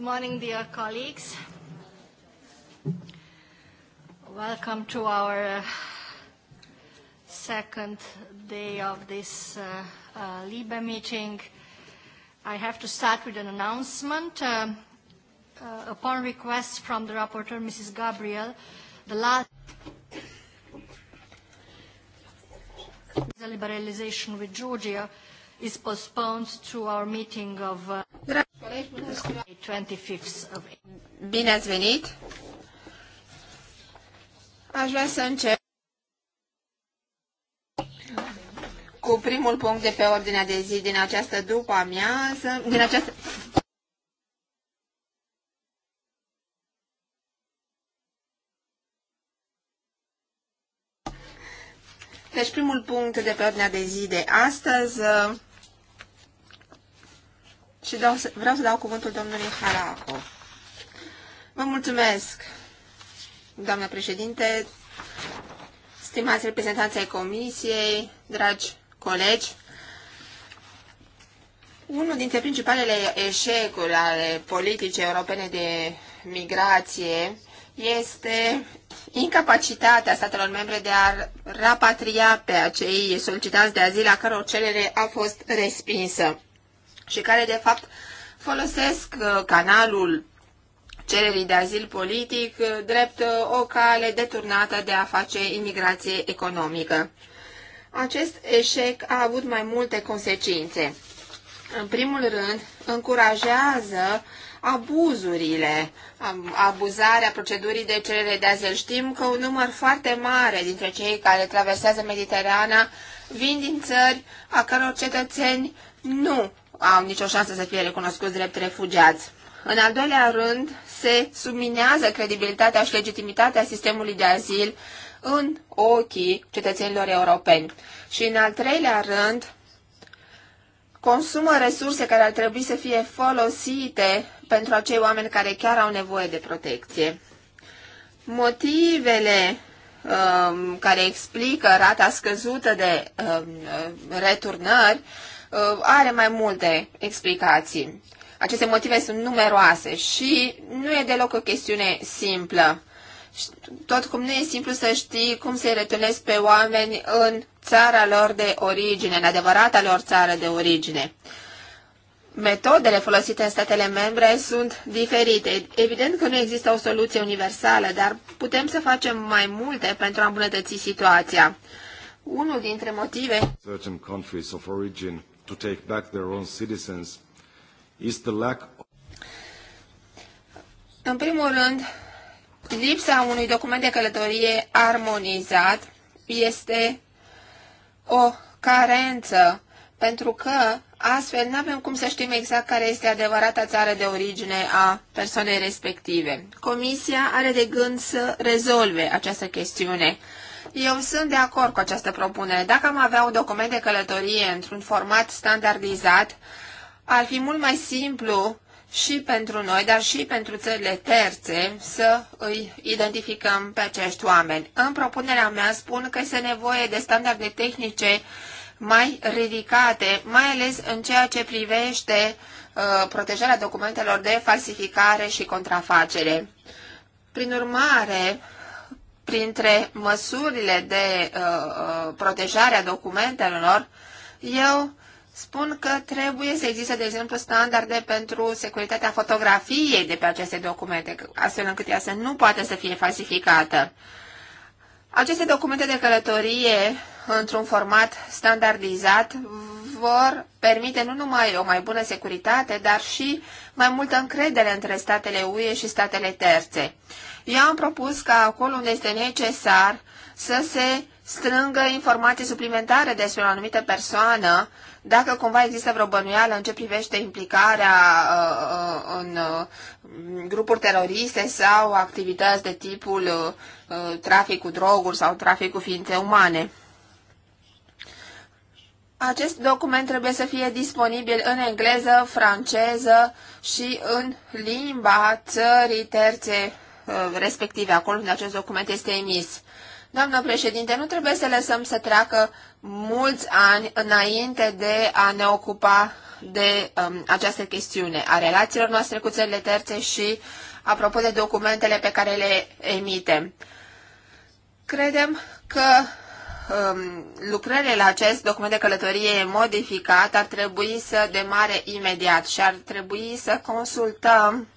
Good morning, dear colleagues. Welcome to our uh, second day of this uh, uh, LIBE meeting. I have to start with an announcement. Um, uh, upon request from the rapporteur, Mrs. Gabriel, the last liberalization with Georgia is postponed to our meeting of uh, 25th of Bine ați venit! Aș vrea să încep cu primul punct de pe ordinea de zi din această după amiază, din această Deci primul punct de pe ordinea de zi de astăzi uh, și dau, vreau să dau cuvântul domnului Haraco. Vă mulțumesc, doamnă președinte, stimați reprezentanți ai comisiei, dragi colegi. Unul dintre principalele eșecuri ale politicii europene de migrație este incapacitatea statelor membre de a rapatria pe acei solicitați de azil a căror cerere a fost respinsă și care, de fapt, folosesc uh, canalul cererii de azil politic uh, drept uh, o cale deturnată de a face imigrație economică. Acest eșec a avut mai multe consecințe. În primul rând, încurajează abuzurile, abuzarea procedurii de cerere de azil. Știm că un număr foarte mare dintre cei care traversează Mediterana vin din țări a căror cetățeni nu au nicio șansă să fie recunoscuți drept refugiați. În al doilea rând, se subminează credibilitatea și legitimitatea sistemului de azil în ochii cetățenilor europeni. Și în al treilea rând, consumă resurse care ar trebui să fie folosite pentru acei oameni care chiar au nevoie de protecție. Motivele um, care explică rata scăzută de um, returnări Uh, are mai multe explicații. Aceste motive sunt numeroase și nu e deloc o chestiune simplă. Tot cum nu e simplu să știi cum se returnezi pe oameni în țara lor de origine, în adevărata lor țară de origine. Metodele folosite în statele membre sunt diferite. Evident că nu există o soluție universală, dar putem să facem mai multe pentru a îmbunătăți situația. Unul dintre motive certain countries of origin to take back their own citizens is the lack În primul rând, lipsa unui document de călătorie armonizat este o carență, pentru că astfel nu avem cum să știm exact care este adevărata țară de origine a persoanei respective. Comisia are de gând să rezolve această chestiune eu sunt de acord cu această propunere. Dacă am avea un document de călătorie într-un format standardizat, ar fi mult mai simplu și pentru noi, dar și pentru țările terțe, să îi identificăm pe acești oameni. În propunerea mea spun că este nevoie de standarde tehnice mai ridicate, mai ales în ceea ce privește uh, protejarea documentelor de falsificare și contrafacere. Prin urmare, printre măsurile de uh, uh, protejare a documentelor, eu spun că trebuie să existe, de exemplu, standarde pentru securitatea fotografiei de pe aceste documente, astfel încât ea să nu poate să fie falsificată. Aceste documente de călătorie într-un format standardizat vor permite nu numai o mai bună securitate, dar și mai multă încredere între statele UE și statele terțe. Eu am propus ca acolo unde este necesar să se strângă informații suplimentare despre o anumită persoană, dacă cumva există vreo bănuială în ce privește implicarea uh, uh în uh, grupuri teroriste sau activități de tipul uh, uh trafic cu droguri sau trafic cu ființe umane. Acest document trebuie să fie disponibil în engleză, franceză și în limba țării terțe uh, respective, acolo unde acest document este emis. Doamnă președinte, nu trebuie să lăsăm să treacă mulți ani înainte de a ne ocupa de um, această chestiune a relațiilor noastre cu țările terțe și apropo de documentele pe care le emitem. Credem că Um, lucrările la acest document de călătorie modificat ar trebui să demare imediat și ar trebui să consultăm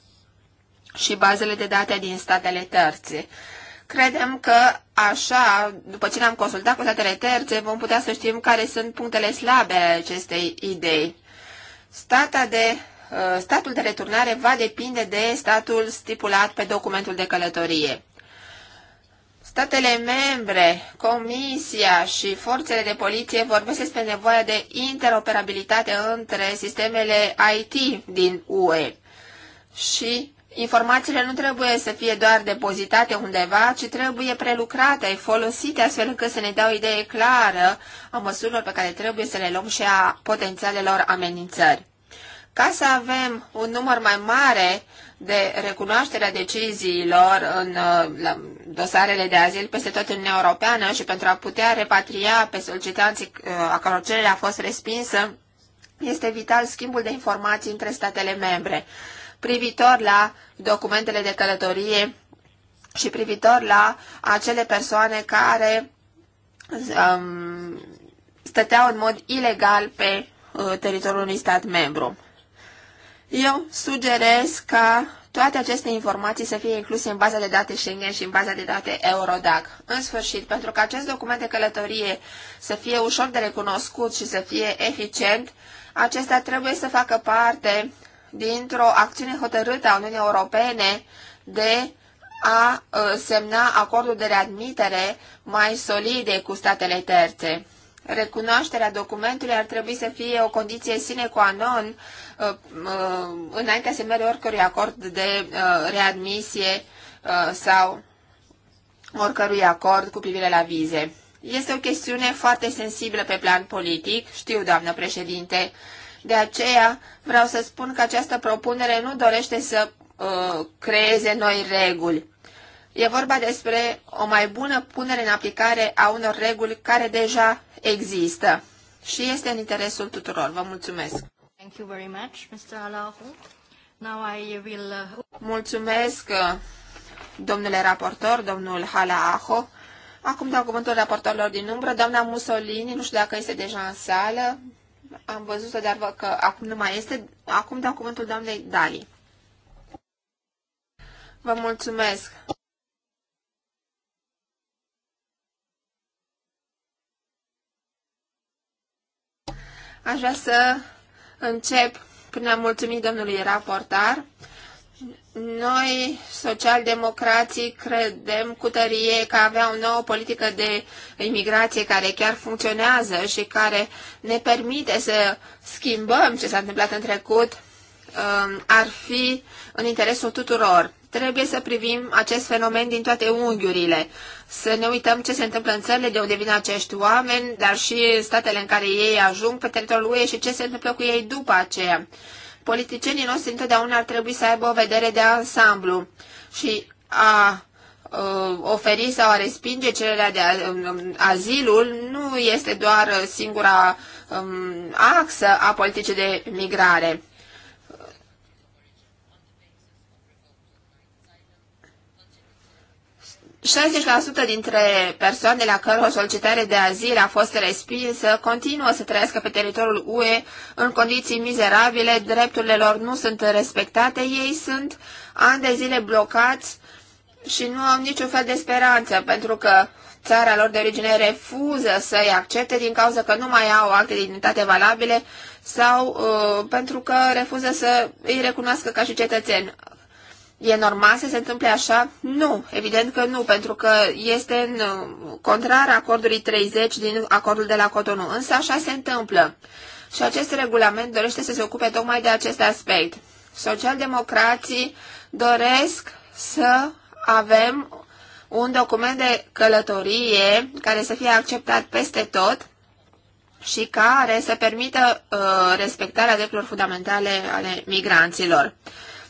și bazele de date din statele terțe. Credem că așa, după ce ne-am consultat cu statele terțe, vom putea să știm care sunt punctele slabe ale acestei idei. Stata de, uh, statul de returnare va depinde de statul stipulat pe documentul de călătorie. Statele membre, Comisia și forțele de poliție vorbesc despre nevoia de interoperabilitate între sistemele IT din UE. Și informațiile nu trebuie să fie doar depozitate undeva, ci trebuie prelucrate, folosite astfel încât să ne dea o idee clară a măsurilor pe care trebuie să le luăm și a potențialelor amenințări. Ca să avem un număr mai mare de recunoașterea deciziilor în uh, dosarele de azil peste tot în Uniunea Europeană și pentru a putea repatria pe solicitanții uh, a căror cerere a fost respinsă, este vital schimbul de informații între statele membre privitor la documentele de călătorie și privitor la acele persoane care um, stăteau în mod ilegal pe uh, teritoriul unui stat membru. Eu sugerez ca toate aceste informații să fie incluse în baza de date Schengen și în baza de date Eurodac. În sfârșit, pentru că acest document de călătorie să fie ușor de recunoscut și să fie eficient, acesta trebuie să facă parte dintr-o acțiune hotărâtă a Uniunii Europene de a uh, semna acordul de readmitere mai solide cu statele terțe. Recunoașterea documentului ar trebui să fie o condiție sine qua non uh, uh, înaintea semnării oricărui acord de uh, readmisie sau oricărui acord cu privire la vize. Este o chestiune foarte sensibilă pe plan politic, știu, doamnă președinte. De aceea vreau să spun că această propunere nu dorește să uh, creeze noi reguli. E vorba despre o mai bună punere în aplicare a unor reguli care deja există și este în interesul tuturor. Vă mulțumesc! Thank you very much, Mr. Now I will... Uh, mulțumesc, uh, domnule raportor, domnul Halaaho. Acum dau cuvântul raportorilor din umbră. Doamna Mussolini, nu știu dacă este deja în sală. Am văzut-o, dar văd că acum nu mai este. Acum dau cuvântul doamnei Dali. Vă mulțumesc! Aș vrea să încep prin a mulțumi domnului raportar. Noi, socialdemocrații, credem cu tărie că avea o nouă politică de imigrație care chiar funcționează și care ne permite să schimbăm ce s-a întâmplat în trecut, um, ar fi în interesul tuturor. Trebuie să privim acest fenomen din toate unghiurile, să ne uităm ce se întâmplă în țările de unde vin acești oameni, dar și statele în care ei ajung pe teritoriul UE și ce se întâmplă cu ei după aceea. Politicienii noștri întotdeauna ar trebui să aibă o vedere de ansamblu și a uh, oferi sau a respinge cererea de um, um, azilul nu este doar singura um, axă a politicii de migrare. 60% dintre persoanele a căror solicitare de azil a fost respinsă continuă să trăiască pe teritoriul UE în condiții mizerabile, drepturile lor nu sunt respectate, ei sunt ani de zile blocați și nu au niciun fel de speranță, pentru că țara lor de origine refuză să-i accepte din cauza că nu mai au acte de identitate valabile sau uh, pentru că refuză să îi recunoască ca și cetățeni. E normal să se întâmple așa? Nu, evident că nu, pentru că este în uh, contrar acordului 30 din acordul de la Cotonou, însă așa se întâmplă. Și acest regulament dorește să se ocupe tocmai de acest aspect. Socialdemocrații doresc să avem un document de călătorie care să fie acceptat peste tot și care să permită uh, respectarea drepturilor fundamentale ale migranților.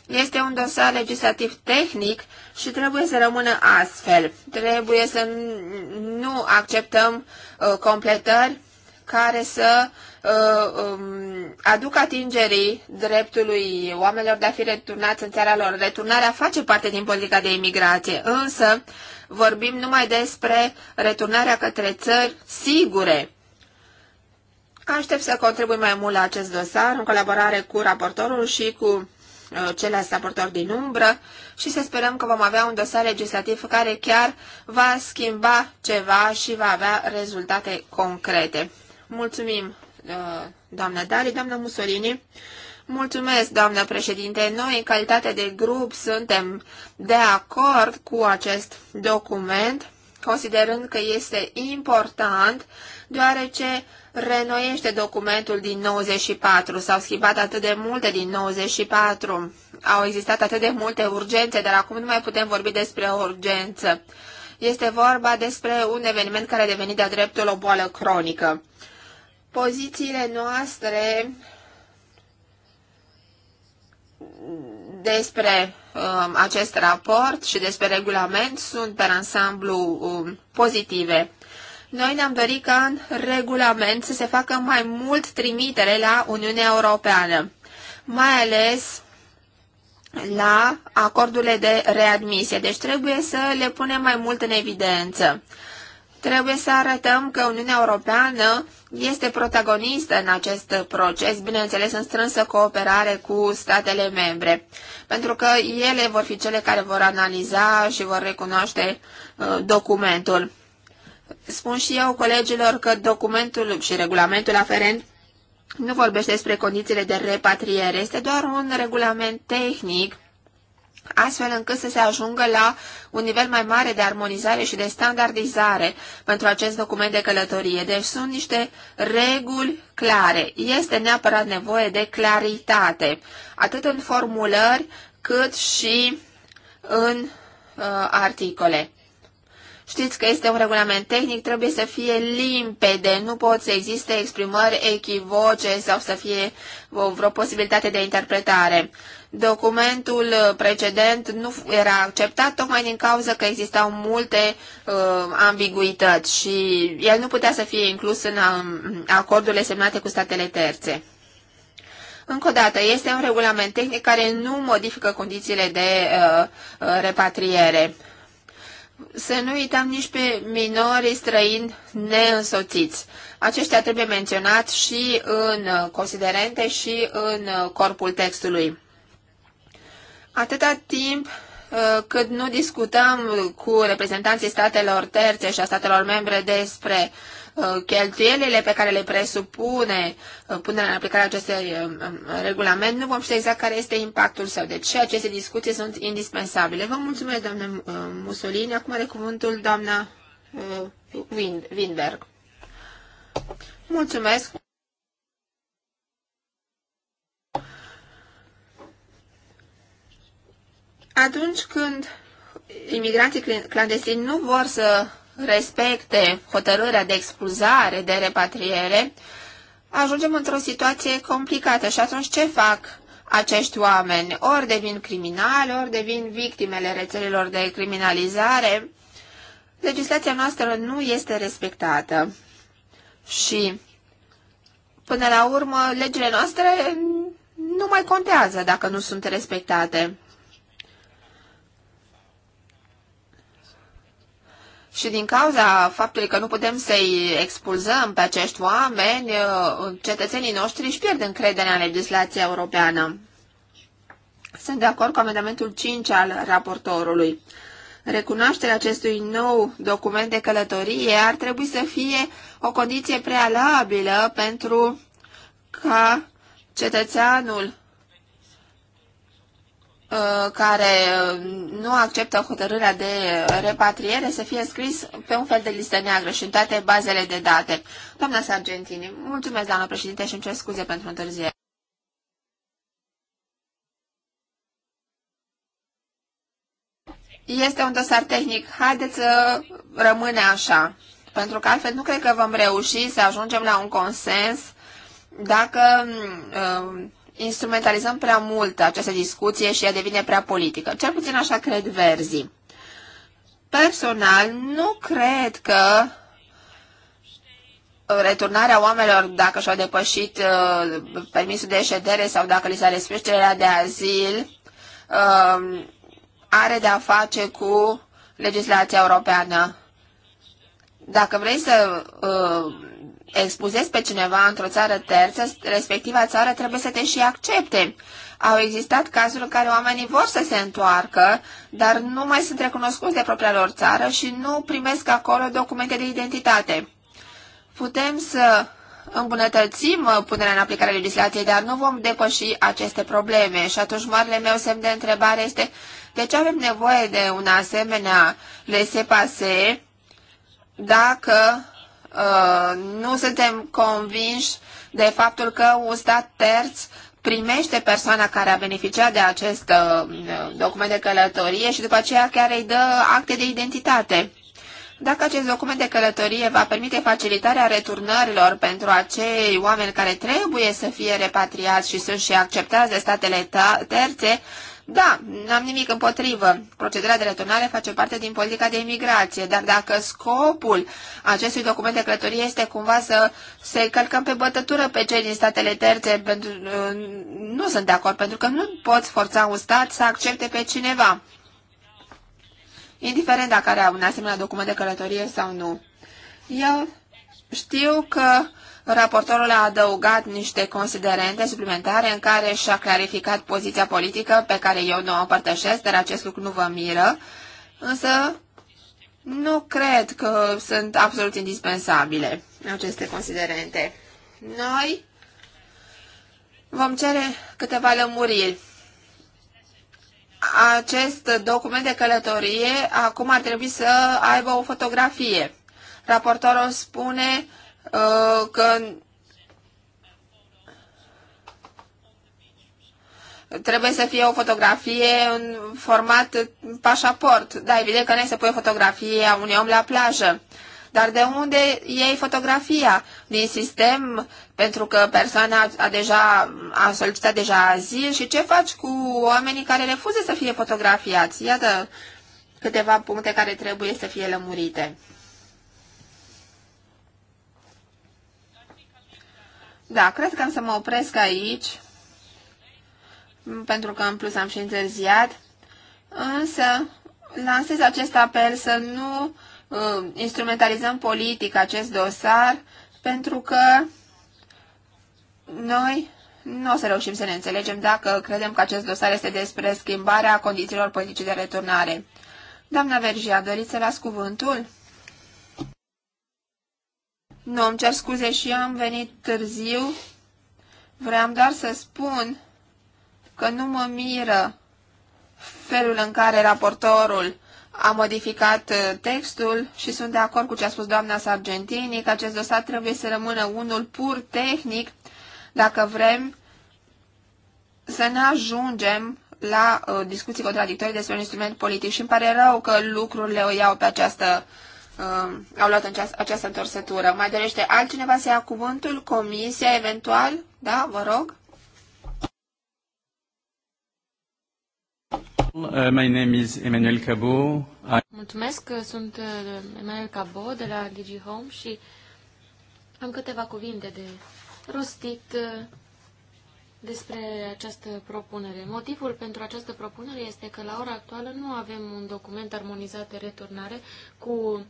Este un dosar legislativ tehnic și trebuie să rămână astfel. Trebuie să nu acceptăm uh, completări care să uh, um, aducă atingerii dreptului oamenilor de a fi returnați în țara lor. Returnarea face parte din politica de imigrație, însă vorbim numai despre returnarea către țări sigure. Aștept să contribui mai mult la acest dosar în colaborare cu raportorul și cu Uh, ceilalți raportori din umbră și să sperăm că vom avea un dosar legislativ care chiar va schimba ceva și va avea rezultate concrete. Mulțumim, uh, doamna Dali, doamna Mussolini. Mulțumesc, doamnă președinte. Noi, în calitate de grup, suntem de acord cu acest document, considerând că este important deoarece renoiește documentul din 94. S-au schimbat atât de multe din 94. Au existat atât de multe urgențe, dar acum nu mai putem vorbi despre o urgență. Este vorba despre un eveniment care a devenit de-a dreptul o boală cronică. Pozițiile noastre despre um, acest raport și despre regulament sunt pe ansamblu um, pozitive. Noi ne-am dorit ca în regulament să se facă mai mult trimitere la Uniunea Europeană, mai ales la acordurile de readmisie. Deci trebuie să le punem mai mult în evidență. Trebuie să arătăm că Uniunea Europeană este protagonistă în acest proces, bineînțeles în strânsă cooperare cu statele membre, pentru că ele vor fi cele care vor analiza și vor recunoaște uh, documentul spun și eu colegilor că documentul și regulamentul aferent nu vorbește despre condițiile de repatriere, este doar un regulament tehnic, astfel încât să se ajungă la un nivel mai mare de armonizare și de standardizare pentru acest document de călătorie. Deci sunt niște reguli clare. Este neapărat nevoie de claritate, atât în formulări cât și în uh, articole. Știți că este un regulament tehnic, trebuie să fie limpede, nu pot să existe exprimări echivoce sau să fie vreo posibilitate de interpretare. Documentul precedent nu era acceptat tocmai din cauza că existau multe uh, ambiguități și el nu putea să fie inclus în uh, acordurile semnate cu statele terțe. Încă o dată, este un regulament tehnic care nu modifică condițiile de uh, uh repatriere. Să nu uităm nici pe minorii străini neînsoțiți. Aceștia trebuie menționat și în considerente și în corpul textului. Atâta timp Uh, cât nu discutăm cu reprezentanții statelor terțe și a statelor membre despre uh, cheltuielile pe care le presupune uh, punerea în aplicare acestui regulament, nu vom ști exact care este impactul său. Deci aceste discuții sunt indispensabile. Vă mulțumesc, doamnă Mussolini. Acum are cuvântul doamna Windberg. Mulțumesc. atunci când imigranții clandestini nu vor să respecte hotărârea de expulzare, de repatriere, ajungem într-o situație complicată și atunci ce fac acești oameni? Ori devin criminali, ori devin victimele rețelelor de criminalizare. Legislația noastră nu este respectată și până la urmă legile noastre nu mai contează dacă nu sunt respectate. Și din cauza faptului că nu putem să-i expulzăm pe acești oameni, uh, cetățenii noștri își pierd încrederea în legislația europeană. Sunt de acord cu amendamentul 5 al raportorului. Recunoașterea acestui nou document de călătorie ar trebui să fie o condiție prealabilă pentru ca cetățeanul Uh, care uh, nu acceptă hotărârea de repatriere să fie scris pe un fel de listă neagră și în toate bazele de date. Doamna Sargentini, mulțumesc, doamna președinte, și îmi cer scuze pentru întârziere. Este un dosar tehnic. Haideți să rămâne așa, pentru că altfel nu cred că vom reuși să ajungem la un consens dacă uh, instrumentalizăm prea mult această discuție și ea devine prea politică. Cel puțin așa cred verzi. Personal, nu cred că returnarea oamenilor dacă și-au depășit uh, permisul de ședere sau dacă li s-a respins cererea de azil uh, are de-a face cu legislația europeană. Dacă vrei să uh, expuzezi pe cineva într-o țară terță, respectiva țară trebuie să te și accepte. Au existat cazuri în care oamenii vor să se întoarcă, dar nu mai sunt recunoscuți de propria lor țară și nu primesc acolo documente de identitate. Putem să îmbunătățim uh, punerea în aplicare a legislației, dar nu vom depăși aceste probleme. Și atunci marele meu semn de întrebare este de ce avem nevoie de un asemenea pase dacă Uh, nu suntem convinși de faptul că un stat terț primește persoana care a beneficiat de acest uh, document de călătorie și după aceea chiar îi dă acte de identitate. Dacă acest document de călătorie va permite facilitarea returnărilor pentru acei oameni care trebuie să fie repatriați și sunt și acceptați de statele terțe, da, n-am nimic împotrivă. Procedura de returnare face parte din politica de imigrație, dar dacă scopul acestui document de călătorie este cumva să se călcăm pe bătătură pe cei din statele terțe, pentru, uh, nu sunt de acord, pentru că nu poți forța un stat să accepte pe cineva, indiferent dacă are un asemenea document de călătorie sau nu. Eu știu că Raportorul a adăugat niște considerente suplimentare în care și-a clarificat poziția politică pe care eu nu o împărtășesc, dar acest lucru nu vă miră, însă nu cred că sunt absolut indispensabile aceste considerente. Noi vom cere câteva lămuriri. Acest document de călătorie acum ar trebui să aibă o fotografie. Raportorul spune Uh, că trebuie să fie o fotografie în format pașaport. Da, evident că nu se pune fotografia unui om la plajă. Dar de unde iei fotografia? Din sistem, pentru că persoana a, deja, a solicitat deja azil și ce faci cu oamenii care refuză să fie fotografiați? Iată câteva puncte care trebuie să fie lămurite. Da, cred că am să mă opresc aici, pentru că în plus am și întârziat, însă lansez acest apel să nu uh, instrumentalizăm politic acest dosar, pentru că noi nu o să reușim să ne înțelegem dacă credem că acest dosar este despre schimbarea condițiilor politice de returnare. Doamna Vergia, doriți să las cuvântul? Nu, îmi cer scuze și eu am venit târziu. Vreau doar să spun că nu mă miră felul în care raportorul a modificat uh, textul și sunt de acord cu ce a spus doamna Sargentini că acest dosar trebuie să rămână unul pur tehnic dacă vrem să ne ajungem la uh, discuții contradictorii despre un instrument politic și îmi pare rău că lucrurile o iau pe această uh, uh, au luat această, această întorsătură. Mai dorește altcineva să ia cuvântul? Comisia, eventual? Da, vă rog. Uh, my name is Emmanuel Cabo. I... Mulțumesc, uh, sunt uh, Emmanuel Cabo de la DigiHome și am câteva cuvinte de rostit despre această propunere. Motivul pentru această propunere este că la ora actuală nu avem un document armonizat de returnare cu uh,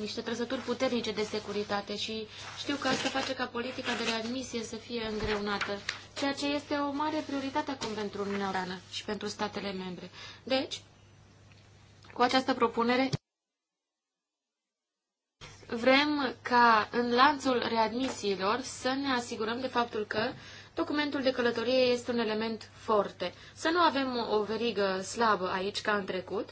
niște trăsături puternice de securitate și știu că asta face ca politica de readmisie să fie îngreunată, ceea ce este o mare prioritate acum pentru Uniunea Europeană și pentru statele membre. Deci, cu această propunere vrem ca în lanțul readmisiilor să ne asigurăm de faptul că uh, documentul de călătorie este un element foarte. Să nu avem o verigă slabă aici ca în trecut.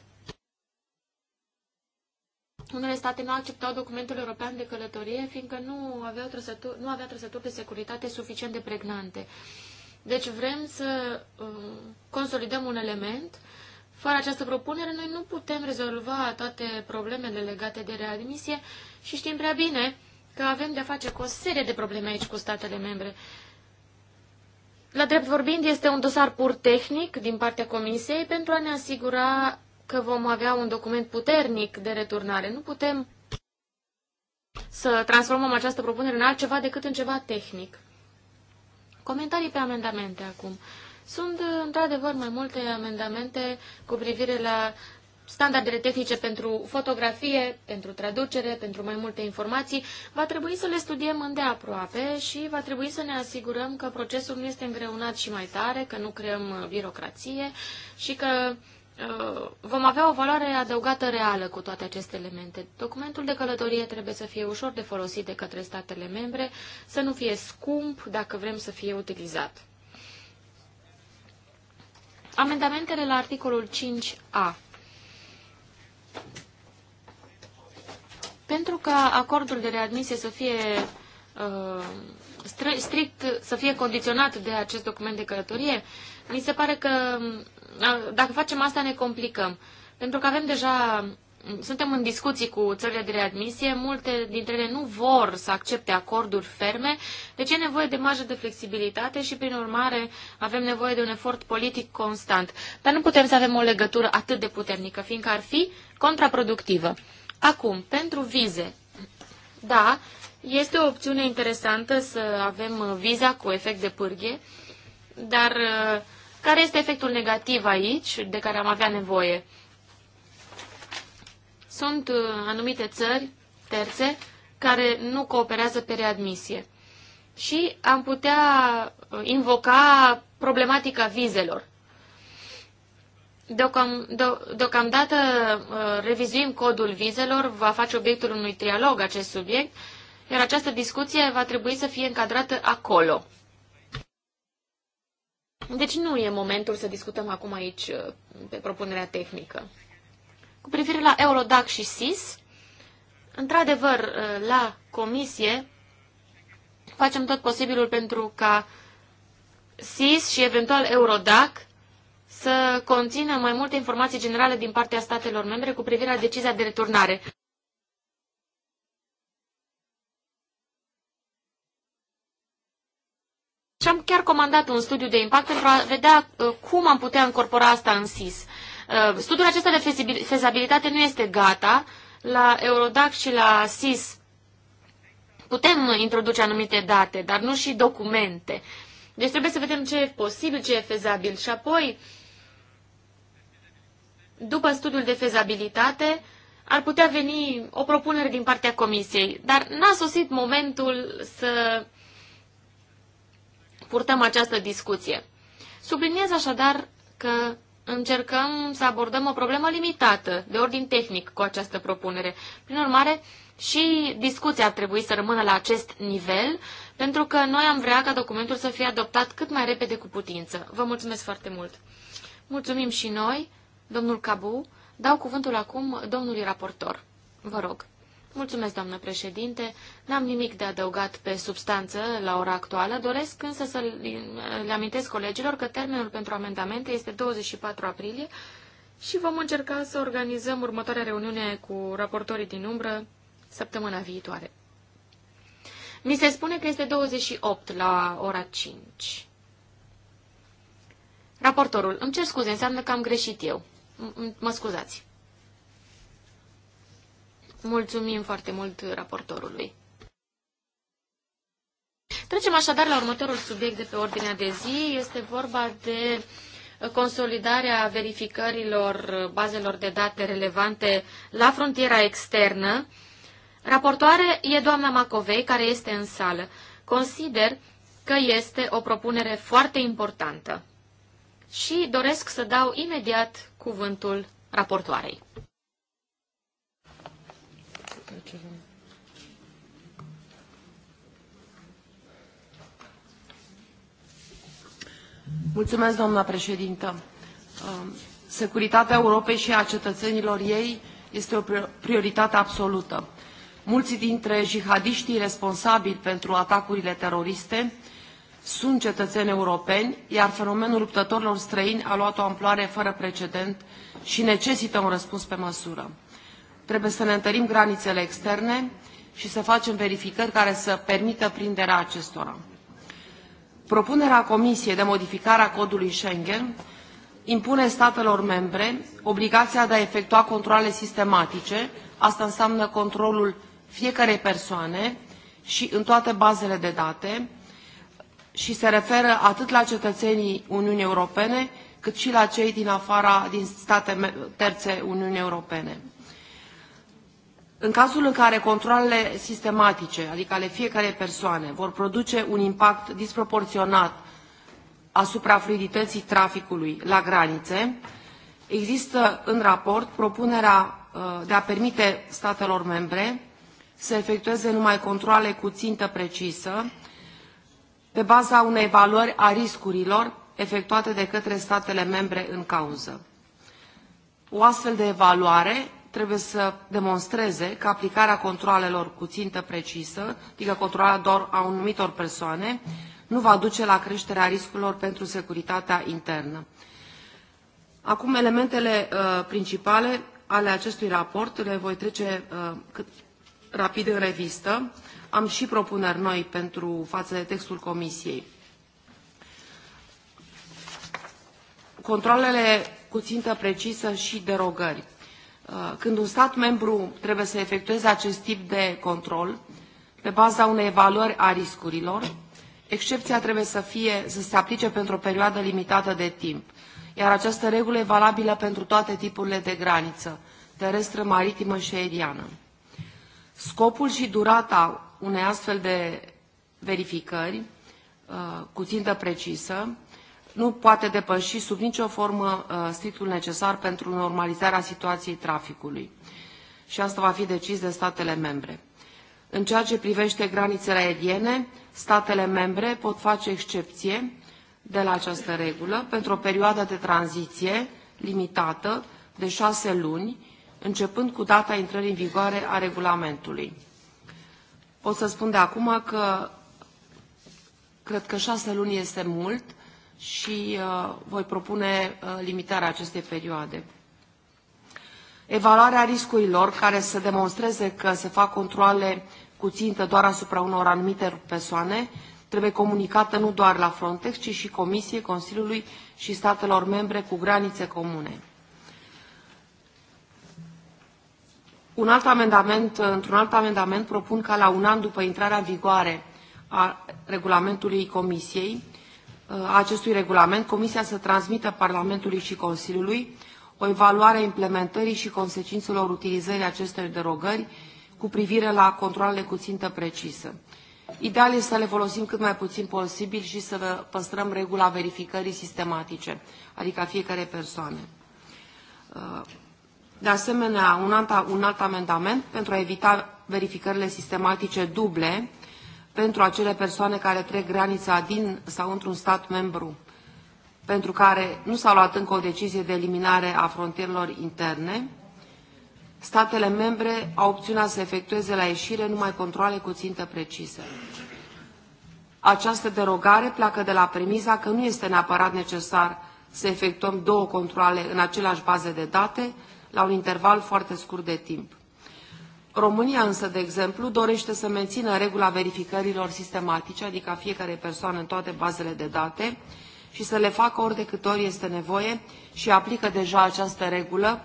Unele state nu acceptau documentul european de călătorie, fiindcă nu avea trăsături, nu avea trăsături de securitate suficient de pregnante. Deci vrem să um, consolidăm un element. Fără această propunere, noi nu putem rezolva toate problemele legate de readmisie și știm prea bine că avem de-a face cu o serie de probleme aici cu statele membre. La drept vorbind, este un dosar pur tehnic din partea Comisiei pentru a ne asigura că vom avea un document puternic de returnare. Nu putem să transformăm această propunere în altceva decât în ceva tehnic. Comentarii pe amendamente acum. Sunt, într-adevăr, mai multe amendamente cu privire la standardele tehnice pentru fotografie, pentru traducere, pentru mai multe informații, va trebui să le studiem îndeaproape și va trebui să ne asigurăm că procesul nu este îngreunat și mai tare, că nu creăm uh, birocrație și că uh, vom avea o valoare adăugată reală cu toate aceste elemente. Documentul de călătorie trebuie să fie ușor de folosit de către statele membre, să nu fie scump dacă vrem să fie utilizat. Amendamentele la articolul 5a. Pentru ca acordul de readmisie să fie uh, strict, să fie condiționat de acest document de călătorie, mi se pare că uh, dacă facem asta ne complicăm. Pentru că avem deja suntem în discuții cu țările de readmisie, multe dintre ele nu vor să accepte acorduri ferme, deci e nevoie de marjă de flexibilitate și, prin urmare, avem nevoie de un efort politic constant. Dar nu putem să avem o legătură atât de puternică, fiindcă ar fi contraproductivă. Acum, pentru vize. Da, este o opțiune interesantă să avem uh, viza cu efect de pârghie, dar uh, care este efectul negativ aici de care am avea nevoie? Sunt uh, anumite țări terțe care nu cooperează pe readmisie. Și am putea uh, invoca problematica vizelor. Deocam, de, deocamdată uh, revizuim codul vizelor, va face obiectul unui trialog acest subiect, iar această discuție va trebui să fie încadrată acolo. Deci nu e momentul să discutăm acum aici pe propunerea tehnică. Cu privire la Eurodac și SIS, într-adevăr, uh, la comisie facem tot posibilul pentru ca SIS și eventual Eurodac să conțină mai multe informații generale din partea statelor membre cu privire la decizia de returnare. Și am chiar comandat un studiu de impact pentru a vedea uh, cum am putea încorpora asta în SIS. Uh, studiul acesta de fezabilitate nu este gata. La Eurodac și la SIS putem introduce anumite date, dar nu și documente. Deci trebuie să vedem ce e posibil, ce e fezabil. Și apoi, după studiul de fezabilitate, ar putea veni o propunere din partea Comisiei. Dar n-a sosit momentul să purtăm această discuție. Subliniez așadar că încercăm să abordăm o problemă limitată, de ordin tehnic, cu această propunere. Prin urmare, și discuția ar trebui să rămână la acest nivel, pentru că noi am vrea ca documentul să fie adoptat cât mai repede cu putință. Vă mulțumesc foarte mult! Mulțumim și noi, domnul Cabu. Dau cuvântul acum domnului raportor. Vă rog. Mulțumesc, doamnă președinte. N-am nimic de adăugat pe substanță la ora actuală, doresc însă să le amintesc colegilor că termenul pentru amendamente este 24 aprilie și vom încerca să organizăm următoarea reuniune cu raportorii din umbră săptămâna viitoare. Mi se spune că este 28 la ora 5. Raportorul, îmi cer scuze, înseamnă că am greșit eu. M mă scuzați. Mulțumim foarte mult raportorului. Trecem așadar la următorul subiect de pe ordinea de zi. Este vorba de uh, consolidarea verificărilor uh, bazelor de date relevante la frontiera externă. Raportoare e doamna Macovei, care este în sală. Consider că este o propunere foarte importantă și doresc să dau imediat cuvântul raportoarei. Mulțumesc, doamna președintă. Um, securitatea Europei și a cetățenilor ei este o prioritate absolută. Mulți dintre jihadiștii responsabili pentru atacurile teroriste sunt cetățeni europeni, iar fenomenul luptătorilor străini a luat o amploare fără precedent și necesită un răspuns pe măsură. Trebuie să ne întărim granițele externe și să facem verificări care să permită prinderea acestora. Propunerea Comisiei de modificare a codului Schengen impune statelor membre obligația de a efectua controle sistematice, asta înseamnă controlul fiecarei persoane și în toate bazele de date, și se referă atât la cetățenii Uniunii Europene, cât și la cei din afara, din state terțe Uniunii Europene. În cazul în care controlele sistematice, adică ale fiecarei persoane, vor produce un impact disproporționat asupra fluidității traficului la granițe, există în raport propunerea uh, de a permite statelor membre să efectueze numai controle cu țintă precisă, pe baza unei evaluări a riscurilor efectuate de către statele membre în cauză. O astfel de evaluare trebuie să demonstreze că aplicarea controalelor cu țintă precisă, adică controlarea doar a anumitor persoane, nu va duce la creșterea riscurilor pentru securitatea internă. Acum, elementele uh, principale ale acestui raport le voi trece uh, cât rapid în revistă. Am și propuneri noi pentru față de textul Comisiei. Controlele cu țintă precisă și derogări. Uh, când un stat membru trebuie să efectueze acest tip de control, pe baza unei evaluări a riscurilor, excepția trebuie să, fie, să se aplice pentru o perioadă limitată de timp, iar această regulă e valabilă pentru toate tipurile de graniță, terestră, maritimă și aeriană. Scopul și durata unei astfel de verificări uh, cu țintă precisă nu poate depăși sub nicio formă uh, strictul necesar pentru normalizarea situației traficului. Și asta va fi decis de statele membre. În ceea ce privește granițele aeriene, statele membre pot face excepție de la această regulă pentru o perioadă de tranziție limitată de șase luni, începând cu data intrării în vigoare a regulamentului. Pot să spun de acum că cred că șase luni este mult și uh, voi propune uh, limitarea acestei perioade. Evaluarea riscurilor care să demonstreze că se fac controle cu țintă doar asupra unor anumite persoane trebuie comunicată nu doar la Frontex, ci și Comisiei, Consiliului și statelor membre cu granițe comune. Un alt amendament, într-un alt amendament propun ca la un an după intrarea în vigoare a regulamentului Comisiei, Uh, acestui regulament, Comisia să transmită Parlamentului și Consiliului o evaluare a implementării și consecințelor utilizării acestor derogări cu privire la controlele cu țintă precisă. Ideal este să le folosim cât mai puțin posibil și să păstrăm regula verificării sistematice, adică a fiecare persoană. Uh, de asemenea, un alt, un alt amendament pentru a evita verificările sistematice duble pentru acele persoane care trec granița din sau într-un stat membru pentru care nu s-a luat încă o decizie de eliminare a frontierelor interne, statele membre au opțiunea să efectueze la ieșire numai controle cu țintă precise. Această derogare pleacă de la premisa că nu este neapărat necesar să efectuăm două controle în aceleași baze de date la un interval foarte scurt de timp. România însă, de exemplu, dorește să mențină regula verificărilor sistematice, adică a fiecare persoană în toate bazele de date, și să le facă ori de câte ori este nevoie și aplică deja această regulă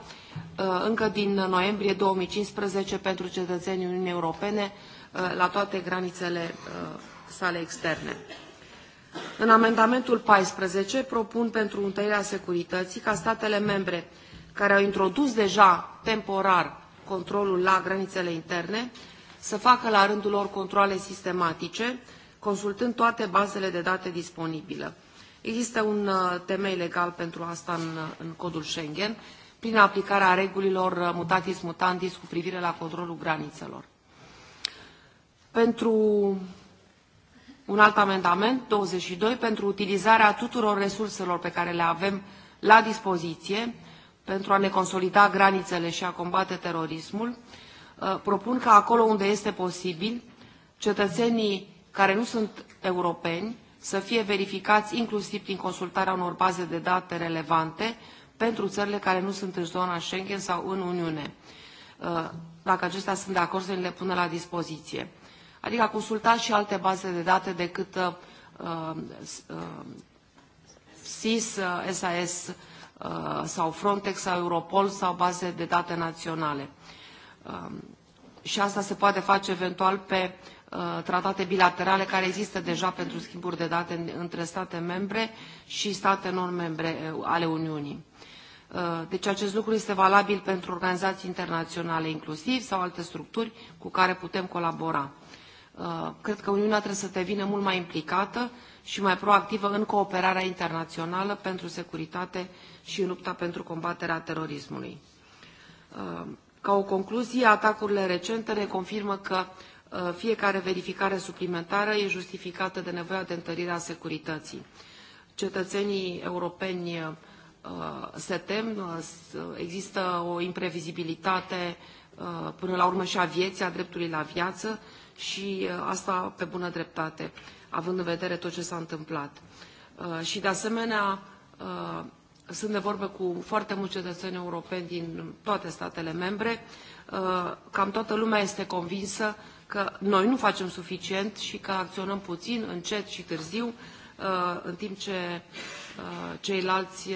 uh, încă din noiembrie 2015 pentru cetățenii Uniunii Europene uh, la toate granițele uh, sale externe. În amendamentul 14 propun pentru întărirea securității ca statele membre care au introdus deja temporar controlul la granițele interne, să facă la rândul lor controle sistematice, consultând toate bazele de date disponibile. Există un uh, temei legal pentru asta în, uh, în codul Schengen, prin aplicarea regulilor uh, mutatis mutandis cu privire la controlul granițelor. Pentru un alt amendament, 22, pentru utilizarea tuturor resurselor pe care le avem la dispoziție, pentru a ne consolida granițele și a combate terorismul, uh, propun ca acolo unde este posibil, cetățenii care nu sunt europeni să fie verificați inclusiv prin consultarea unor baze de date relevante pentru țările care nu sunt în zona Schengen sau în Uniune. Uh, dacă acestea sunt de acord, să le pună la dispoziție. Adică a consultat și alte baze de date decât SIS, uh, SAS, Uh, sau Frontex sau Europol sau baze de date naționale. Um, și asta se poate face eventual pe uh, tratate bilaterale care există deja pentru schimburi de date între state membre și state non-membre uh, ale Uniunii. Deci acest lucru este valabil pentru organizații internaționale inclusiv sau alte structuri cu care putem colabora. Cred că Uniunea trebuie să devină mult mai implicată și mai proactivă în cooperarea internațională pentru securitate și în lupta pentru combaterea terorismului. Uh, ca o concluzie, atacurile recente ne confirmă că uh, fiecare verificare suplimentară e justificată de nevoia de întărire a securității. Cetățenii europeni uh, se tem, există o imprevizibilitate până la urmă și a vieții, a dreptului la viață și asta pe bună dreptate având în vedere tot ce s-a întâmplat. Uh, și, de asemenea, uh, sunt de vorbă cu foarte mulți cetățeni europeni din toate statele membre. Uh, cam toată lumea este convinsă că noi nu facem suficient și că acționăm puțin, încet și târziu, în timp ce ceilalți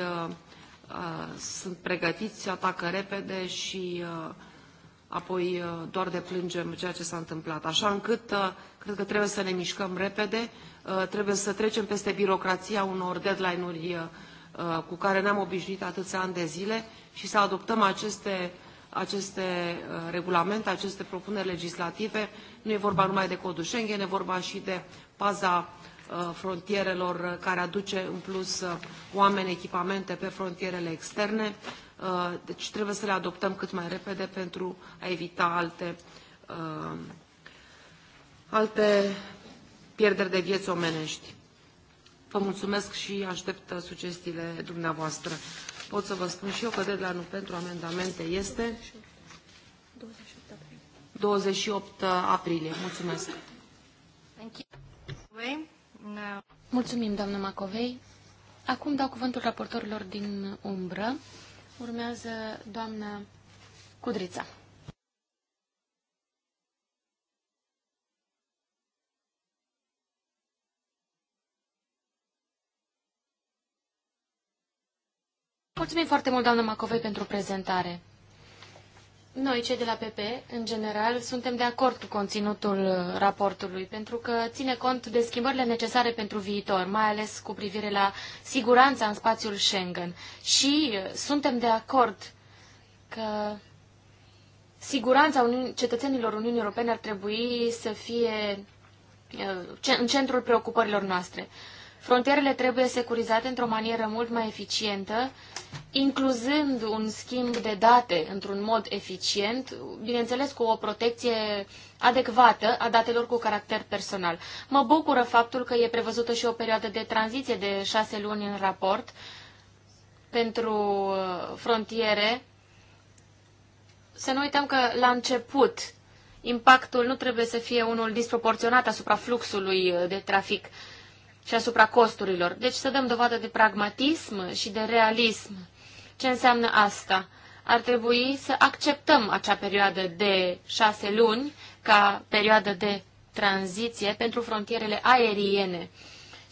sunt pregătiți, se atacă repede și uh, apoi uh, doar plângem ceea ce s-a întâmplat. Așa încât uh, cred că trebuie să ne mișcăm repede, uh, trebuie să trecem peste birocrația unor deadline-uri cu care ne-am obișnuit atâția ani de zile și să adoptăm aceste, aceste regulamente, aceste propuneri legislative. Nu e vorba numai de codul Schengen, e vorba și de paza frontierelor care aduce în plus oameni, echipamente pe frontierele externe, Uh, deci trebuie să le adoptăm cât mai repede pentru a evita alte, uh, alte pierderi de vieți omenești. Vă mulțumesc și aștept sugestiile dumneavoastră. Pot să vă spun și eu că la nu pentru amendamente este 28 aprilie. Mulțumesc. Mulțumim, doamnă Macovei. Acum dau cuvântul raportorilor din umbră. Urmează doamna Cudrița. Mulțumim foarte mult, doamnă Macovei, pentru prezentare. Noi, cei de la PP, în general, suntem de acord cu conținutul uh, raportului, pentru că ține cont de schimbările necesare pentru viitor, mai ales cu privire la siguranța în spațiul Schengen. Și uh, suntem de acord că siguranța Uniunii, cetățenilor Uniunii Europene ar trebui să fie uh, în centrul preocupărilor noastre. Frontierele trebuie securizate într-o manieră mult mai eficientă, incluzând un schimb de date într-un mod eficient, bineînțeles cu o protecție adecvată a datelor cu caracter personal. Mă bucură faptul că e prevăzută și o perioadă de tranziție de șase luni în raport pentru uh, frontiere. Să nu uităm că la început impactul nu trebuie să fie unul disproporționat asupra fluxului uh, de trafic și asupra costurilor. Deci să dăm dovadă de pragmatism și de realism. Ce înseamnă asta? Ar trebui să acceptăm acea perioadă de șase luni ca perioadă de tranziție pentru frontierele aeriene.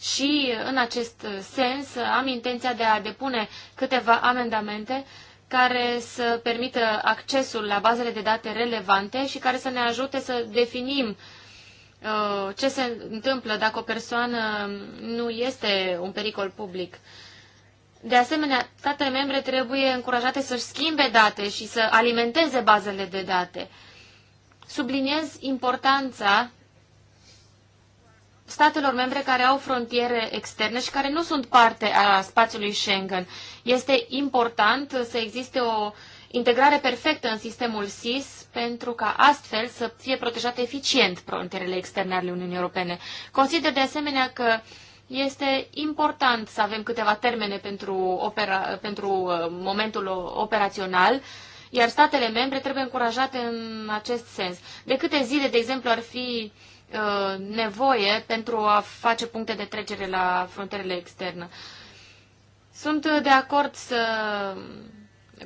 Și în acest sens am intenția de a depune câteva amendamente care să permită accesul la bazele de date relevante și care să ne ajute să definim uh, Uh, ce se întâmplă dacă o persoană nu este un pericol public. De asemenea, statele membre trebuie încurajate să-și schimbe date și să alimenteze bazele de date. Subliniez importanța statelor membre care au frontiere externe și care nu sunt parte a spațiului Schengen. Este important să existe o integrare perfectă în sistemul SIS pentru ca astfel să fie protejate eficient frontierele externe ale Uniunii Europene. Consider de asemenea că este important să avem câteva termene pentru, opera, pentru uh, momentul operațional, iar statele membre trebuie încurajate în acest sens. De câte zile, de exemplu, ar fi uh, nevoie pentru a face puncte de trecere la frontierele externe? Sunt de acord să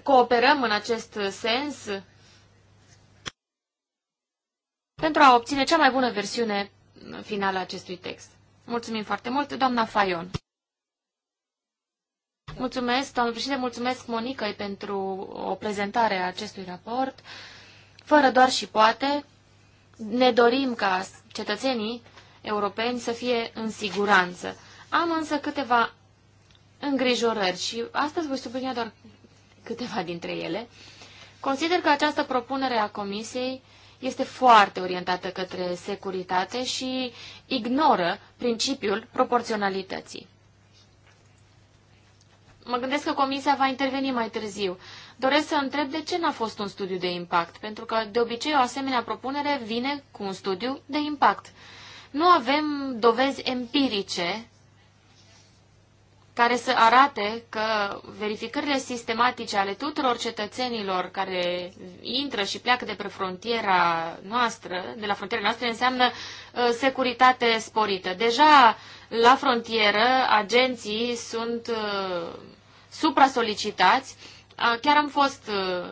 cooperăm în acest sens pentru a obține cea mai bună versiune finală a acestui text. Mulțumim foarte mult, doamna Fayon. Mulțumesc, doamnă președinte, mulțumesc Monica pentru o prezentare a acestui raport. Fără doar și poate, ne dorim ca cetățenii europeni să fie în siguranță. Am însă câteva îngrijorări și astăzi voi sublinia doar câteva dintre ele. Consider că această propunere a Comisiei este foarte orientată către securitate și ignoră principiul proporționalității. Mă gândesc că comisia va interveni mai târziu. Doresc să întreb de ce n-a fost un studiu de impact, pentru că de obicei o asemenea propunere vine cu un studiu de impact. Nu avem dovezi empirice care să arate că verificările sistematice ale tuturor cetățenilor care intră și pleacă de pe frontiera noastră, de la frontiera noastră, înseamnă uh, securitate sporită. Deja la frontieră agenții sunt uh, supra-solicitați. Uh, chiar am fost uh,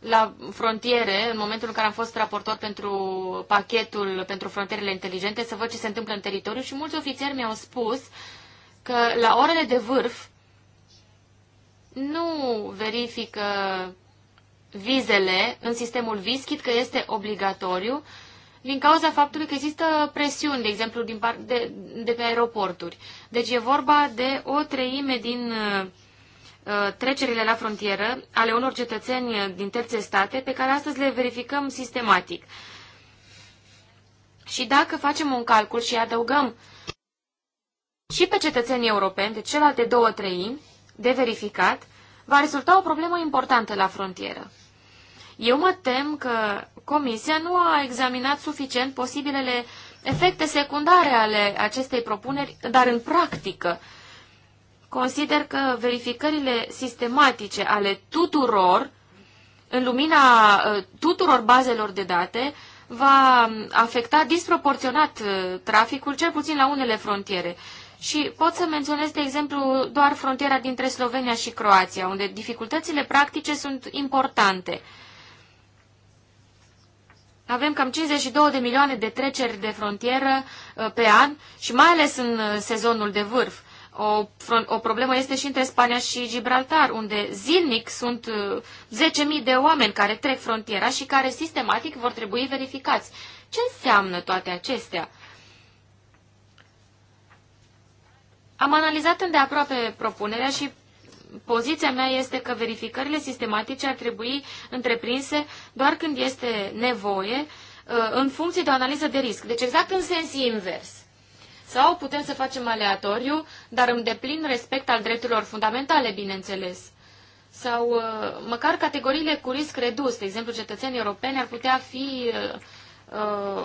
la frontiere, în momentul în care am fost raportor pentru pachetul pentru frontierele inteligente, să văd ce se întâmplă în teritoriu și mulți ofițeri mi-au spus uh, că la orele de vârf nu verifică vizele în sistemul Vischit, că este obligatoriu, din cauza faptului că există presiuni, de exemplu, din par- de, de pe aeroporturi. Deci e vorba de o treime din uh, uh, trecerile la frontieră ale unor cetățeni din terțe state, pe care astăzi le verificăm sistematic. Și dacă facem un calcul și adăugăm uh, și pe cetățenii europeni de celelalte două treimi de verificat, va rezulta o problemă importantă la frontieră. Eu mă tem că Comisia nu a examinat suficient posibilele efecte secundare ale acestei propuneri, dar în practică. Consider că verificările sistematice ale tuturor, în lumina ă, tuturor bazelor de date, va afecta disproporționat ă, traficul, cel puțin la unele frontiere. Și pot să menționez, de exemplu, doar frontiera dintre Slovenia și Croația, unde dificultățile practice sunt importante. Avem cam 52 de milioane de treceri de frontieră uh, pe an și mai ales în uh, sezonul de vârf. O, o problemă este și între Spania și Gibraltar, unde zilnic sunt 10.000 uh, de oameni care trec frontiera și care sistematic vor trebui verificați. Ce înseamnă toate acestea? Am analizat îndeaproape propunerea și poziția mea este că verificările sistematice ar trebui întreprinse doar când este nevoie, uh, în funcție de o analiză de risc. Deci exact în sens invers. Sau putem să facem aleatoriu, dar în deplin respect al drepturilor fundamentale, bineînțeles. Sau uh, măcar categoriile cu risc redus, de exemplu cetățenii europeni, ar putea fi uh, Uh,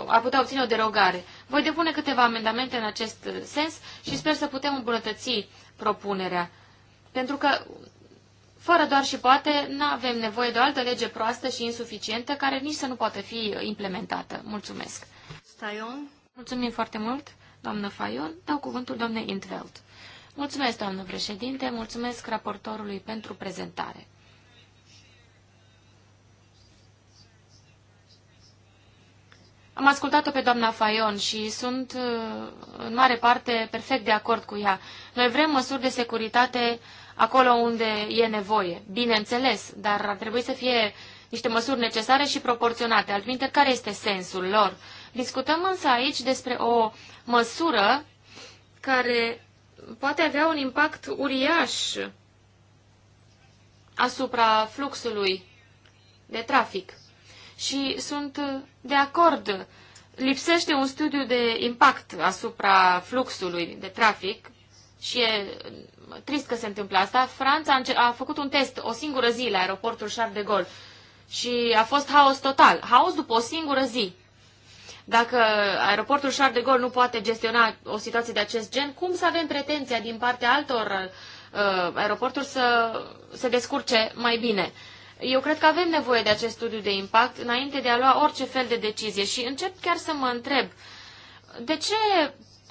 a putea obține o derogare. Voi depune câteva amendamente în acest sens și sper să putem îmbunătăți propunerea. Pentru că, fără doar și poate, nu avem nevoie de o altă lege proastă și insuficientă care nici să nu poată fi implementată. Mulțumesc! Staion. Mulțumim foarte mult, doamnă Fayon. Dau cuvântul doamnei Intveld. Mulțumesc, doamnă președinte, mulțumesc raportorului pentru prezentare. Am ascultat-o pe doamna Faion și sunt uh, în mare parte perfect de acord cu ea. Noi vrem măsuri de securitate acolo unde e nevoie, bineînțeles, dar ar trebui să fie niște măsuri necesare și proporționate. Altminte, care este sensul lor? Discutăm însă aici despre o măsură care poate avea un impact uriaș asupra fluxului de trafic și sunt de acord. Lipsește un studiu de impact asupra fluxului de trafic și e trist că se întâmplă asta. Franța a făcut un test o singură zi la aeroportul Charles de Gaulle și a fost haos total. Haos după o singură zi. Dacă aeroportul Charles de Gaulle nu poate gestiona o situație de acest gen, cum să avem pretenția din partea altor uh, aeroporturi să se descurce mai bine? Eu cred că avem nevoie de acest studiu de impact înainte de a lua orice fel de decizie și încep chiar să mă întreb de ce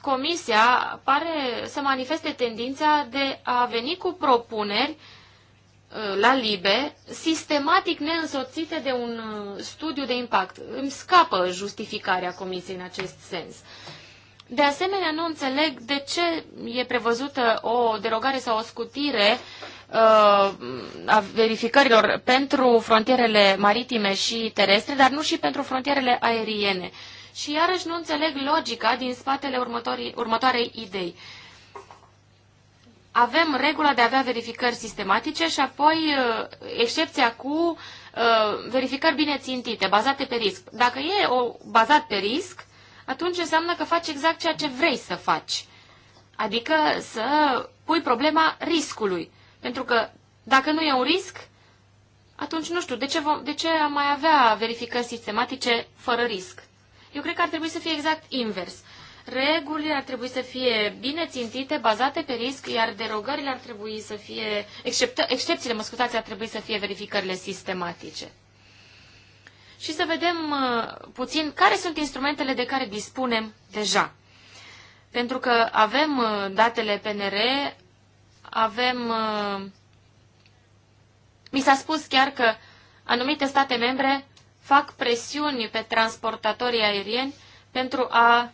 Comisia pare să manifeste tendința de a veni cu propuneri uh, la LIBE, sistematic neînsoțite de un uh, studiu de impact. Îmi scapă justificarea Comisiei în acest sens. De asemenea, nu înțeleg de ce e prevăzută o derogare sau o scutire Uh, a verificărilor pentru frontierele maritime și terestre, dar nu și pentru frontierele aeriene. Și iarăși nu înțeleg logica din spatele următoarei idei. Avem regula de a avea verificări sistematice și apoi uh, excepția cu uh, verificări bine țintite, bazate pe risc. Dacă e o, bazat pe risc, atunci înseamnă că faci exact ceea ce vrei să faci. Adică să pui problema riscului. Pentru că dacă nu e un risc, atunci nu știu, de ce, vom, de ce am mai avea verificări sistematice fără risc? Eu cred că ar trebui să fie exact invers. Regulile ar trebui să fie bine țintite, bazate pe risc, iar derogările ar trebui să fie, exceptă, excepțiile, mă scutați, ar trebui să fie verificările sistematice. Și să vedem uh, puțin care sunt instrumentele de care dispunem deja. Pentru că avem uh, datele PNR, avem... Uh, mi s-a spus chiar că anumite state membre fac presiuni pe transportatorii aerieni pentru a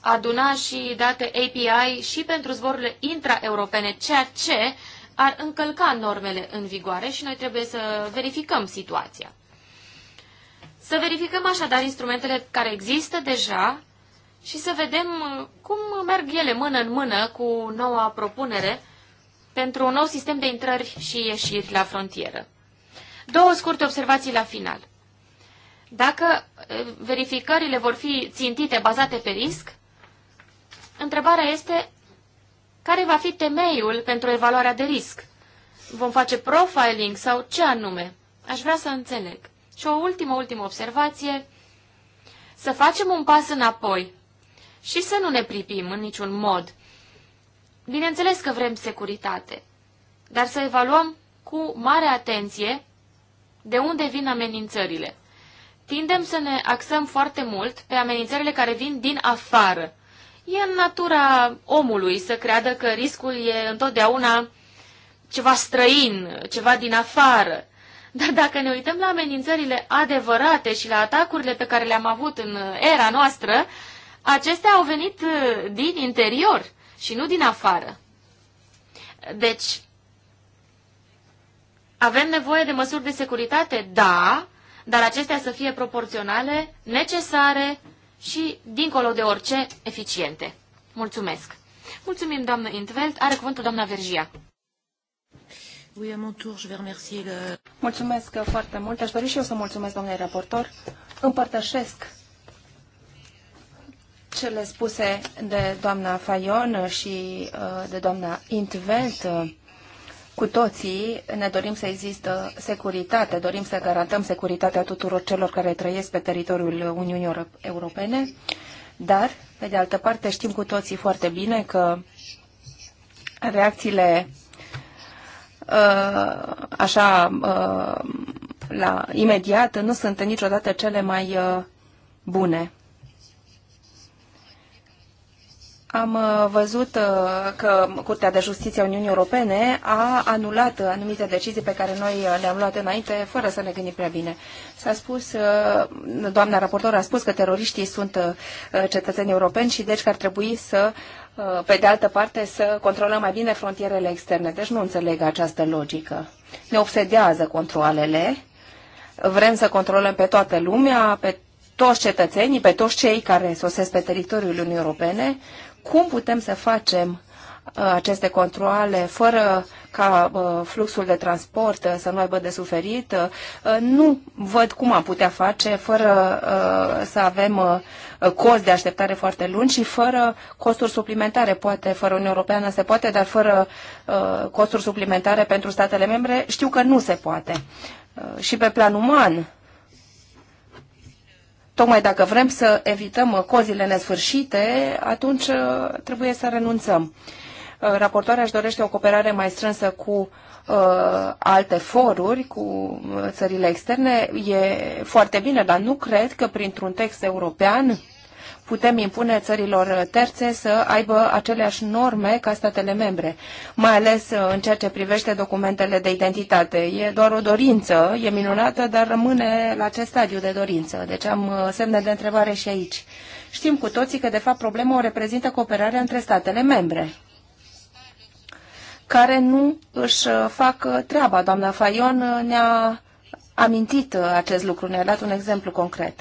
aduna și date API și pentru zborurile intraeuropene, ceea ce ar încălca normele în vigoare și noi trebuie să verificăm situația. Să verificăm așadar instrumentele care există deja și să vedem uh, cum merg ele mână în mână cu noua propunere pentru un nou sistem de intrări și ieșiri la frontieră. Două scurte observații la final. Dacă eh, verificările vor fi țintite bazate pe risc, întrebarea este care va fi temeiul pentru evaluarea de risc? Vom face profiling sau ce anume? Aș vrea să înțeleg. Și o ultimă, ultimă observație, să facem un pas înapoi și să nu ne pripim în niciun mod. Bineînțeles că vrem securitate, dar să evaluăm cu mare atenție de unde vin amenințările. Tindem să ne axăm foarte mult pe amenințările care vin din afară. E în natura omului să creadă că riscul e întotdeauna ceva străin, ceva din afară. Dar dacă ne uităm la amenințările adevărate și la atacurile pe care le-am avut în era noastră, acestea au venit uh, din interior și nu din afară. Deci, avem nevoie de măsuri de securitate, da, dar acestea să fie proporționale, necesare și, dincolo de orice, eficiente. Mulțumesc! Mulțumim, doamnă Intveld. Are cuvântul doamna Vergia. Mulțumesc foarte mult. Aș dori și eu să mulțumesc, domnule raportor. Împărtășesc cele spuse de doamna Fayon și uh, de doamna Intvent, uh, cu toții ne dorim să există securitate, dorim să garantăm securitatea tuturor celor care trăiesc pe teritoriul Uniunii Europene, dar, pe de altă parte, știm cu toții foarte bine că reacțiile uh, așa la imediat nu sunt niciodată cele mai bune. Am uh, văzut uh, că Curtea de Justiție a Uniunii Europene a anulat uh, anumite decizii pe care noi le-am luat înainte, fără să ne gândim prea bine. S-a spus, doamna raportor a spus că teroriștii sunt cetățeni europeni și deci că ar trebui să, pe de altă parte, să controlăm mai bine frontierele externe. Deci nu înțeleg această logică. Ne obsedează controlele, vrem să controlăm pe toată lumea, pe toți cetățenii, pe toți cei care sosesc pe teritoriul Uniunii Europene, cum putem să facem uh, aceste controle fără ca uh, fluxul de transport uh, să nu aibă de suferit. Nu văd cum am putea face fără să avem cost de așteptare foarte lungi și fără costuri suplimentare. Poate fără Uniunea Europeană se poate, dar fără costuri suplimentare pentru statele membre știu că nu se poate. Și pe plan uman tocmai dacă vrem să evităm uh, cozile nesfârșite, atunci uh, trebuie să renunțăm. Uh, raportoarea își dorește o cooperare mai strânsă cu alte foruri, cu țările externe. E foarte bine, dar nu cred că printr-un text european putem impune țărilor terțe să aibă aceleași norme ca statele membre, mai ales uh, în ceea ce privește documentele de identitate. E doar o dorință, e minunată, dar rămâne la acest stadiu de dorință. Deci am uh, semne de întrebare și aici. Știm cu toții că, de fapt, problema o reprezintă cooperarea între statele membre care nu își uh, fac treaba. Doamna Faion ne-a amintit acest lucru, ne-a dat un exemplu concret.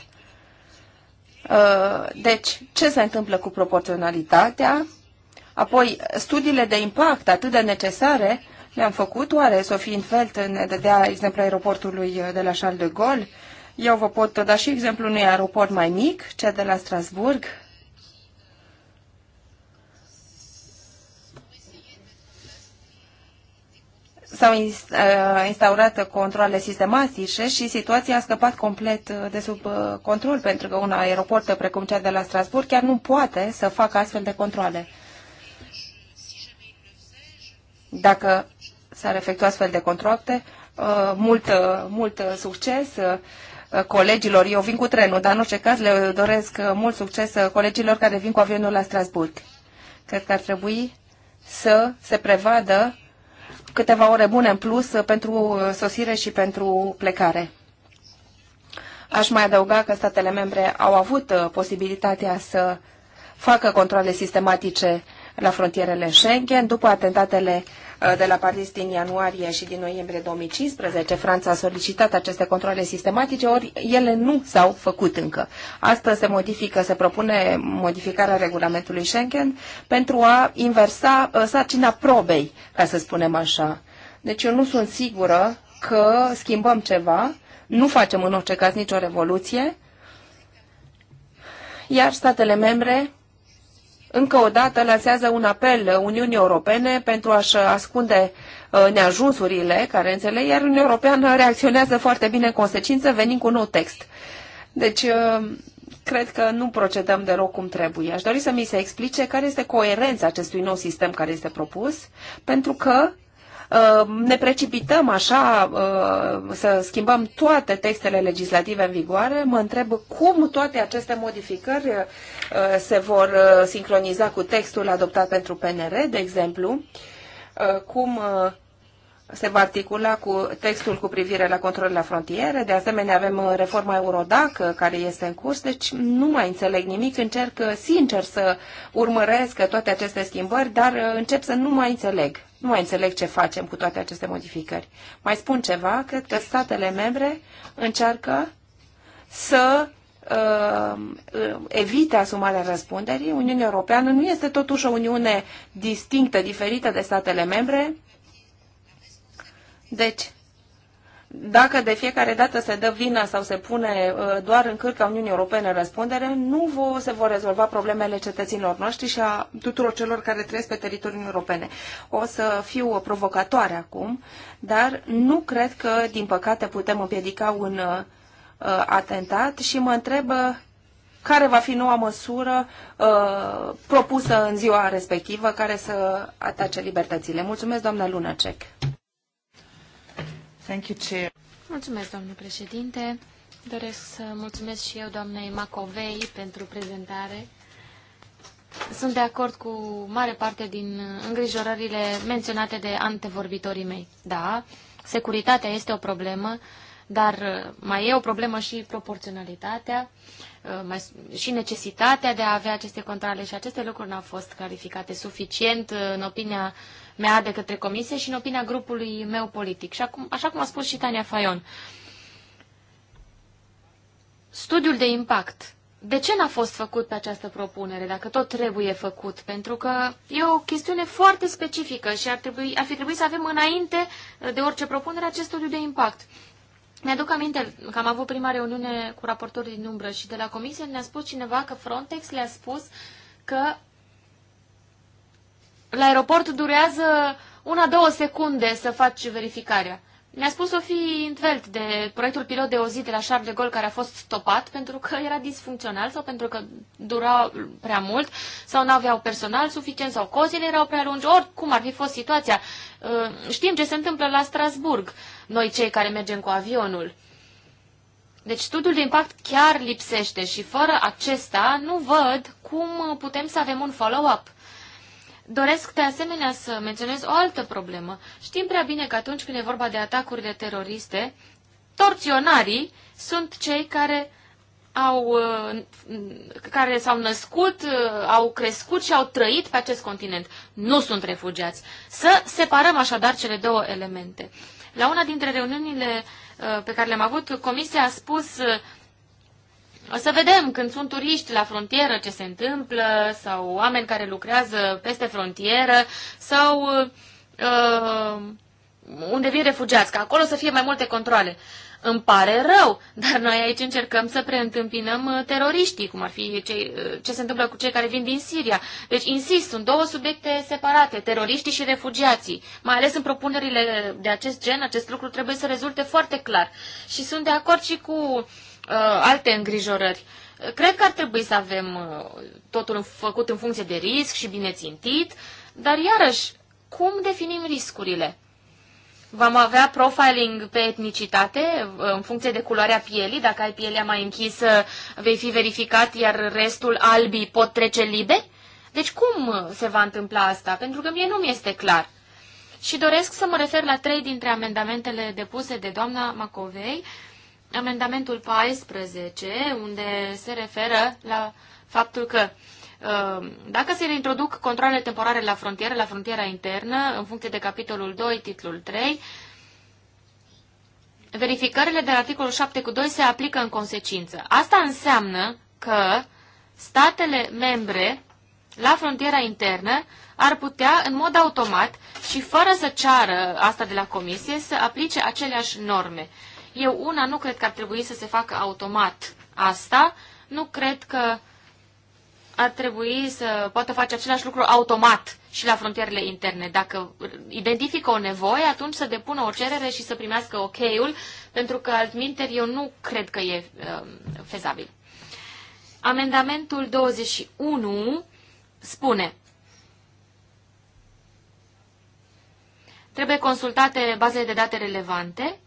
Uh, deci, ce se întâmplă cu proporționalitatea? Apoi, studiile de impact atât de necesare le-am făcut, oare Sofie Infeld ne dădea exemplu aeroportului uh, de la Charles de Gaulle? Eu vă pot da și exemplu unui aeroport mai mic, cel de la Strasburg, s-au uh, instaurat controle sistematice și situația a scăpat complet uh, de sub uh, control, pentru că un aeroport precum cel de la Strasburg chiar nu poate să facă astfel de controle. Dacă s-ar efectua astfel de controle, mult, mult succes colegilor. Eu vin cu trenul, dar în orice caz le doresc mult succes colegilor care vin cu avionul la Strasburg. Cred că ar trebui să se prevadă câteva ore bune în plus uh, pentru uh, sosire și pentru plecare. Aș mai adăuga că statele membre au avut uh, posibilitatea să facă controle sistematice la frontierele Schengen după atentatele de la Paris din ianuarie și din noiembrie 2015, Franța a solicitat aceste controle sistematice, ori ele nu s-au făcut încă. Astăzi se modifică, se propune modificarea regulamentului Schengen pentru a inversa uh, sarcina probei, ca să spunem așa. Deci eu nu sunt sigură că schimbăm ceva, nu facem în orice caz nicio revoluție, iar statele membre încă o dată lansează un apel Uniunii Europene pentru a-și ascunde uh, neajunsurile care înțeleg, iar Uniunea Europeană reacționează foarte bine în consecință venind cu un nou text. Deci, uh, cred că nu procedăm deloc cum trebuie. Aș dori să mi se explice care este coerența acestui nou sistem care este propus, pentru că Uh, ne precipităm așa uh, să schimbăm toate textele legislative în vigoare. Mă întreb cum toate aceste modificări uh, se vor sincroniza cu textul adoptat pentru PNR, de exemplu, cum se va articula cu textul cu privire la controlul la frontiere. De asemenea, avem reforma Eurodac care este în curs, deci nu mai înțeleg nimic. Încerc sincer să urmăresc toate aceste schimbări, dar încep să nu mai înțeleg nu mai înțeleg ce facem cu toate aceste modificări. Mai spun ceva, cred că statele membre încearcă să uh, evite asumarea răspunderii. Uniunea Europeană nu este totuși o uniune distinctă, diferită de statele membre. Deci, dacă de fiecare dată se dă vina sau se pune uh, doar în cârca Uniunii Europene răspundere, nu se vor rezolva problemele cetățenilor noștri și a tuturor celor care trăiesc pe teritoriul Uniunii Europene. O să fiu provocatoare acum, dar nu cred că, din păcate, putem împiedica un uh, atentat și mă întreb uh, care va fi noua măsură uh, propusă în ziua respectivă care să atace libertățile. Mulțumesc, doamna Lunacek. Mulțumesc, domnule președinte. Doresc să mulțumesc și eu doamnei Macovei pentru prezentare. Sunt de acord cu mare parte din îngrijorările menționate de antevorbitorii mei. Da, securitatea este o problemă, dar mai e o problemă și proporționalitatea uh, și necesitatea de a avea aceste controle și aceste lucruri nu au fost clarificate suficient uh, în opinia uh, mea de către comisie și în opinia grupului meu politic. Și acum, așa cum a spus și Tania Fayon, studiul de impact. De ce n-a fost făcut pe această propunere, dacă tot trebuie făcut? Pentru că e o chestiune foarte specifică și ar, trebui, ar fi trebuit să avem înainte de orice propunere acest studiu de impact. Mi-aduc aminte că am avut prima reuniune cu raportorii din umbră și de la comisie ne-a spus cineva că Frontex le-a spus că la aeroport durează una-două secunde să faci verificarea. mi a spus Sofie Intveld de proiectul pilot de o zi de la Charles de Gaulle care a fost stopat pentru că era disfuncțional sau pentru că dura prea mult sau nu aveau personal suficient sau cozile erau prea lungi, oricum ar fi fost situația. Uh, știm ce se întâmplă la Strasburg, noi cei care mergem cu avionul. Deci studiul de impact chiar lipsește și fără acesta nu văd cum putem să avem un follow-up. Doresc de asemenea să menționez o altă problemă. Știm prea bine că atunci când e vorba de atacurile teroriste, torționarii sunt cei care au, uh, care s-au născut, uh, au crescut și au trăit pe acest continent. Nu sunt refugiați. Să separăm așadar cele două elemente. La una dintre reuniunile uh, pe care le-am avut, Comisia a spus o să vedem când sunt turiști la frontieră ce se întâmplă sau oameni care lucrează peste frontieră sau uh, unde vin refugiați, că acolo să fie mai multe controle. Îmi pare rău, dar noi aici încercăm să preîntâmpinăm uh, teroriștii, cum ar fi cei, uh, ce se întâmplă cu cei care vin din Siria. Deci, insist, sunt două subiecte separate, teroriștii și refugiații. Mai ales în propunerile de acest gen, acest lucru trebuie să rezulte foarte clar. Și sunt de acord și cu uh, Uh, alte îngrijorări. Cred că ar trebui să avem uh, totul făcut în funcție de risc și bine țintit, dar iarăși, cum definim riscurile? Vom avea profiling pe etnicitate uh, în funcție de culoarea pielii. Dacă ai pielea mai închisă, vei fi verificat, iar restul albii pot trece libe? Deci cum se va întâmpla asta? Pentru că mie nu mi este clar. Și doresc să mă refer la trei dintre amendamentele depuse de doamna Macovei, uh, amendamentul 14, unde se referă la faptul că uh, dacă se reintroduc controlele temporare la frontieră, la frontiera internă, în funcție de capitolul 2, titlul 3, verificările de la articolul 7 cu 2 se aplică în consecință. Asta înseamnă că statele membre la frontiera internă ar putea, în mod automat și fără să ceară asta de la comisie, să aplice aceleași norme. Eu una nu cred că ar trebui să se facă automat asta, nu cred că ar trebui să poată face același lucru automat și la frontierele interne. Dacă identifică o nevoie, atunci să depună o cerere și să primească ok-ul, pentru că altminteri eu nu cred că e uh, fezabil. Amendamentul 21 spune Trebuie consultate bazele de date relevante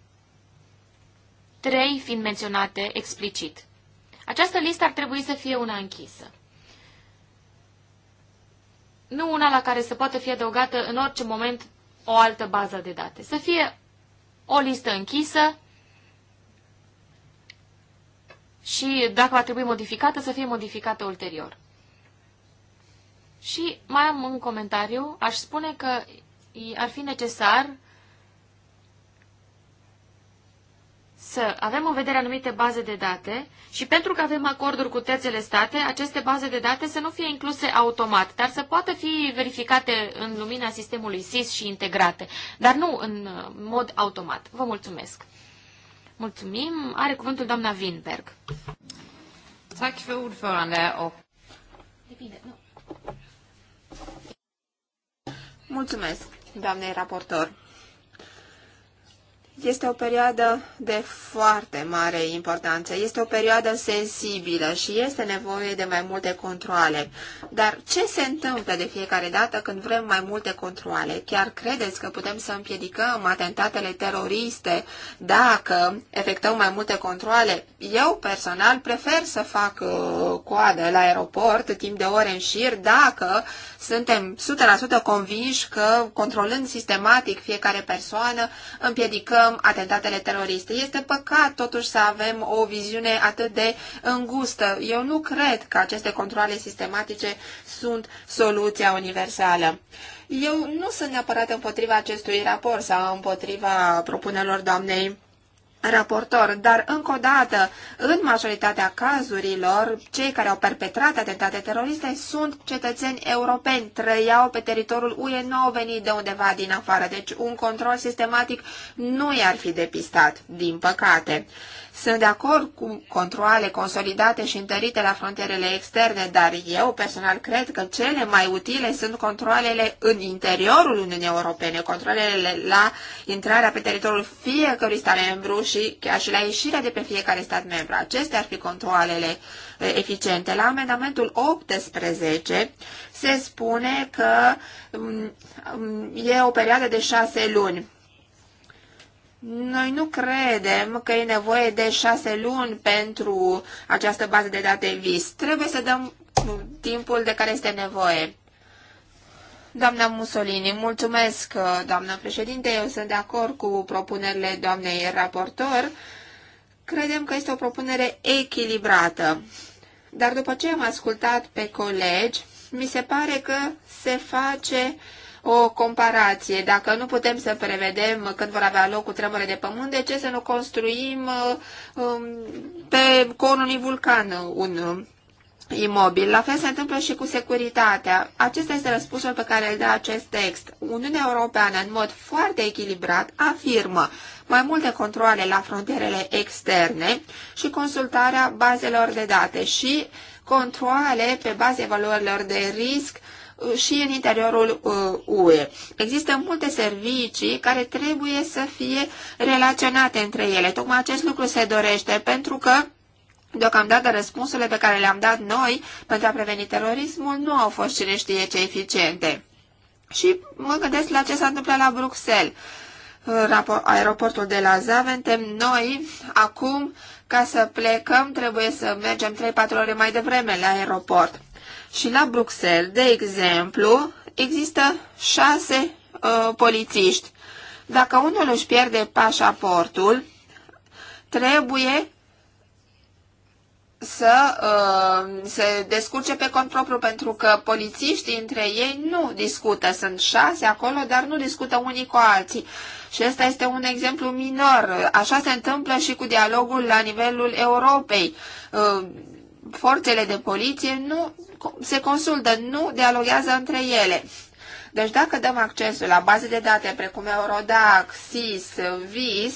trei fiind menționate explicit. Această listă ar trebui să fie una închisă. Nu una la care să poată fi adăugată în orice moment o altă bază de date. Să fie o listă închisă și, dacă va trebui modificată, să fie modificată ulterior. Și mai am un comentariu. Aș spune că ar fi necesar să avem în vedere anumite baze de date și pentru că avem acorduri cu terțele state, aceste baze de date să nu fie incluse automat, dar să poată fi verificate în lumina sistemului SIS și integrate, dar nu în uh, mod automat. Vă mulțumesc! Mulțumim! Are cuvântul doamna Winberg. Mulțumesc, doamnei raportor. Este o perioadă de foarte mare importanță, este o perioadă sensibilă și este nevoie de mai multe controle. Dar ce se întâmplă de fiecare dată când vrem mai multe controle? Chiar credeți că putem să împiedicăm atentatele teroriste dacă efectăm mai multe controle? Eu personal prefer să fac uh, coadă la aeroport timp de ore în șir dacă suntem 100% convinși că controlând sistematic fiecare persoană împiedicăm evităm atentatele teroriste. Este păcat totuși să avem o viziune atât de îngustă. Eu nu cred că aceste controle sistematice sunt soluția universală. Eu nu sunt neapărat împotriva acestui raport sau împotriva propunerilor doamnei raportor, dar încă o dată, în majoritatea cazurilor, cei care au perpetrat atentate teroriste sunt cetățeni europeni, trăiau pe teritoriul UE, nu au venit de undeva din afară, deci un control sistematic nu i-ar fi depistat, din păcate. Sunt de acord cu controle consolidate și întărite la frontierele externe, dar eu personal cred că cele mai utile sunt controlele în interiorul Uniunii Europene, controlele la intrarea pe teritoriul fiecărui stat membru și chiar și la ieșirea de pe fiecare stat membru. Acestea ar fi controlele eh, eficiente. La amendamentul 18 se spune că mm, mm, e o perioadă de șase luni noi nu credem că e nevoie de șase luni pentru această bază de date vis. Trebuie să dăm timpul de care este nevoie. Doamna Mussolini, mulțumesc, doamnă președinte. Eu sunt de acord cu propunerile doamnei raportor. Credem că este o propunere echilibrată. Dar după ce am ascultat pe colegi, mi se pare că se face uh, o comparație. Dacă nu putem să prevedem când vor avea loc cu tremure de pământ, de ce să nu construim uh, um, pe conul unui vulcan un uh, imobil. La fel se întâmplă și cu securitatea. Acesta este răspunsul pe care îl dă acest text. Uniunea Europeană, în mod foarte echilibrat, afirmă mai multe controle la frontierele externe și consultarea bazelor de date și controle pe baze valorilor de risc și în interiorul UE. Uh, Există multe servicii care trebuie să fie relaționate între ele. Tocmai acest lucru se dorește pentru că Deocamdată răspunsurile pe care le-am dat noi pentru a preveni terorismul nu au fost cine știe ce eficiente. Și mă gândesc la ce s-a întâmplat la Bruxelles. Aeroportul de la Zaventem, noi, acum, ca să plecăm, trebuie să mergem 3-4 ore mai devreme la aeroport. Și la Bruxelles, de exemplu, există șase uh, polițiști. Dacă unul își pierde pașaportul, trebuie să uh, se descurce pe cont propriu, pentru că polițiștii între ei nu discută. Sunt șase acolo, dar nu discută unii cu alții. Și ăsta este un exemplu minor. Așa se întâmplă și cu dialogul la nivelul Europei. Uh, forțele de poliție nu se consultă, nu dialoguează între ele. Deci dacă dăm accesul la baze de date precum Eurodac, SIS, VIS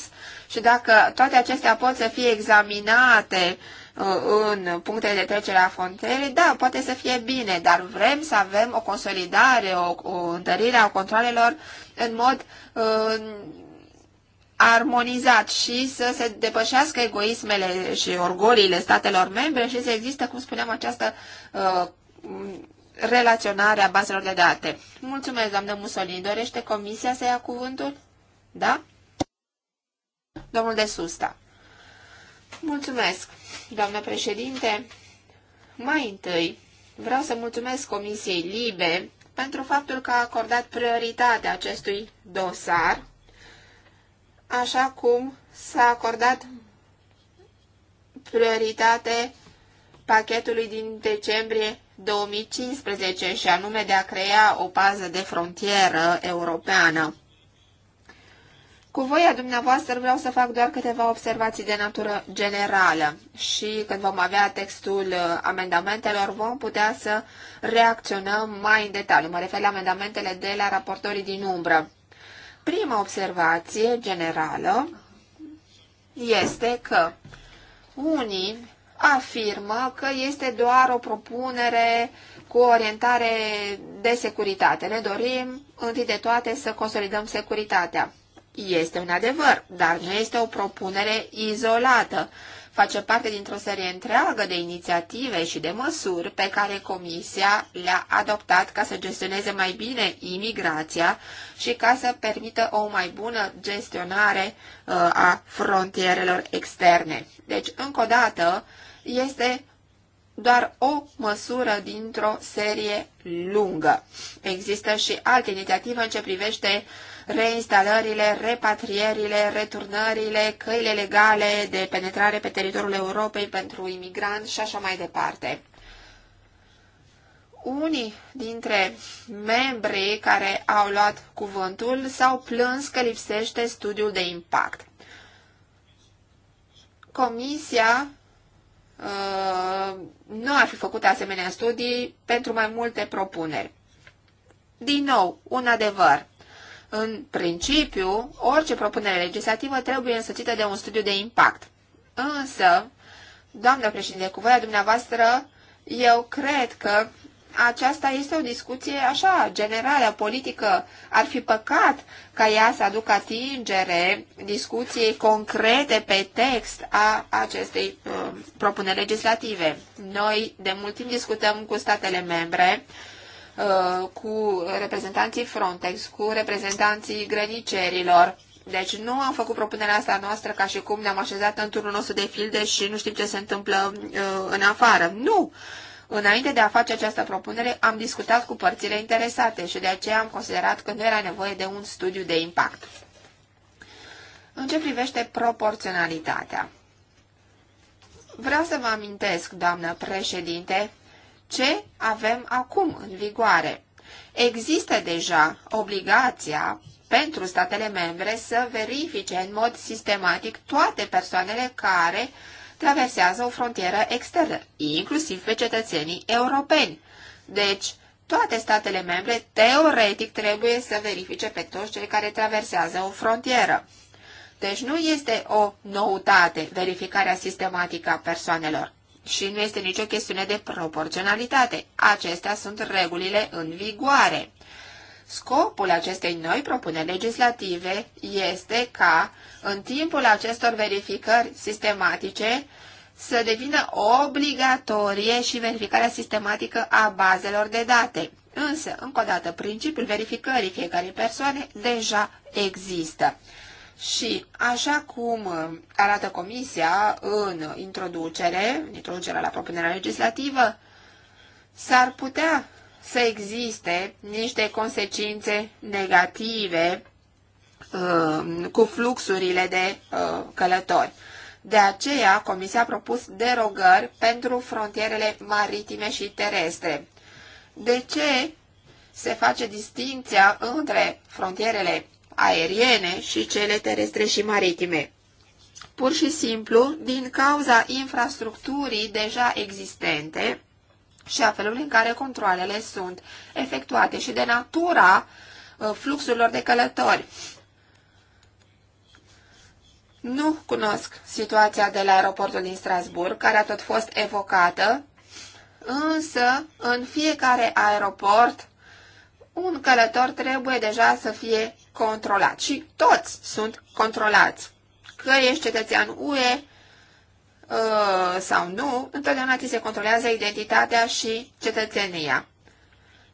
și dacă toate acestea pot să fie examinate uh, în punctele de trecere a frontierei, da, poate să fie bine, dar vrem să avem o consolidare, o, o întărire a controlelor în mod uh, armonizat și să se depășească egoismele și orgoliile statelor membre și să existe, cum spuneam, această uh, relaționare a bazelor de date. Mulțumesc, doamnă Mussolini. Dorește comisia să ia cuvântul? Da? Domnul de Susta. Mulțumesc, doamnă președinte. Mai întâi, vreau să mulțumesc Comisiei Libe pentru faptul că a acordat prioritate acestui dosar așa cum s-a acordat prioritate pachetului din decembrie 2015 și anume de a crea o pază de frontieră europeană. Cu voia dumneavoastră vreau să fac doar câteva observații de natură generală și când vom avea textul uh, amendamentelor vom putea să reacționăm mai în detaliu. Mă refer la amendamentele de la raportorii din umbră. Prima observație generală este că unii afirmă că este doar o propunere cu orientare de securitate. Ne dorim, întâi de toate, să consolidăm securitatea. Este un adevăr, dar nu este o propunere izolată face parte dintr-o serie întreagă de inițiative și de măsuri pe care Comisia le-a adoptat ca să gestioneze mai bine imigrația și ca să permită o mai bună gestionare uh, a frontierelor externe. Deci, încă o dată, este doar o măsură dintr-o serie lungă. Există și alte inițiative în ce privește uh, reinstalările, repatrierile, returnările, căile legale de penetrare pe teritoriul Europei pentru imigranți și așa mai departe. Unii dintre membrii care au luat cuvântul s-au plâns că lipsește studiul de impact. Comisia uh, nu ar fi făcut asemenea studii pentru mai multe propuneri. Din nou, un adevăr. În principiu, orice propunere legislativă trebuie însățită de un studiu de impact. Însă, doamnă președinte, cu voia dumneavoastră, eu cred că aceasta este o discuție așa, generală, politică. Ar fi păcat ca ea să aducă atingere discuției concrete pe text a acestei uh, propuneri legislative. Noi de mult timp discutăm cu statele membre Uh, cu reprezentanții Frontex, cu reprezentanții grănicerilor. Deci nu am făcut propunerea asta noastră ca și cum ne-am așezat în turnul nostru de filde și nu știm ce se întâmplă uh, în afară. Nu! Înainte de a face această propunere, am discutat cu părțile interesate și de aceea am considerat că nu era nevoie de un studiu de impact. În ce privește proporționalitatea? Vreau să vă amintesc, doamnă președinte, ce avem acum în vigoare. Există deja obligația pentru statele membre să verifice în mod sistematic toate persoanele care traversează o frontieră externă, inclusiv pe cetățenii europeni. Deci, toate statele membre, teoretic, trebuie să verifice pe toți cei care traversează o frontieră. Deci nu este o noutate verificarea sistematică a persoanelor și nu este nicio chestiune de proporționalitate. Acestea sunt regulile în vigoare. Scopul acestei noi propuneri legislative este ca, în timpul acestor verificări sistematice, să devină obligatorie și verificarea sistematică a bazelor de date. Însă, încă o dată, principiul verificării fiecarei persoane deja există. Și așa cum uh, arată Comisia în introducere, în introducerea la propunerea legislativă, s-ar putea să existe niște consecințe negative uh, cu fluxurile de uh, călători. De aceea, Comisia a propus derogări pentru frontierele maritime și terestre. De ce se face distinția între frontierele aeriene și cele terestre și maritime. Pur și simplu, din cauza infrastructurii deja existente și a felului în care controlele sunt efectuate și de natura uh, fluxurilor de călători. Nu cunosc situația de la aeroportul din Strasburg, care a tot fost evocată, însă în fiecare aeroport un călător trebuie deja să fie controlat și toți sunt controlați. Că ești cetățean UE uh, sau nu, întotdeauna ți se controlează identitatea și cetățenia.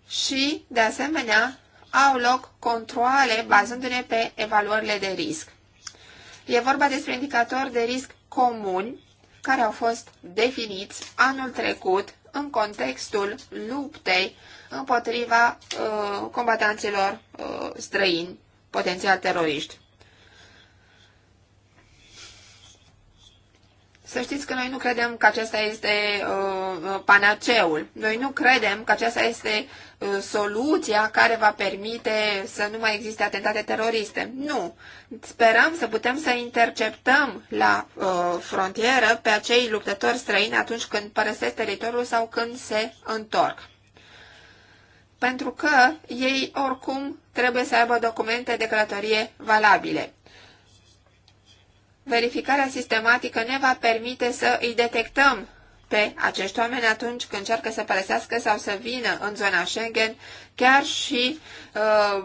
Și, de asemenea, au loc controle bazându-ne pe evaluările de risc. E vorba despre indicatori de risc comuni care au fost definiți anul trecut în contextul luptei împotriva uh, combatanților uh, străini potențial teroriști. Să știți că noi nu credem că acesta este uh, uh, panaceul. Noi nu credem că aceasta este uh, soluția care va permite să nu mai existe atentate teroriste. Nu. Sperăm să putem să interceptăm la uh, frontieră pe acei luptători străini atunci când părăsesc teritoriul sau când se întorc. Pentru că ei oricum trebuie să aibă documente de călătorie valabile. Verificarea sistematică ne va permite să îi detectăm pe acești oameni atunci când încearcă să părăsească sau să vină în zona Schengen, chiar și uh,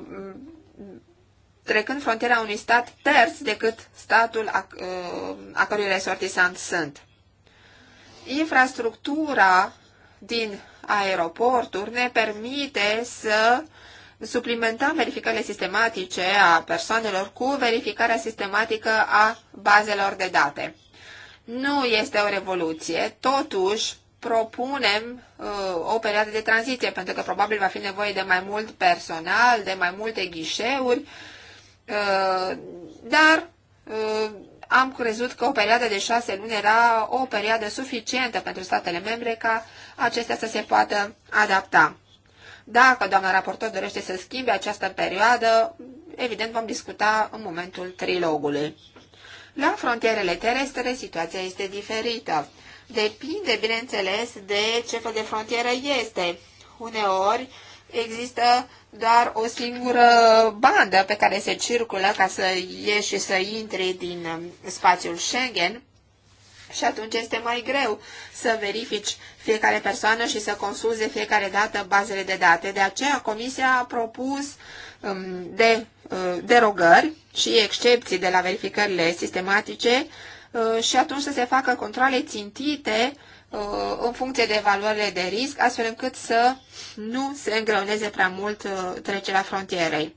trecând frontiera unui stat terț decât statul a, uh, a cărui resortisant sunt. Infrastructura din aeroporturi ne permite să suplimenta verificările sistematice a persoanelor cu verificarea sistematică a bazelor de date. Nu este o revoluție, totuși propunem uh, o perioadă de tranziție, pentru că probabil va fi nevoie de mai mult personal, de mai multe ghișeuri, uh, dar uh, am crezut că o perioadă de șase luni era o perioadă suficientă pentru statele membre ca acestea să se poată adapta. Dacă doamna raportor dorește să schimbe această perioadă, evident vom discuta în momentul trilogului. La frontierele terestre situația este diferită. Depinde, bineînțeles, de ce fel de frontieră este. Uneori există doar o singură bandă pe care se circulă ca să ieși și să intri din uh, spațiul Schengen, și atunci este mai greu să verifici fiecare persoană și să consulze fiecare dată bazele de date. De aceea Comisia a propus um, de uh, derogări și excepții de la verificările sistematice uh, și atunci să se facă controle țintite uh, în funcție de valorile de risc, astfel încât să nu se îngreuneze prea mult trecerea frontierei.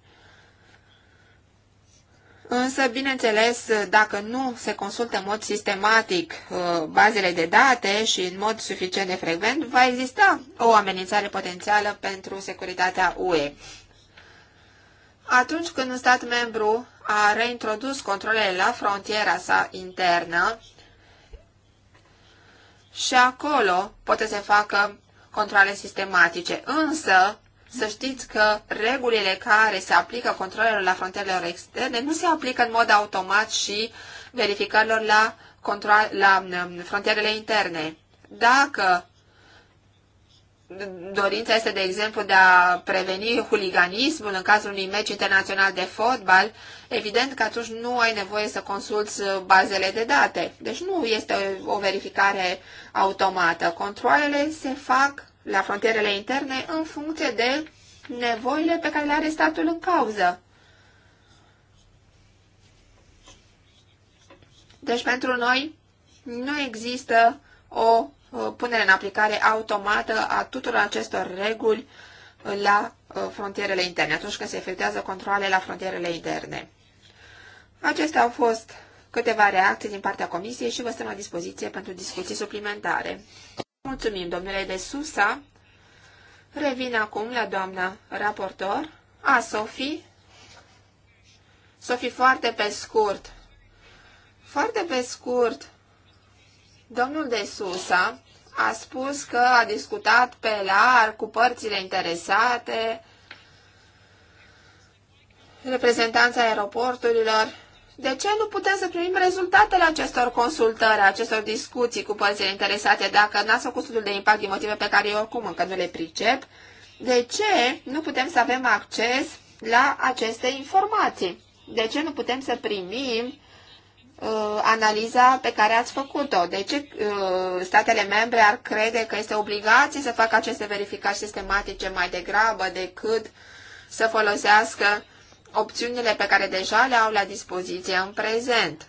Însă, bineînțeles, dacă nu se consultă în mod sistematic uh, bazele de date și în mod suficient de frecvent, va exista o amenințare potențială pentru securitatea UE. Atunci când un stat membru a reintrodus controlele la frontiera sa internă, și acolo pot să se facă controle sistematice. Însă, să știți că regulile care se aplică controlelor la frontierelor externe nu se aplică în mod automat și verificărilor la, control, la um, frontierele interne. Dacă dorința este, de exemplu, de a preveni huliganismul în cazul unui meci internațional de fotbal, evident că atunci nu ai nevoie să consulți bazele de date. Deci nu este o verificare automată. Controlele se fac la frontierele interne în funcție de nevoile pe care le are statul în cauză. Deci pentru noi nu există o uh, punere în aplicare automată a tuturor acestor reguli la uh, frontierele interne, atunci când se efectuează controle la frontierele interne. Acestea au fost câteva reacții din partea Comisiei și vă stăm la dispoziție pentru discuții suplimentare. Mulțumim, domnule de Susa. Revin acum la doamna raportor. A, Sofie. Sofie, foarte pe scurt. Foarte pe scurt. Domnul de Susa a spus că a discutat pe larg cu părțile interesate, reprezentanța aeroporturilor de ce nu putem să primim rezultatele acestor consultări, acestor discuții cu părțile interesate, dacă n-ați făcut studiul de impact din motive pe care eu oricum încă nu le pricep? De ce nu putem să avem acces la aceste informații? De ce nu putem să primim uh, analiza pe care ați făcut-o? De ce uh, statele membre ar crede că este obligație să facă aceste verificări sistematice mai degrabă decât să folosească opțiunile pe care deja le au la dispoziție în prezent.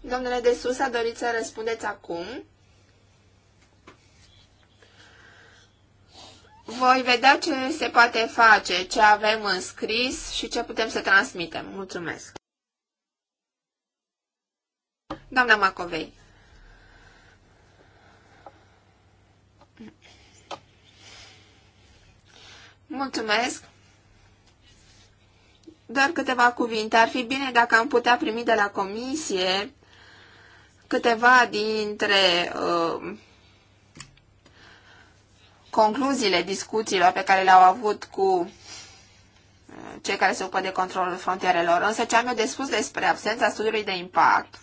Domnule de sus, a dorit să răspundeți acum. Voi vedea ce se poate face, ce avem înscris și ce putem să transmitem. Mulțumesc. Doamna Macovei. Mulțumesc! Doar câteva cuvinte. Ar fi bine dacă am putea primi de la comisie câteva dintre uh, concluziile discuțiilor pe care le-au avut cu uh, cei care se ocupă de controlul frontierelor. Însă ce am eu de spus despre absența studiului de impact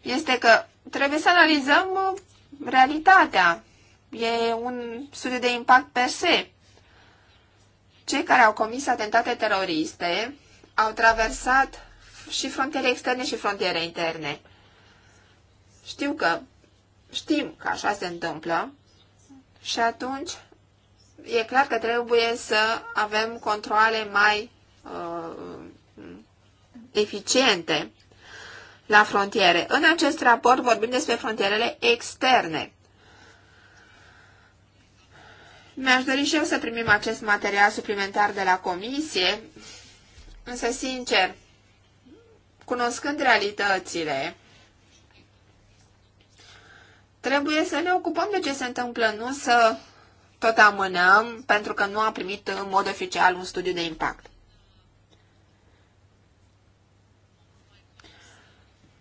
este că trebuie să analizăm uh, realitatea. E un studiu de impact per se. Cei care au comis atentate teroriste au traversat și frontiere externe și frontiere interne. Știu că știm că așa se întâmplă și atunci e clar că trebuie să avem controle mai uh, eficiente la frontiere. În acest raport vorbim despre frontierele externe. Mi-aș dori și eu să primim acest material suplimentar de la comisie, însă, sincer, cunoscând realitățile, trebuie să ne ocupăm de ce se întâmplă, nu să tot amânăm pentru că nu a primit în mod oficial un studiu de impact.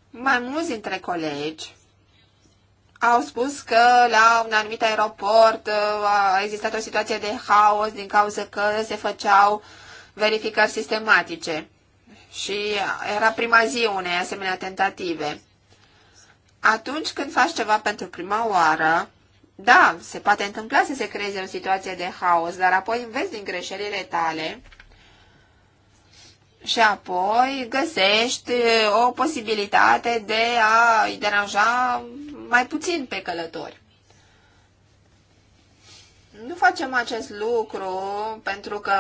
Mai mulți dintre colegi au spus că la un anumit aeroport uh, a existat o situație de haos din cauza că se făceau verificări sistematice și era prima zi unei asemenea tentative. Atunci când faci ceva pentru prima oară, da, se poate întâmpla să se creeze o situație de haos, dar apoi înveți din greșelile tale și apoi găsești uh, o posibilitate de a-i deranja mai puțin pe călători. Nu facem acest lucru pentru că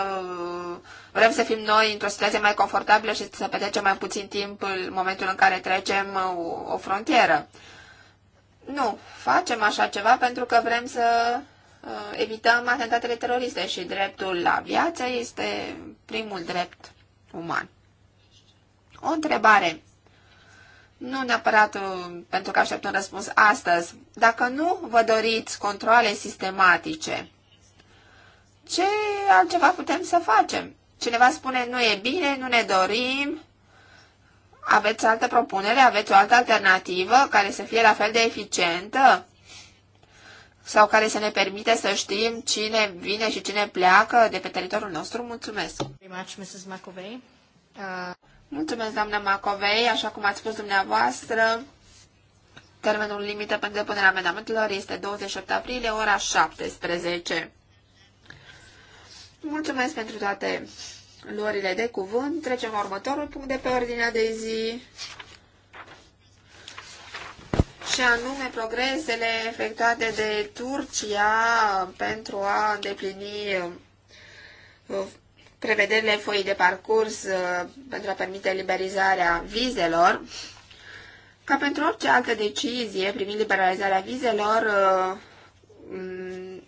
vrem să fim noi într-o situație mai confortabilă și să petrecem mai puțin timp în momentul în care trecem o, frontieră. Nu, facem așa ceva pentru că vrem să uh, evităm atentatele teroriste și dreptul la viață este primul drept uman. O întrebare nu neapărat uh, pentru că aștept un răspuns astăzi, dacă nu vă doriți controle sistematice, ce altceva putem să facem? Cineva spune nu e bine, nu ne dorim, aveți altă propunere, aveți o altă alternativă care să fie la fel de eficientă? Sau care să ne permite să știm cine vine și cine pleacă de pe teritoriul nostru? Mulțumesc! Mulțumesc, doamnă Macovei. Așa cum ați spus dumneavoastră, termenul limită pentru depunerea amendamentelor este 28 aprilie, ora 17. Mulțumesc pentru toate luările de cuvânt. Trecem la următorul punct de pe ordinea de zi și anume progresele efectuate de Turcia pentru a îndeplini uh, prevederile foii de parcurs uh, pentru a permite liberalizarea vizelor. Ca pentru orice altă decizie privind liberalizarea vizelor, uh, mm,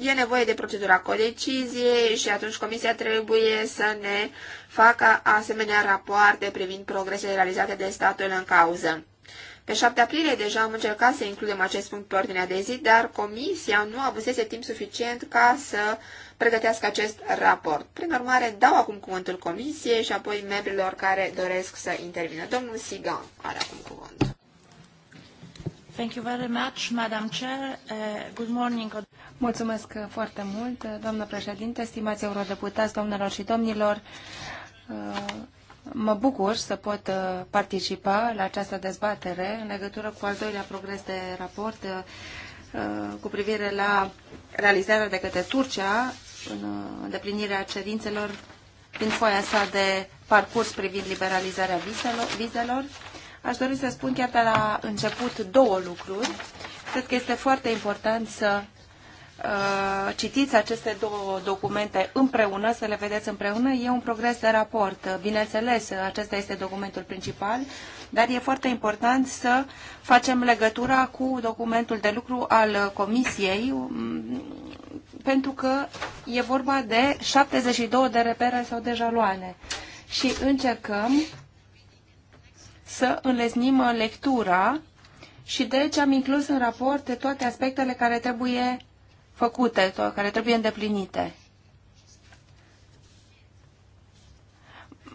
e nevoie de procedura codecizie și atunci Comisia trebuie să ne facă asemenea rapoarte privind progresele realizate de statul în cauză. Pe 7 aprilie deja am încercat să includem acest punct pe ordinea de zi, dar Comisia nu avusese timp suficient ca să pregătească acest raport. Prin urmare, dau acum cuvântul comisiei și apoi membrilor care doresc să intervină. Domnul Sigan are acum cuvântul. Thank you very much, Madam Chair. Uh, good morning. Mulțumesc foarte mult, doamnă președinte, stimați eurodeputați, domnilor și domnilor. Uh, mă bucur să pot uh, participa la această dezbatere în legătură cu al doilea progres de raport cu privire la realizarea de către Turcia în uh, îndeplinirea cerințelor din foaia sa de parcurs privind liberalizarea vizelor. Aș dori să spun chiar de la început două lucruri. Cred că este foarte important să Uh, citiți aceste două documente împreună, să le vedeți împreună. E un progres de raport. Bineînțeles, acesta este documentul principal, dar e foarte important să facem legătura cu documentul de lucru al Comisiei, um, pentru că e vorba de 72 de repere sau de jaloane. Și încercăm să înlesnim lectura și deci am inclus în raport toate aspectele care trebuie făcute, care trebuie îndeplinite.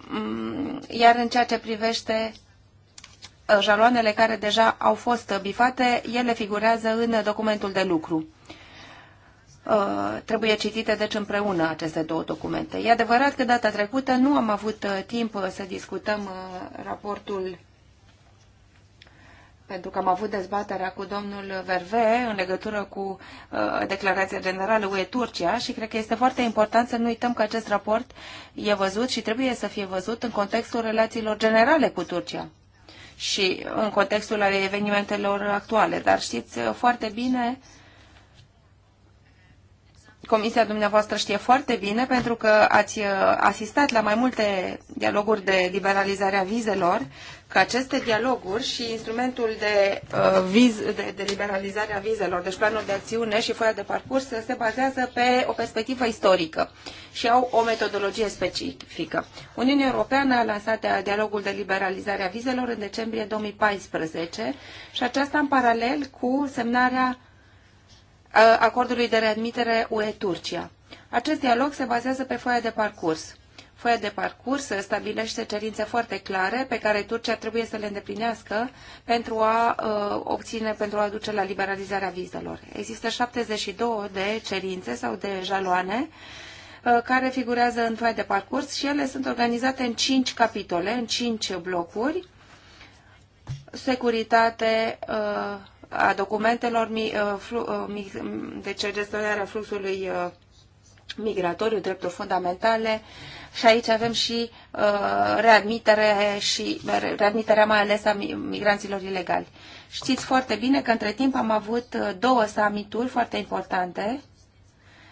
Mm, iar în ceea ce privește uh, jaloanele care deja au fost bifate, ele figurează în documentul de lucru. Uh, trebuie citite, deci, împreună aceste două documente. E adevărat că data trecută nu am avut uh, timp să discutăm raportul pentru că am avut dezbaterea cu domnul Verve în legătură cu uh, declarația generală UE-Turcia și cred că este foarte important să nu uităm că acest raport e văzut și trebuie să fie văzut în contextul relațiilor generale cu Turcia și în contextul evenimentelor actuale. Dar știți uh, foarte bine uh, Comisia dumneavoastră știe foarte bine pentru că ați uh, asistat la mai multe dialoguri de liberalizare a vizelor, că aceste dialoguri și instrumentul de, uh, viz, de, de liberalizare a vizelor, deci planul de acțiune și foaia de parcurs, se bazează pe o perspectivă istorică și au o metodologie specifică. Uniunea Europeană a lansat dialogul de liberalizare a vizelor în decembrie 2014 și aceasta în paralel cu semnarea acordului de readmitere UE-Turcia. Acest dialog se bazează pe foaia de parcurs. Foaia de parcurs stabilește cerințe foarte clare pe care Turcia trebuie să le îndeplinească pentru a uh, obține, pentru a duce la liberalizarea vizelor. Există 72 de cerințe sau de jaloane uh, care figurează în foaia de parcurs și ele sunt organizate în cinci capitole, în cinci blocuri. Securitate, uh, a documentelor, deci gestionarea fluxului uh, migratoriu, drepturi fundamentale și aici avem și readmitere și readmiterea mai ales a migranților ilegali. Știți foarte bine că între timp am avut două summituri foarte importante.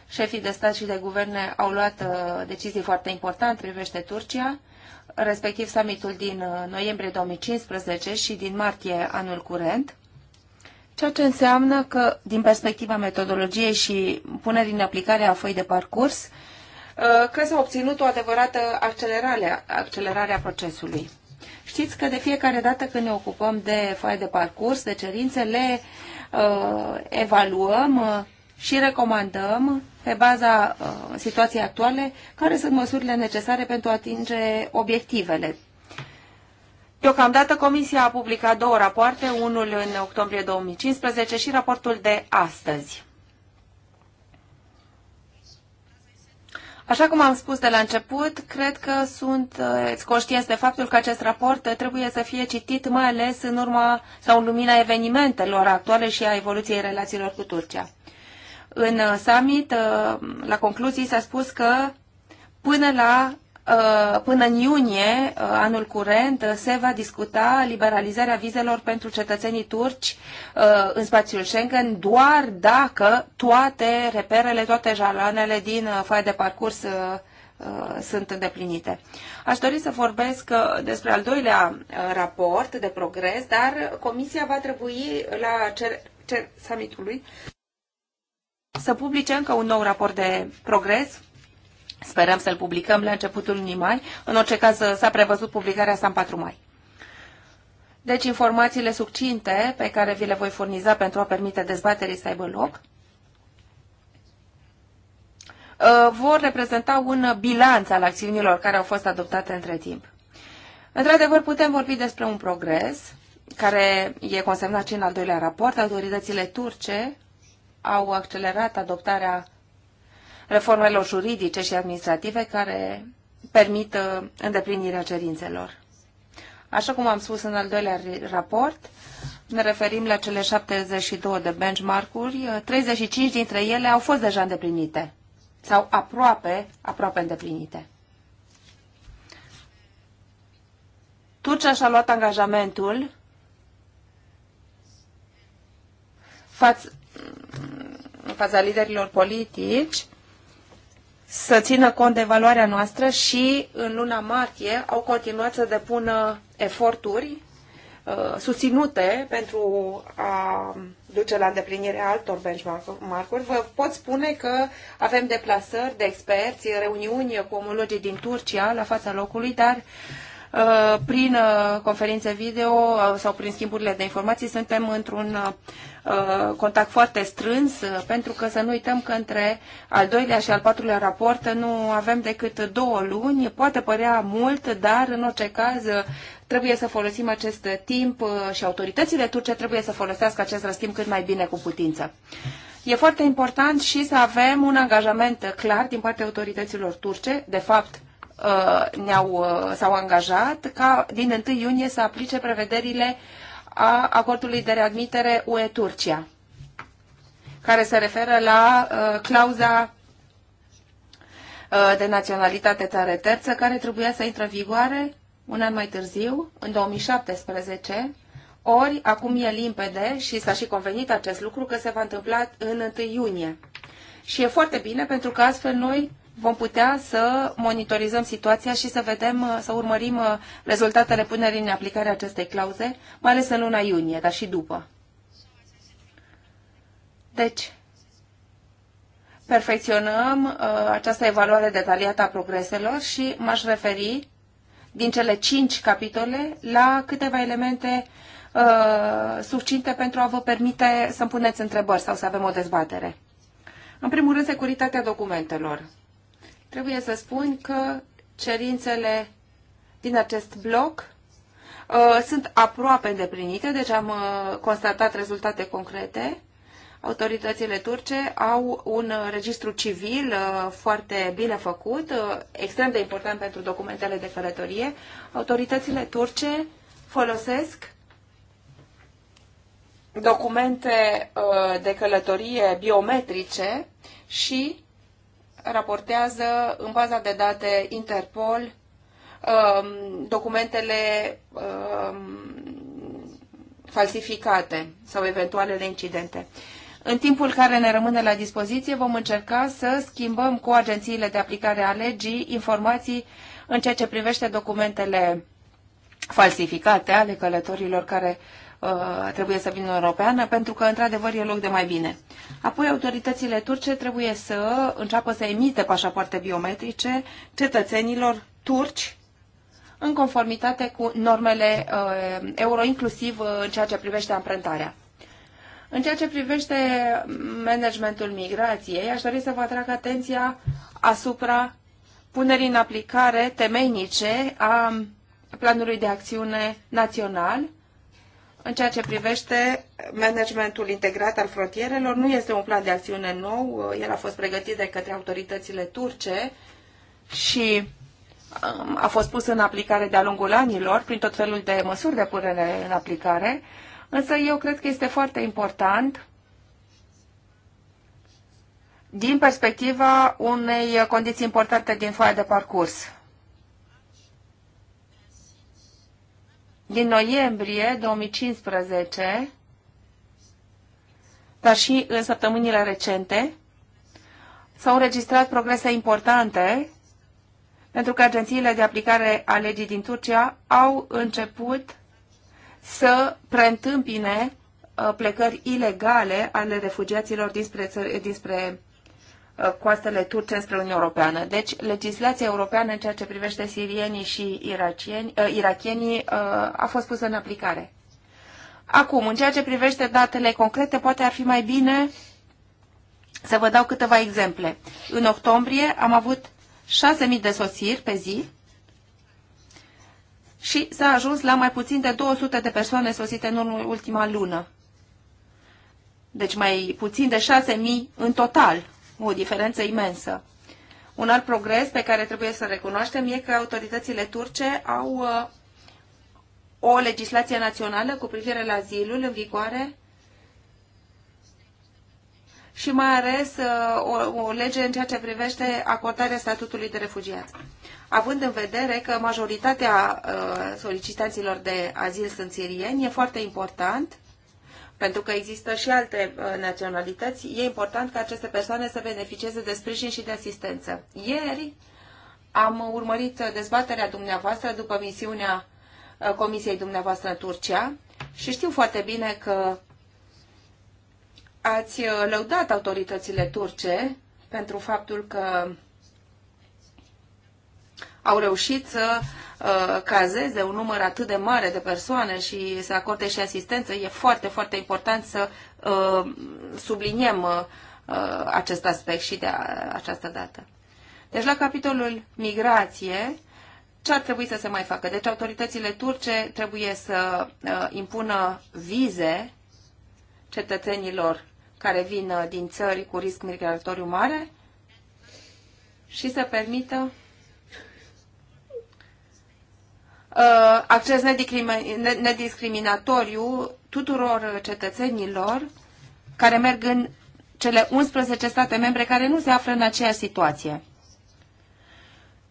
Șefii de stat și de guverne au luat decizii foarte importante privește Turcia, respectiv summitul din noiembrie 2015 și din martie anul curent Ceea ce înseamnă că, din perspectiva metodologiei și punerii în aplicare a foi de parcurs, uh, că s-a obținut o adevărată accelerare, accelerare a procesului. Știți că de fiecare dată când ne ocupăm de foaie de parcurs, de cerințe, le uh, evaluăm uh, și recomandăm, pe baza uh, situației actuale, care sunt măsurile necesare pentru a atinge obiectivele Deocamdată Comisia a publicat două rapoarte, unul în octombrie 2015 și raportul de astăzi. Așa cum am spus de la început, cred că sunt conștienți de faptul că acest raport trebuie să fie citit mai ales în urma sau în lumina evenimentelor actuale și a evoluției relațiilor cu Turcia. În summit, la concluzii, s-a spus că până la Uh, până în iunie uh, anul curent uh, se va discuta liberalizarea vizelor pentru cetățenii turci în spațiul Schengen doar dacă toate reperele, toate jaloanele din foaia de parcurs sunt îndeplinite. Aș dori să vorbesc despre al doilea raport de progres, dar Comisia va trebui la cer, cer summitului să publice încă un nou raport de progres Sperăm să-l publicăm la începutul lunii mai. În orice caz s-a prevăzut publicarea sa în 4 mai. Deci informațiile succinte pe care vi le voi furniza pentru a permite dezbaterii să aibă loc uh, vor reprezenta un bilanț al acțiunilor care au fost adoptate între timp. Într-adevăr, putem vorbi despre un progres care e consemnat și în al doilea raport. Autoritățile turce au accelerat adoptarea reformelor juridice și administrative care permit îndeplinirea cerințelor. Așa cum am spus în al doilea raport, ne referim la cele 72 de benchmark-uri, 35 dintre ele au fost deja îndeplinite sau aproape, aproape îndeplinite. Turcia și-a luat angajamentul față, în fața liderilor politici să țină cont de valoarea noastră și în luna martie au continuat să depună eforturi uh, susținute pentru a duce la îndeplinirea altor benchmark-uri. Vă pot spune că avem deplasări de experți, reuniuni cu omologii din Turcia la fața locului, dar Uh, prin uh, conferințe video uh, sau prin schimburile de informații suntem într-un contact foarte strâns, pentru că să nu uităm că între al doilea și al patrulea raport nu avem decât două luni. Poate părea mult, dar în orice caz trebuie să folosim acest timp și autoritățile turce trebuie să folosească acest răstim cât mai bine cu putință. E foarte important și să avem un angajament clar din partea autorităților turce. De fapt, Uh, ne-au, uh, s-au angajat ca din 1 iunie să aplice prevederile a acordului de readmitere UE-Turcia, care se referă la uh, clauza de naționalitate țară terță, care trebuia să intre în vigoare un an mai târziu, în 2017, ori acum e limpede și s-a și convenit acest lucru că se va întâmpla în 1 iunie. Și e foarte bine pentru că astfel noi vom putea să monitorizăm situația și să vedem, uh, să urmărim uh, rezultatele punerii în aplicare acestei clauze, mai ales în luna iunie, dar și după. Deci, perfecționăm uh, această evaluare detaliată a progreselor și m-aș referi din cele cinci capitole la câteva elemente uh, succinte pentru a vă permite să-mi puneți întrebări sau să avem o dezbatere. În primul rând, securitatea documentelor. Trebuie să spun că cerințele din acest bloc uh, sunt aproape îndeplinite, deci am uh, constatat rezultate concrete. Autoritățile turce au un registru civil uh, foarte bine făcut, extrem de important pentru documentele de călătorie. Autoritățile turce folosesc documente de călătorie biometrice și raportează în baza de date Interpol um, documentele um, falsificate sau eventualele incidente. În timpul care ne rămâne la dispoziție, vom încerca să schimbăm cu agențiile de aplicare a legii informații în ceea ce privește documentele falsificate ale călătorilor care uh, Uh, trebuie să vină în Europeană, pentru că, într-adevăr, e loc de mai bine. Apoi, autoritățile turce trebuie să înceapă să emite pașapoarte biometrice cetățenilor turci în conformitate cu normele uh, euro, inclusiv uh, în ceea ce privește amprentarea. În ceea ce privește managementul migrației, aș dori să vă atrag atenția asupra punerii în aplicare temeinice a planului de acțiune național în ceea ce privește managementul integrat al frontierelor, nu este un plan de acțiune nou, el a fost pregătit de către autoritățile turce și um, a fost pus în aplicare de-a lungul anilor prin tot felul de măsuri de punere în aplicare, însă eu cred că este foarte important din perspectiva unei condiții importante din foaia de parcurs. din noiembrie 2015, dar și în săptămânile recente, s-au înregistrat progrese importante pentru că agențiile de aplicare a legii din Turcia au început să preîntâmpine uh, plecări ilegale ale refugiaților dinspre, dinspre coastele turce spre Uniunea Europeană. Deci, legislația europeană în ceea ce privește sirienii și iracieni, uh, irachienii uh, a fost pusă în aplicare. Acum, în ceea ce privește datele concrete, poate ar fi mai bine să vă dau câteva exemple. În octombrie am avut 6.000 de sosiri pe zi și s-a ajuns la mai puțin de 200 de persoane sosite în ultima lună. Deci mai puțin de 6.000 în total o diferență imensă. Un alt progres pe care trebuie să recunoaștem e că autoritățile turce au uh, o legislație națională cu privire la azilul în vigoare și mai ales uh, o, o lege în ceea ce privește acordarea statutului de refugiat. Având în vedere că majoritatea uh, solicitanților de azil sunt sirieni, e foarte important pentru că există și alte uh, naționalități, e important ca aceste persoane să beneficieze de sprijin și de asistență. Ieri am urmărit uh, dezbaterea dumneavoastră după misiunea uh, Comisiei dumneavoastră în Turcia și știu foarte bine că ați lăudat autoritățile turce pentru faptul că au reușit să uh, cazeze un număr atât de mare de persoane și să acorde și asistență, e foarte, foarte important să uh, subliniem uh, acest aspect și de această dată. Deci la capitolul migrație, ce ar trebui să se mai facă? Deci autoritățile turce trebuie să impună vize cetățenilor care vin din țări cu risc migratoriu mare și să permită Uh, acces nediscriminatoriu tuturor cetățenilor care merg în cele 11 state membre care nu se află în aceeași situație.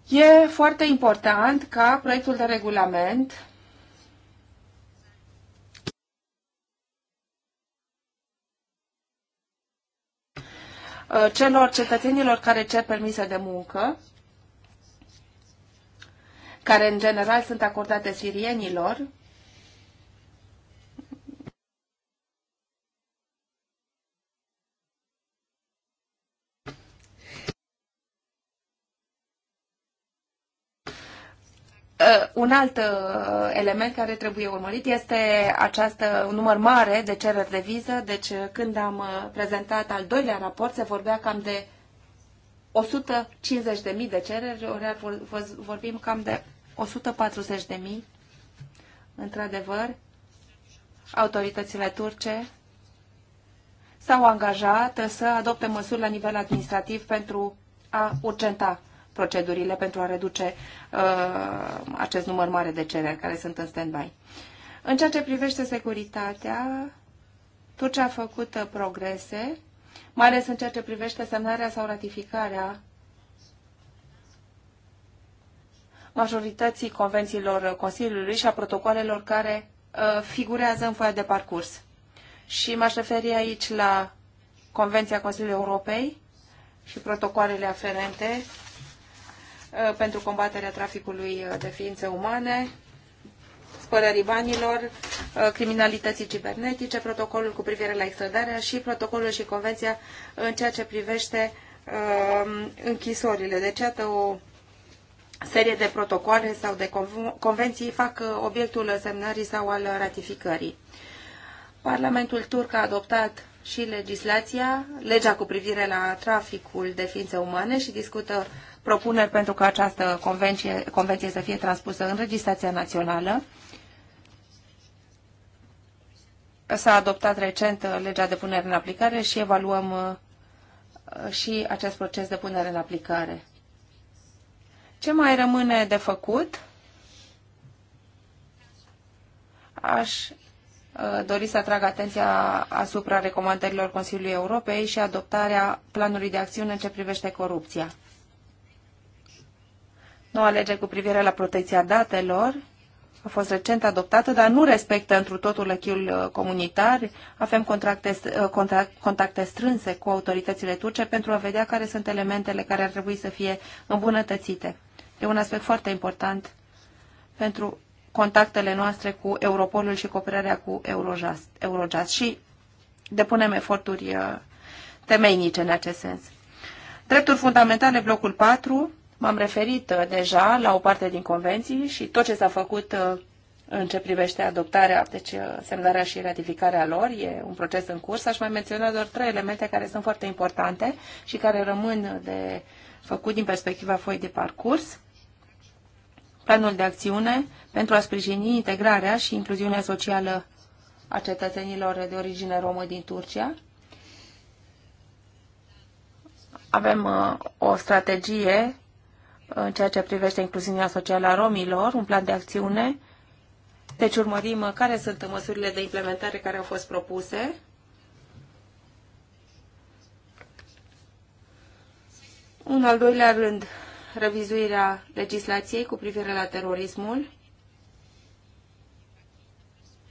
E foarte important ca proiectul de regulament uh, celor cetățenilor care cer permise de muncă care în general sunt acordate sirienilor, uh, un alt uh, element care trebuie urmărit este această un număr mare de cereri de viză. Deci uh, când am prezentat al doilea raport se vorbea cam de 150.000 de cereri, ori vorbim cam de 140 de mii. Într-adevăr, autoritățile turce s-au angajat să adopte măsuri la nivel administrativ pentru a urgenta procedurile pentru a reduce uh, acest număr mare de cereri care sunt în stand-by. În ceea ce privește securitatea, Turcia a făcut uh, progrese, mai ales în ceea ce privește semnarea sau ratificarea majorității convențiilor Consiliului și a protocoalelor care uh, figurează în foaia de parcurs. Și m-aș referi aici la Convenția Consiliului Europei și protocoalele aferente uh, pentru combaterea traficului uh, de ființe umane, spălării banilor, criminalității cibernetice, protocolul cu privire la extradarea și protocolul și convenția în ceea ce privește închisorile. Deci, iată o serie de protocoale sau de convenții fac uh, obiectul semnării sau al ratificării. Parlamentul turc a adoptat și legislația, legea cu privire la traficul de ființe umane și discută propuneri pentru ca această convenție, convenție să fie transpusă în legislația națională. S-a adoptat recent uh, legea de punere în aplicare și evaluăm uh, și acest proces de punere în aplicare. Ce mai rămâne de făcut? Aș uh, dori să atrag atenția asupra recomandărilor Consiliului Europei și adoptarea planului de acțiune în ce privește corupția. Noua lege cu privire la protecția datelor a fost recent adoptată, dar nu respectă întru totul lăchiul uh, comunitar. Avem contracte, uh, contacte strânse cu autoritățile turce pentru a vedea care sunt elementele care ar trebui să fie îmbunătățite. E un aspect foarte important pentru contactele noastre cu Europolul și cooperarea cu Eurojust, Eurojust și depunem eforturi uh, temeinice în acest sens. Drepturi fundamentale, blocul 4, m-am referit uh, deja la o parte din convenții și tot ce s-a făcut uh, în ce privește adoptarea, deci semnarea și ratificarea lor, e un proces în curs. Aș mai menționa doar trei elemente care sunt foarte importante și care rămân de făcut din perspectiva foi de parcurs planul de acțiune pentru a sprijini integrarea și incluziunea socială a cetățenilor de origine romă din Turcia. Avem uh, o strategie în ceea ce privește incluziunea socială a romilor, un plan de acțiune. Deci urmărim uh, care sunt măsurile de implementare care au fost propuse. În al doilea rând, revizuirea legislației cu privire la terorismul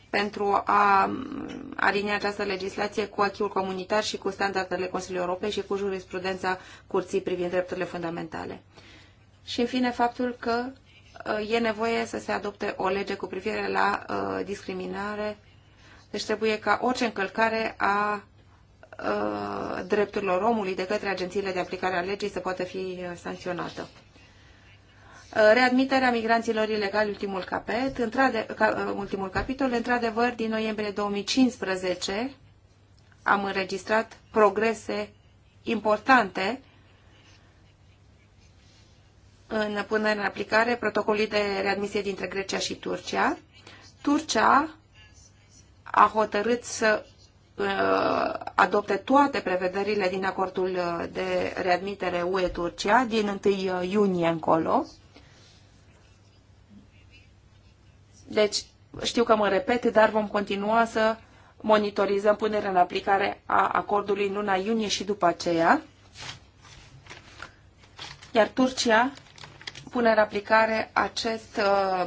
pentru a alinia această legislație cu acquis comunitar și cu standardele Consiliului Europei și cu jurisprudența Curții privind drepturile fundamentale. Și, în fine, faptul că uh, e nevoie să se adopte o lege cu privire la uh, discriminare, deci trebuie ca orice încălcare a Uh, drepturilor omului de către agențiile de aplicare a legii să poată fi uh, sancționată. Uh, readmiterea migranților ilegali, ultimul, capet, ultimul capitol, într-adevăr, din noiembrie 2015 am înregistrat progrese importante în punerea în aplicare protocolului de readmisie dintre Grecia și Turcia. Turcia a hotărât să Uh, adopte toate prevederile din acordul uh, de readmitere UE-Turcia din 1 uh, iunie încolo. Deci, știu că mă repet, dar vom continua să monitorizăm punerea în aplicare a acordului în luna iunie și după aceea. Iar Turcia pune în aplicare acest uh,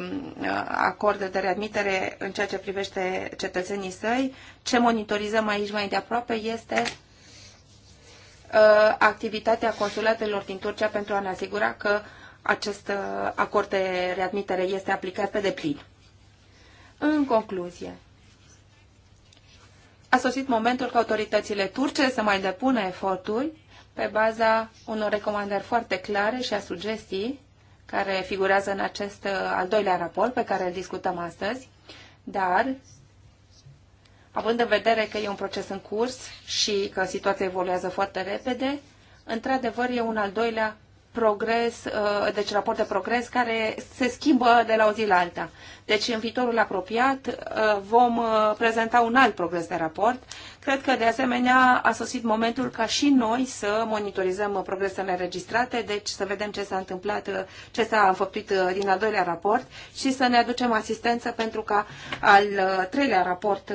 acord de readmitere în ceea ce privește cetățenii săi. Ce monitorizăm aici mai de aproape este uh, activitatea consulatelor din Turcia pentru a ne asigura că acest uh, acord de readmitere este aplicat pe deplin. În concluzie, a sosit momentul ca autoritățile turce să mai depună eforturi pe baza unor recomandări foarte clare și a sugestii care figurează în acest uh, al doilea raport pe care îl discutăm astăzi, dar având în vedere că e un proces în curs și că situația evoluează foarte repede, într-adevăr e un al doilea progres, uh, deci raport de progres care se schimbă de la o zi la alta. Deci în viitorul apropiat uh, vom uh, prezenta un alt progres de raport. Cred că de asemenea a sosit momentul ca și noi să monitorizăm progresele înregistrate, deci să vedem ce s-a întâmplat, ce s-a înfăptuit din al doilea raport și să ne aducem asistență pentru ca al treilea raport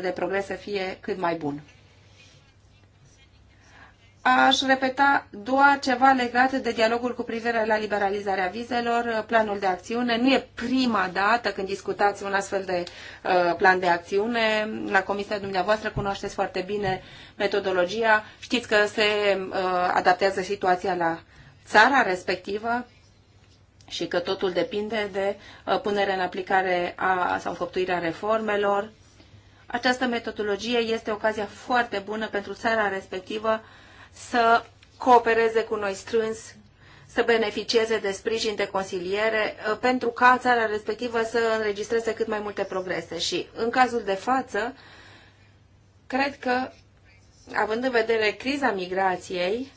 de progres să fie cât mai bun. Aș repeta doar ceva legat de dialogul cu privire la liberalizarea vizelor, planul de acțiune. Nu e prima dată când discutați un astfel de uh, plan de acțiune. La comisia dumneavoastră cunoașteți foarte bine metodologia. Știți că se uh, adaptează situația la țara respectivă și că totul depinde de uh, punerea în aplicare a, sau înfăptuirea reformelor. Această metodologie este ocazia foarte bună pentru țara respectivă uh, să coopereze cu noi strâns, să beneficieze de sprijin de consiliere uh, pentru ca țara respectivă să înregistreze cât mai multe progrese. Și în cazul de față, cred că, având în vedere criza migrației,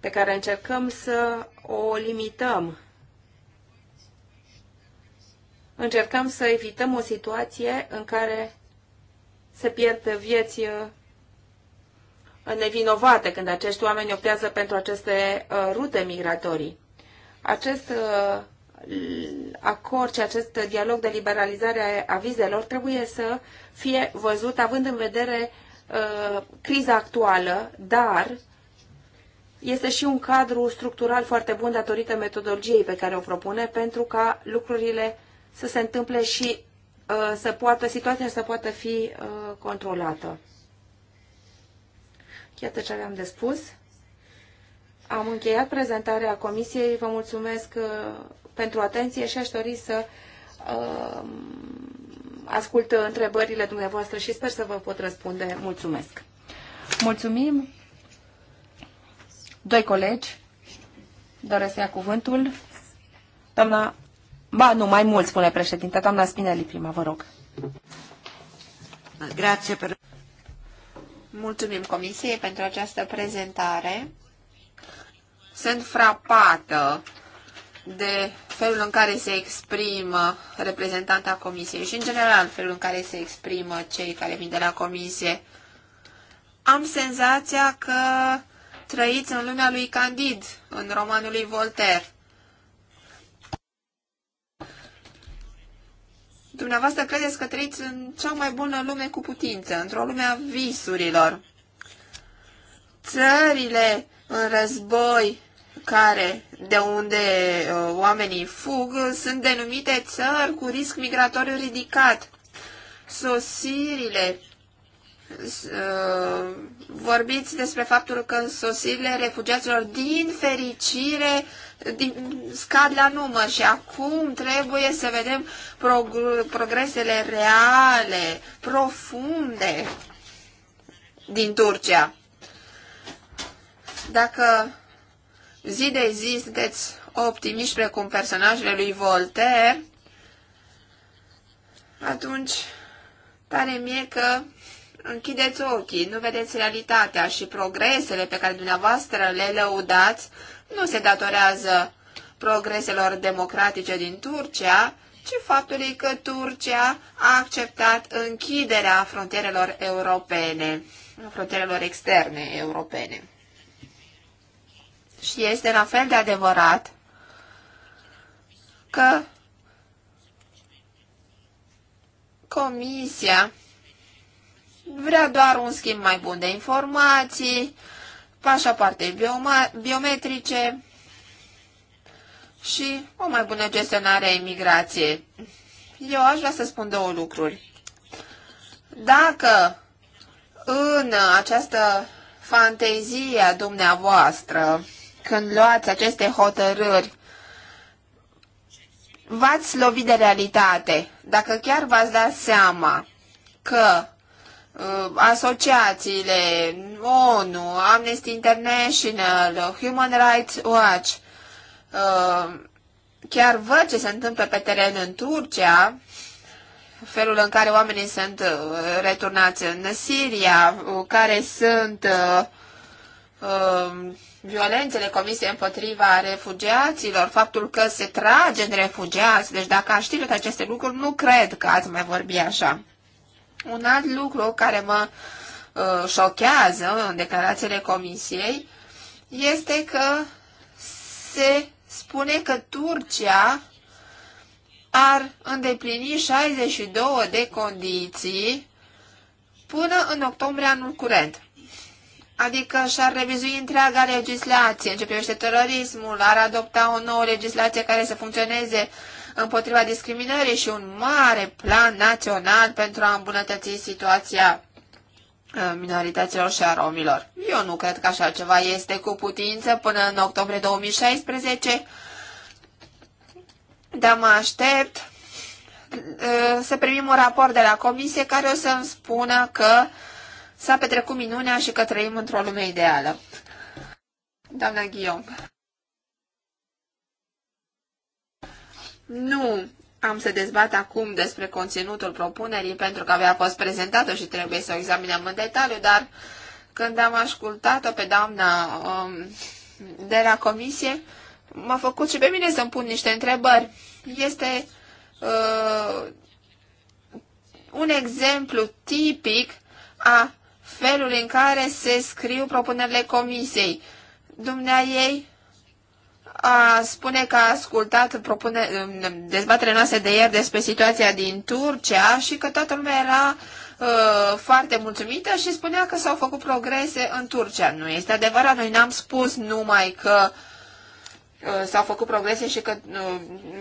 pe care încercăm să o limităm. Încercăm să evităm o situație în care se pierdă vieți uh, nevinovate când acești oameni optează pentru aceste uh, rute migratorii. Acest uh, acord și acest dialog de liberalizare a vizelor trebuie să fie văzut având în vedere criza actuală, dar este și un cadru structural foarte bun datorită metodologiei pe care o propune pentru ca lucrurile să se întâmple și Uh, să poată, situația să poată fi uh, controlată. Iată ce aveam de spus. Am încheiat prezentarea comisiei. Vă mulțumesc uh, pentru atenție și aș dori să ascult întrebările dumneavoastră și sper să vă pot răspunde. Mulțumesc! Mulțumim! Doi colegi doresc să ia cuvântul. Doamna Ba, nu, mai mult, spune președinte. Doamna Spinelli, prima, vă rog. Grazie per... Mulțumim Comisiei pentru această prezentare. Sunt frapată de felul în care se exprimă reprezentanta Comisiei și, în general, felul în care se exprimă cei care vin de la Comisie. Am senzația că trăiți în lumea lui Candid, în romanul lui Voltaire. Dumneavoastră credeți că trăiți în cea mai bună lume cu putință, într-o lume a visurilor. Țările în război care, de unde uh, oamenii fug, sunt denumite țări cu risc migratoriu ridicat. Sosirile uh, vorbiți despre faptul că sosirile refugiaților, din fericire, scad la număr și acum trebuie să vedem prog- progresele reale, profunde din Turcia. Dacă zi de zi sunteți optimiști precum personajele lui Voltaire, atunci pare mie că închideți ochii, nu vedeți realitatea și progresele pe care dumneavoastră le lăudați nu se datorează progreselor democratice din Turcia, ci faptului că Turcia a acceptat închiderea frontierelor europene, frontierelor externe europene. Și este la fel de adevărat că Comisia vrea doar un schimb mai bun de informații, pe parte, biometrice și o mai bună gestionare a imigrației. Eu aș vrea să spun două lucruri. Dacă în această fantezie a dumneavoastră, când luați aceste hotărâri, v-ați lovit de realitate, dacă chiar v-ați dat seama că Uh, asociațiile ONU, Amnesty International, Human Rights Watch, uh, chiar văd ce se întâmplă pe teren în Turcia, felul în care oamenii sunt uh, returnați în Siria, care sunt violențele comise împotriva refugiaților, faptul că se trage în refugiați. Deci dacă aș ști aceste lucruri, nu cred că ați mai vorbi așa. Un alt lucru care mă uh, șochează în declarațiile comisiei este că se spune că Turcia ar îndeplini 62 de condiții până în octombrie anul curent. Adică și-ar revizui întreaga legislație în ce privește terorismul, ar adopta o nouă legislație care să funcționeze împotriva discriminării și un mare plan național pentru a îmbunătăți situația uh, minorităților și a romilor. Eu nu cred că așa ceva este cu putință până în octombrie 2016, dar mă aștept uh, să primim un raport de la comisie care o să-mi spună că s-a petrecut minunea și că trăim într-o lume ideală. Doamna Ghiom. Nu am să dezbat acum despre conținutul propunerii, pentru că avea fost prezentată și trebuie să o examinăm în detaliu, dar când am ascultat-o pe doamna um, de la comisie, m-a făcut și pe mine să-mi pun niște întrebări. Este uh, un exemplu tipic a felului în care se scriu propunerile comisiei. Dumnea ei a spune că a ascultat propune, dezbaterea noastră de ieri despre situația din Turcia și că toată lumea era uh, foarte mulțumită și spunea că s-au făcut progrese în Turcia. Nu este adevărat, noi n-am spus numai că uh, s-au făcut progrese și că uh,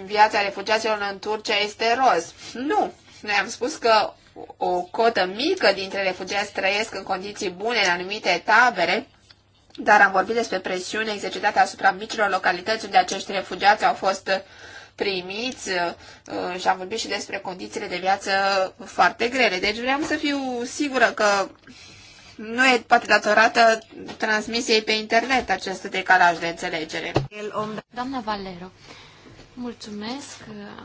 viața refugiaților în Turcia este roz. Nu, noi am spus că o cotă mică dintre refugiați trăiesc în condiții bune în anumite tabere dar am vorbit despre presiune exercitată asupra micilor localități unde acești refugiați au fost primiți uh, uh, și am vorbit și despre condițiile de viață foarte grele. Deci vreau să fiu sigură că nu e poate datorată transmisiei pe internet acest decalaj de înțelegere. Doamna Valero, mulțumesc.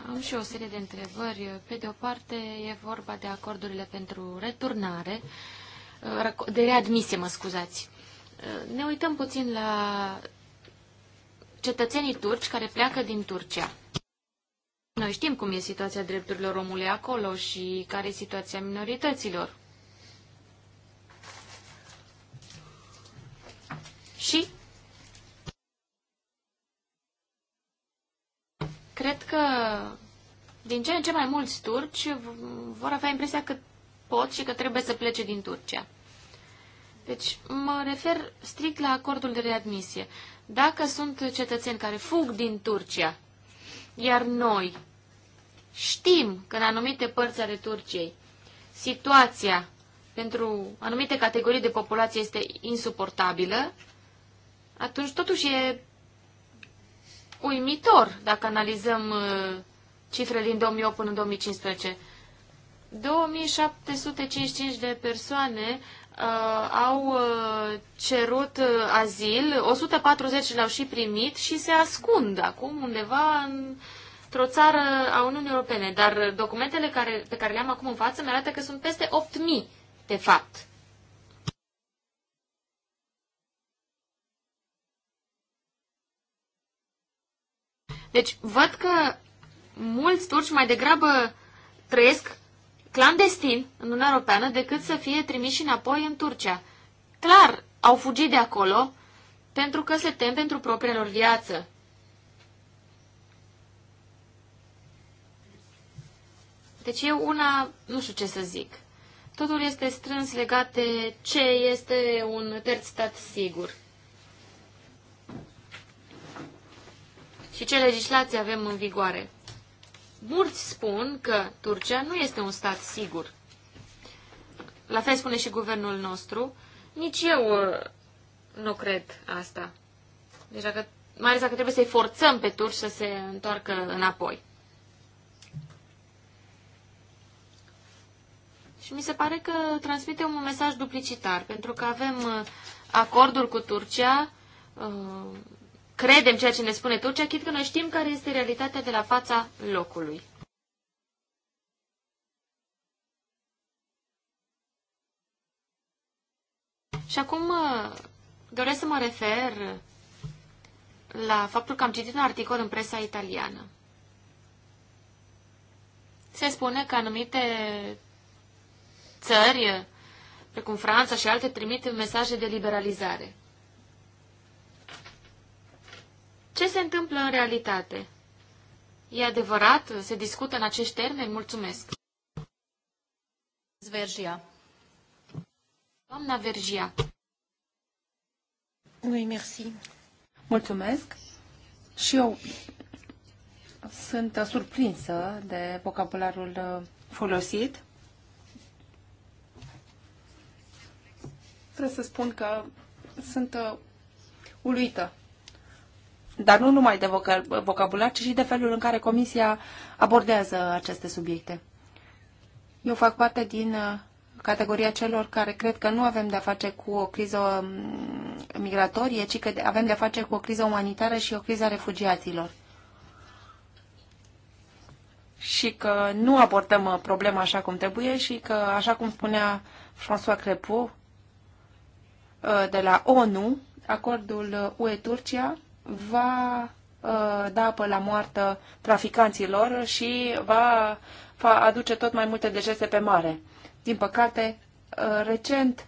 Am și o serie de întrebări. Pe de o parte e vorba de acordurile pentru returnare, uh, de readmisie, mă scuzați ne uităm puțin la cetățenii turci care pleacă din Turcia. Noi știm cum e situația drepturilor omului acolo și care e situația minorităților. Și cred că din ce în ce mai mulți turci vor avea impresia că pot și că trebuie să plece din Turcia. Deci mă refer strict la acordul de readmisie. Dacă sunt cetățeni care fug din Turcia, iar noi știm că în anumite părți ale Turciei situația pentru anumite categorii de populație este insuportabilă, atunci totuși e uimitor dacă analizăm uh, cifrele din 2008 până în 2015. 2755 de persoane uh, au uh, cerut uh, azil, 140 l-au și primit și se ascund acum undeva în, într-o țară a Uniunii Europene. Dar documentele care, pe care le-am acum în față mi arată că sunt peste 8.000, de fapt. Deci, văd că mulți turci mai degrabă trăiesc clandestin în Uniunea Europeană decât să fie trimiși înapoi în Turcia. Clar, au fugit de acolo pentru că se tem pentru propria lor viață. Deci eu una, nu știu ce să zic. Totul este strâns legat de ce este un terț stat sigur. Și ce legislație avem în vigoare. Mulți spun că Turcia nu este un stat sigur. La fel spune și guvernul nostru. Nici eu uh, nu cred asta. Deci dacă, mai ales dacă trebuie să-i forțăm pe turci să se întoarcă înapoi. Și mi se pare că transmite un mesaj duplicitar, pentru că avem uh, acordul cu Turcia uh, credem ceea ce ne spune Turcia, chit că noi știm care este realitatea de la fața locului. Și acum uh, doresc să mă refer la faptul că am citit un articol în presa italiană. Se spune că anumite țări, precum Franța și alte, trimit mesaje de liberalizare. Ce se întâmplă în realitate? E adevărat? Se discută în acești termeni? Mulțumesc! Zvergia. Doamna Vergia. Oui, merci. Mulțumesc. Și eu sunt surprinsă de vocabularul uh, folosit. Trebuie să spun că sunt uh, uluită dar nu numai de vocabular, ci și de felul în care Comisia abordează aceste subiecte. Eu fac parte din uh, categoria celor care cred că nu avem de-a face cu o criză um, migratorie, ci că avem de-a face cu o criză umanitară și o criză a refugiaților. Și că nu abordăm uh, problema așa cum trebuie și că, așa cum spunea François Crepeau uh, de la ONU, acordul UE-Turcia va uh, da apă la moartă traficanților și va aduce tot mai multe dejese pe mare. Din păcate, uh, recent,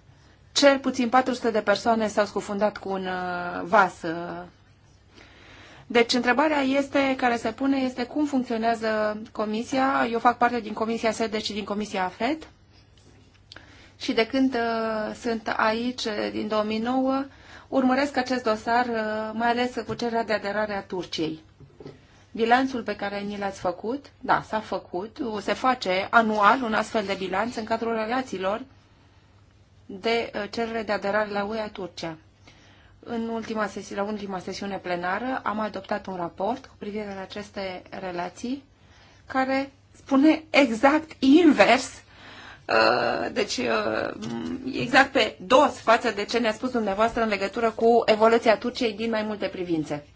cel puțin 400 de persoane s-au scufundat cu un uh, vas. Deci, întrebarea este, care se pune este cum funcționează comisia. Eu fac parte din comisia SEDE și din comisia AFET. Și de când sunt aici, din 2009, urmăresc acest dosar, uh, mai ales cu cererea de aderare a Turciei. Bilanțul pe care ni l-ați făcut, da, s-a făcut, uh, se face anual un astfel de bilanț în cadrul relațiilor de uh, cerere de aderare la UE a Turcia. În ultima sesi- la ultima sesiune plenară am adoptat un raport cu privire la aceste relații care spune exact invers Uh, deci uh, exact pe dos față de ce ne-a spus dumneavoastră în legătură cu evoluția Turciei din mai multe privințe.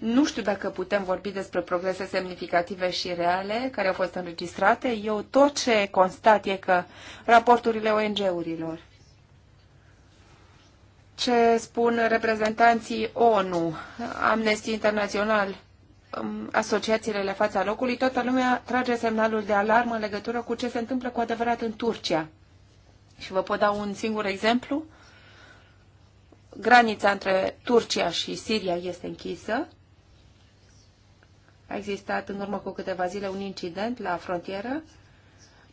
Nu știu dacă putem vorbi despre progrese semnificative și reale care au fost înregistrate. Eu tot ce constat e că raporturile ONG-urilor, ce spun reprezentanții ONU, Amnesty International, Um, asociațiile la fața locului, toată lumea trage semnalul de alarmă în legătură cu ce se întâmplă cu adevărat în Turcia. Și vă pot da un singur exemplu. Granița între Turcia și Siria este închisă. A existat în urmă cu câteva zile un incident la frontieră.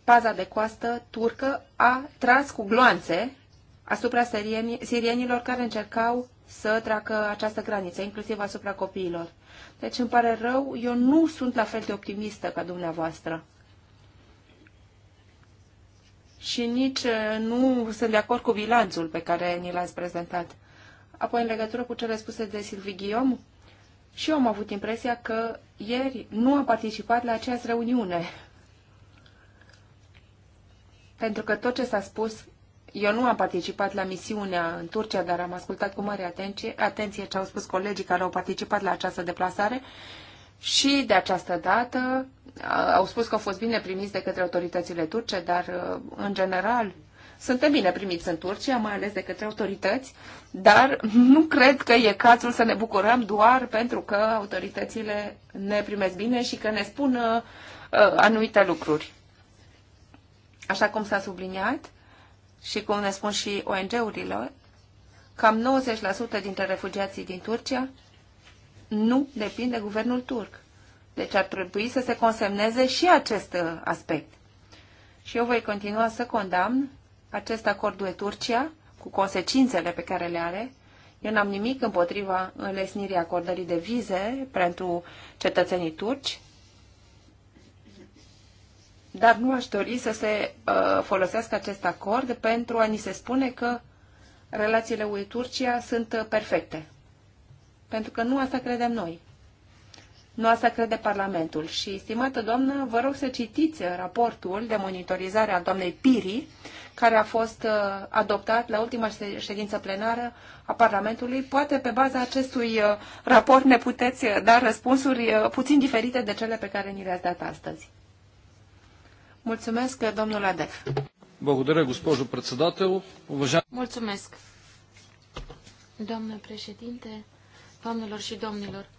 Paza de coastă turcă a tras cu gloanțe asupra sirienilor care încercau să treacă această graniță, inclusiv asupra copiilor. Deci îmi pare rău, eu nu sunt la fel de optimistă ca dumneavoastră. Și nici uh, nu sunt de acord cu bilanțul pe care ni l-ați prezentat. Apoi, în legătură cu cele spuse de Silvi Ghiom, și eu am avut impresia că ieri nu a participat la această reuniune. Pentru că tot ce s-a spus eu nu am participat la misiunea în Turcia, dar am ascultat cu mare atenție, atenție ce au spus colegii care au participat la această deplasare și de această dată au spus că au fost bine primiți de către autoritățile turce, dar în general suntem bine primiți în Turcia, mai ales de către autorități, dar nu cred că e cazul să ne bucurăm doar pentru că autoritățile ne primesc bine și că ne spun anumite lucruri. Așa cum s-a subliniat, și cum ne spun și ONG-urile, cam 90% dintre refugiații din Turcia nu depind de guvernul turc. Deci ar trebui să se consemneze și acest uh, aspect. Și eu voi continua să condamn acest acord de Turcia cu consecințele pe care le are. Eu n-am nimic împotriva înlesnirii acordării de vize pentru cetățenii turci, dar nu aș dori să se uh, folosească acest acord pentru a ni se spune că relațiile UE-Turcia sunt uh, perfecte. Pentru că nu asta credem noi. Nu asta crede Parlamentul. Și, stimată doamnă, vă rog să citiți uh, raportul de monitorizare al doamnei Piri, care a fost uh, adoptat la ultima ședință plenară a Parlamentului. Poate pe baza acestui raport ne puteți da răspunsuri puțin diferite de cele pe care ni le-ați dat astăzi. Mulțumesc, domnul Adec. Благодаря, госпожо председател. Mulțumesc. Doamnă președinte, doamnelor și domnilor,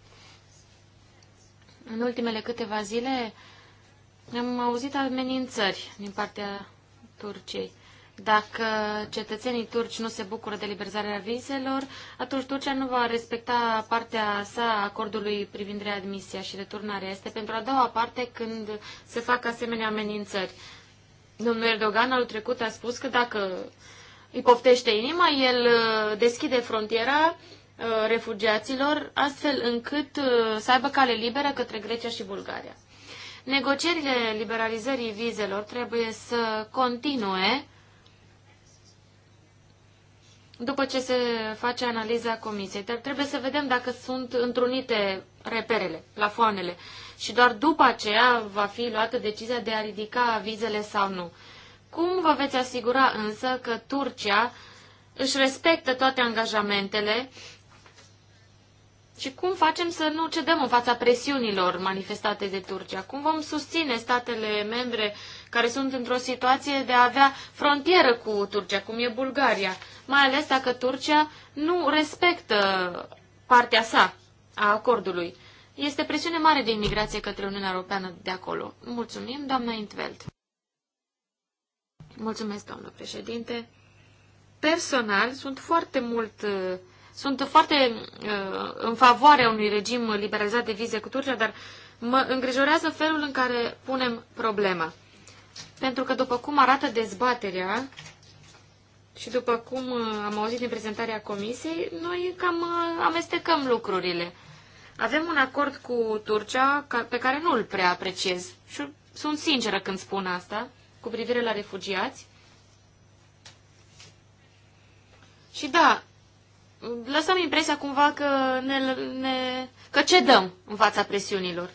în ultimele câteva zile am auzit amenințări din partea Turciei. Dacă cetățenii turci nu se bucură de liberalizarea vizelor, atunci Turcia nu va respecta partea sa acordului privind readmisia și returnarea. Este pentru a doua parte când se fac asemenea amenințări. Domnul Erdogan al trecut a spus că dacă îi poftește inima, el uh, deschide frontiera uh, refugiaților, astfel încât uh, să aibă cale liberă către Grecia și Bulgaria. Negocierile liberalizării vizelor trebuie să continue după ce se face analiza comisiei. Dar trebuie să vedem dacă sunt întrunite reperele, plafoanele. Și doar după aceea va fi luată decizia de a ridica vizele sau nu. Cum vă veți asigura însă că Turcia își respectă toate angajamentele și cum facem să nu cedăm în fața presiunilor manifestate de Turcia? Cum vom susține statele membre care sunt într-o situație de a avea frontieră cu Turcia, cum e Bulgaria, mai ales dacă Turcia nu respectă partea sa a acordului. Este presiune mare de imigrație către Uniunea Europeană de acolo. Mulțumim, doamna Intveld. Mulțumesc, doamnă președinte. Personal, sunt foarte mult sunt foarte uh, în favoarea unui regim liberalizat de vize cu Turcia, dar mă îngrijorează felul în care punem problema pentru că după cum arată dezbaterea și după cum uh, am auzit din prezentarea comisiei, noi cam uh, amestecăm lucrurile. Avem un acord cu Turcia pe care nu îl prea apreciez și sunt sinceră când spun asta cu privire la refugiați. Și da, lăsăm impresia cumva că ne, ne că cedăm în fața presiunilor.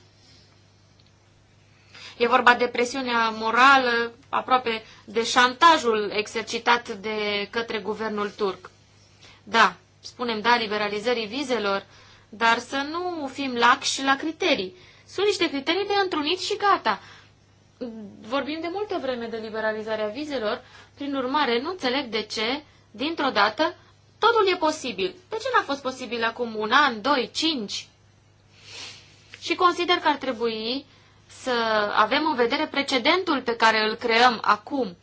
E vorba de presiunea morală, aproape de șantajul exercitat de către guvernul turc. Da, spunem da liberalizării vizelor, dar să nu fim laxi la criterii. Sunt niște criterii de întrunit și gata. Vorbim de multă vreme de liberalizarea vizelor, prin urmare nu înțeleg de ce, dintr-o dată, totul e posibil. De ce n-a fost posibil acum un an, doi, cinci? Și consider că ar trebui să avem în vedere precedentul pe care îl creăm acum.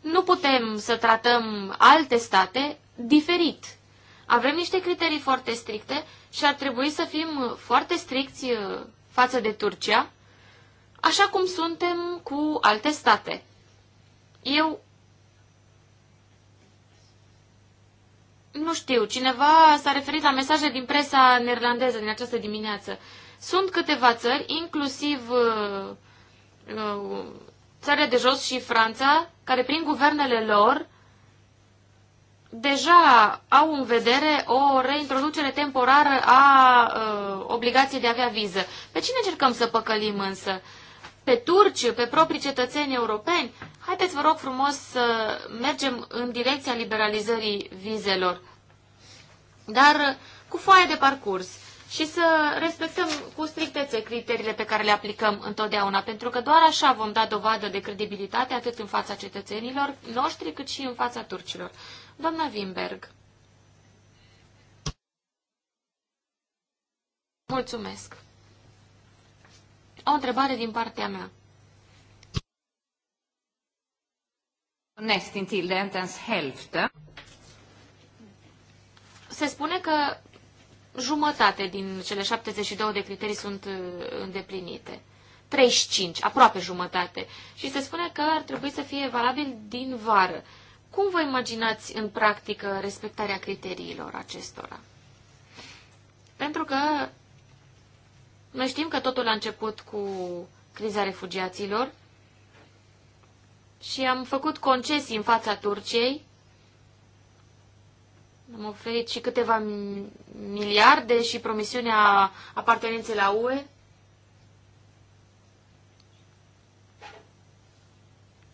Nu putem să tratăm alte state diferit. Avem niște criterii foarte stricte și ar trebui să fim foarte stricți uh, față de Turcia, așa cum suntem cu alte state. Eu nu știu, cineva s-a referit la mesaje din presa neerlandeză din această dimineață. Uh, sunt câteva țări, inclusiv uh, uh, țările de jos și Franța, care prin guvernele lor deja au în vedere o reintroducere temporară a uh, obligației de a avea viză. Pe cine încercăm să păcălim însă? Pe turci, pe proprii cetățeni europeni? Haideți, vă rog frumos, să mergem în direcția liberalizării vizelor. Dar cu foaie de parcurs și să respectăm cu strictețe criteriile pe care le aplicăm întotdeauna, pentru că doar așa vom da dovadă de credibilitate atât în fața cetățenilor noștri cât și în fața turcilor. Doamna Wimberg. Mulțumesc. O întrebare din partea mea. Nästintill, det Se spune că jumătate din cele 72 de criterii sunt uh, îndeplinite. 35, aproape jumătate. Și se spune că ar trebui să fie valabil din vară. Cum vă imaginați în practică respectarea criteriilor acestora? Pentru că noi știm că totul a început cu criza refugiaților și am făcut concesii în fața Turciei am oferit și câteva miliarde și promisiunea apartenenței la UE.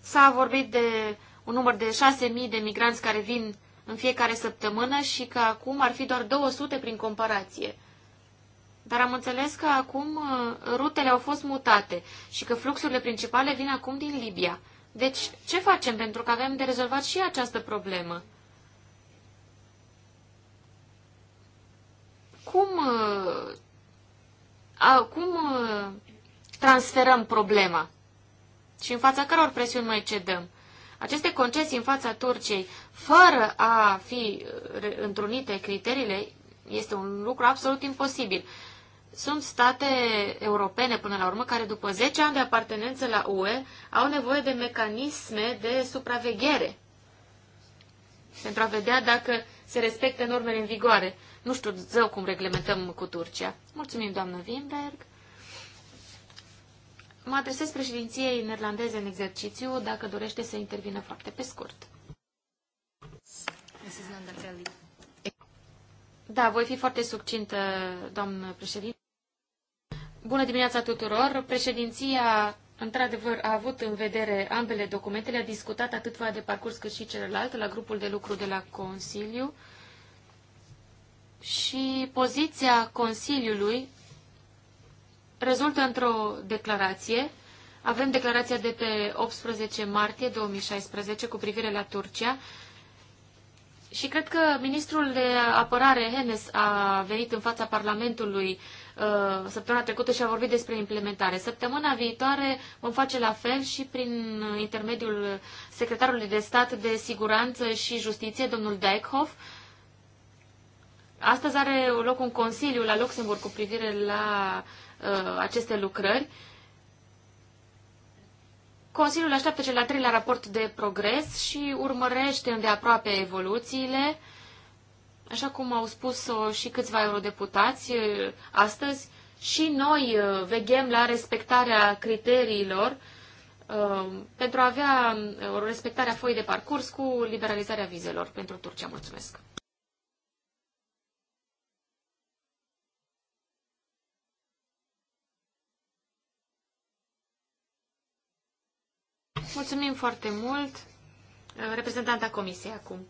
S-a vorbit de un număr de 6.000 de migranți care vin în fiecare săptămână și că acum ar fi doar 200 prin comparație. Dar am înțeles că acum uh, rutele au fost mutate și că fluxurile principale vin acum din Libia. Deci, ce facem pentru că avem de rezolvat și această problemă? cum, uh, cum uh, transferăm problema și în fața căror presiuni mai cedăm. Aceste concesii în fața Turciei, fără a fi întrunite criteriile, este un lucru absolut imposibil. Sunt state europene, până la urmă, care după 10 ani de apartenență la UE au nevoie de mecanisme de supraveghere pentru a vedea dacă se respecte normele în vigoare. Nu știu zău cum reglementăm cu Turcia. Mulțumim, doamnă Wimberg. Mă adresez președinției neerlandeze în exercițiu, dacă dorește să intervină foarte pe scurt. Da, voi fi foarte succintă, doamnă președinte. Bună dimineața tuturor! Președinția într-adevăr, a avut în vedere ambele documente, le-a discutat atât va de parcurs cât și celălalt la grupul de lucru de la Consiliu și poziția Consiliului rezultă într-o declarație. Avem declarația de pe 18 martie 2016 cu privire la Turcia și cred că ministrul de apărare, Hennes, a venit în fața Parlamentului Uh, săptămâna trecută și a vorbit despre implementare. Săptămâna viitoare vom face la fel și prin intermediul secretarului de stat de siguranță și justiție, domnul Dijkhoff. Astăzi are loc un consiliu la Luxemburg cu privire la uh, aceste lucrări. Consiliul așteaptă cel la treilea raport de progres și urmărește îndeaproape evoluțiile uh, așa cum au spus și câțiva eurodeputați astăzi, și noi veghem la respectarea criteriilor pentru a avea o respectare a foii de parcurs cu liberalizarea vizelor pentru Turcia. Mulțumesc! Mulțumim foarte mult. Reprezentanta Comisiei acum.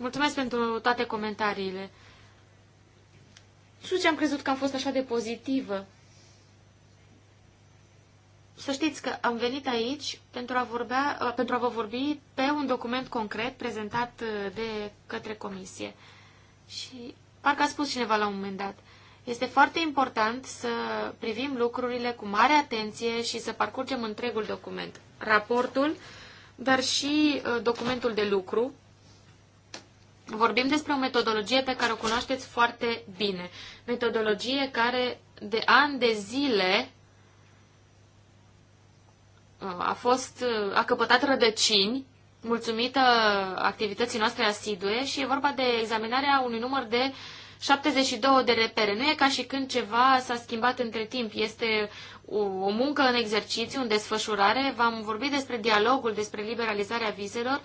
Mulțumesc pentru toate comentariile. Nu știu ce am crezut că am fost așa de pozitivă. Să știți că am venit aici pentru a, vorbea, pentru a vă vorbi pe un document concret prezentat de către comisie. Și parcă a spus cineva la un moment dat. Este foarte important să privim lucrurile cu mare atenție și să parcurgem întregul document. Raportul, dar și uh, documentul de lucru, Vorbim despre o metodologie pe care o cunoașteți foarte bine. Metodologie care de ani de zile uh, a fost, uh, a căpătat rădăcini mulțumită activității noastre asidue și e vorba de examinarea unui număr de 72 de repere. Nu e ca și când ceva s-a schimbat între timp. Este o muncă în exercițiu, în desfășurare. V-am vorbit despre dialogul, despre liberalizarea vizelor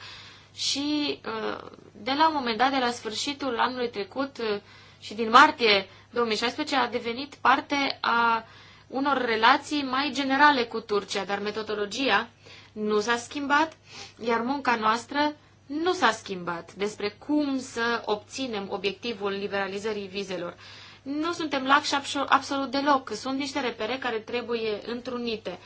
și uh, de la un moment dat, de la sfârșitul anului trecut uh, și din martie 2016, a devenit parte a unor relații mai generale cu Turcia, dar metodologia nu s-a schimbat, iar munca noastră nu s-a schimbat despre cum să obținem obiectivul liberalizării vizelor. Nu suntem lax, absolut deloc. Sunt niște repere care trebuie întrunite.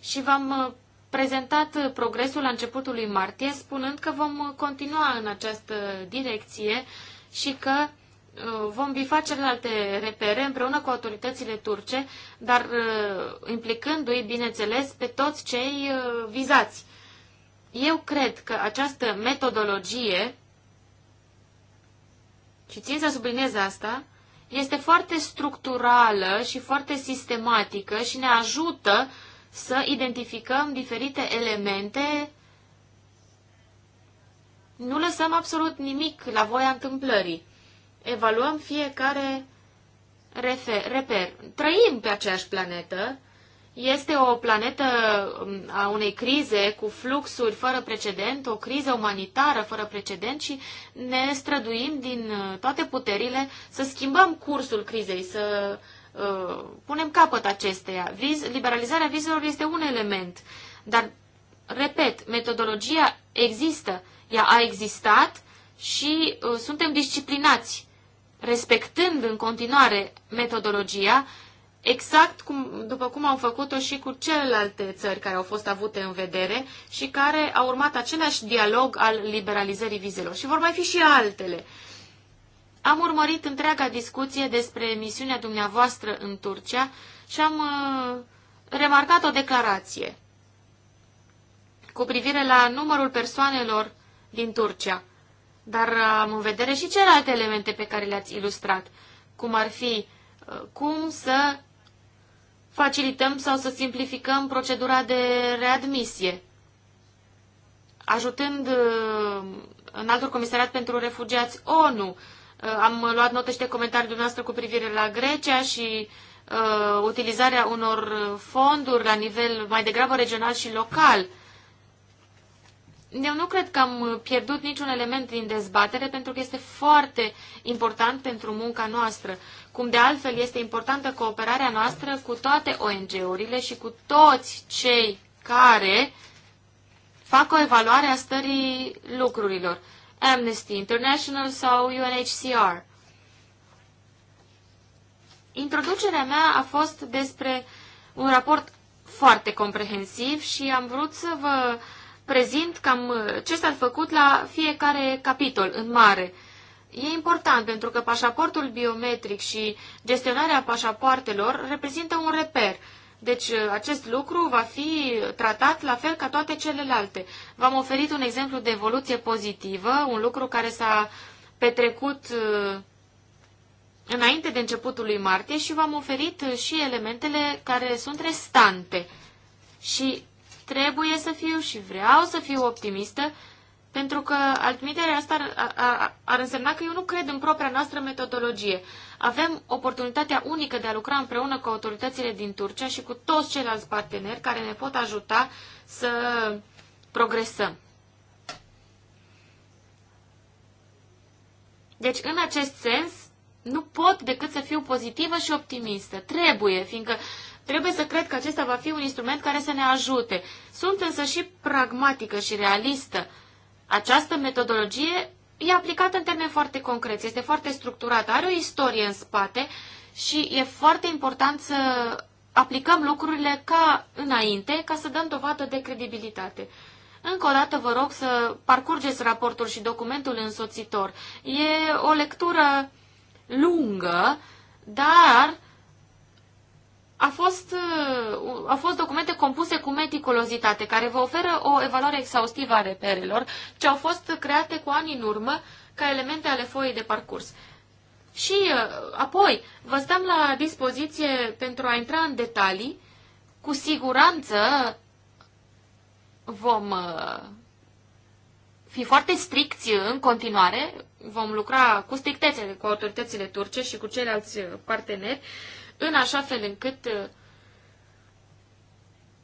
Și v-am uh, prezentat progresul la începutul lui martie, spunând că vom continua în această direcție și că uh, vom bifa celelalte repere împreună cu autoritățile turce, dar uh, implicându-i, bineînțeles, pe toți cei uh, vizați. Eu cred că această metodologie, și țin să subliniez asta, este foarte structurală și foarte sistematică și ne ajută uh, să identificăm diferite elemente. Nu lăsăm absolut nimic la voia întâmplării. Evaluăm fiecare refer, reper. Trăim pe aceeași planetă. Este o planetă um, a unei crize cu fluxuri fără precedent, o criză umanitară fără precedent și ne străduim din uh, toate puterile să schimbăm cursul crizei, să uh, Uh, punem capăt acesteia. Viz, liberalizarea vizelor este un element, dar, repet, metodologia există, ea a existat și uh, suntem disciplinați, respectând în continuare metodologia, exact cum, după cum au făcut-o și cu celelalte țări care au fost avute în vedere și care au urmat același dialog al liberalizării vizelor. Și vor mai fi și altele. Uh, am urmărit întreaga discuție despre misiunea dumneavoastră în Turcia și am uh, remarcat o declarație cu privire la numărul persoanelor din Turcia. Dar uh, am în vedere și celelalte elemente pe care le-ați ilustrat, cum ar fi uh, cum să facilităm sau să simplificăm procedura de readmisie, ajutând în altul comisariat pentru refugiați ONU, Uh, am luat note și de comentarii dumneavoastră cu privire la Grecia și uh, utilizarea unor fonduri la nivel mai degrabă regional și local. Eu nu cred că am pierdut niciun element din dezbatere pentru că este foarte important pentru munca noastră. Cum de altfel este importantă cooperarea noastră cu toate ONG-urile și cu toți cei care fac o evaluare a stării lucrurilor. Amnesty International sau UNHCR. Introducerea mea a fost despre un raport foarte comprehensiv și am vrut să vă prezint cam uh, ce s-a făcut la fiecare capitol în mare. E important pentru că pașaportul biometric și gestionarea pașapoartelor reprezintă un reper deci uh, acest lucru va fi tratat la fel ca toate celelalte. V-am oferit un exemplu de evoluție pozitivă, un lucru care s-a petrecut uh, înainte de începutul lui martie și v-am oferit uh, și elementele care sunt restante. Și trebuie să fiu și vreau să fiu optimistă pentru că admiterea asta ar, ar, ar însemna că eu nu cred în propria noastră metodologie. Avem oportunitatea unică de a lucra împreună cu autoritățile din Turcia și cu toți ceilalți parteneri care ne pot ajuta să progresăm. Deci, în acest sens, nu pot decât să fiu pozitivă și optimistă. Trebuie, fiindcă trebuie să cred că acesta va fi un instrument care să ne ajute. Sunt însă și pragmatică și realistă. Această metodologie e aplicată în termeni foarte concreți, este foarte structurată, are o istorie în spate și e foarte important să aplicăm lucrurile ca înainte, ca să dăm dovadă de credibilitate. Încă o dată vă rog să parcurgeți raportul și documentul însoțitor. E o lectură lungă, dar a fost, uh, au fost documente compuse cu meticulozitate, care vă oferă o evaluare exhaustivă a reperelor, ce au fost create cu ani în urmă ca elemente ale foii de parcurs. Și uh, apoi vă stăm la dispoziție pentru a intra în detalii. Cu siguranță vom uh, fi foarte stricți în continuare, vom lucra cu strictețe cu autoritățile turce și cu ceilalți parteneri în așa fel încât uh,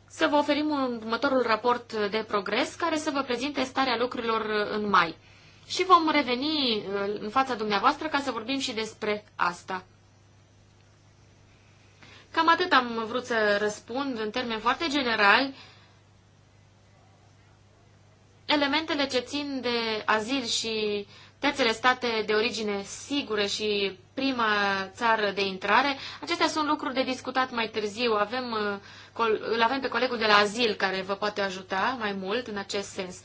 să vă oferim un următorul raport de progres care să vă prezinte starea lucrurilor uh, în mai. Și vom reveni uh, în fața dumneavoastră ca să vorbim și despre asta. Cam atât am vrut să răspund în termeni foarte generali elementele ce țin de azil și terțele state de origine sigură și prima țară de intrare, acestea sunt lucruri de discutat mai târziu. Avem, uh, îl avem pe colegul de la azil care vă poate ajuta mai mult în acest sens.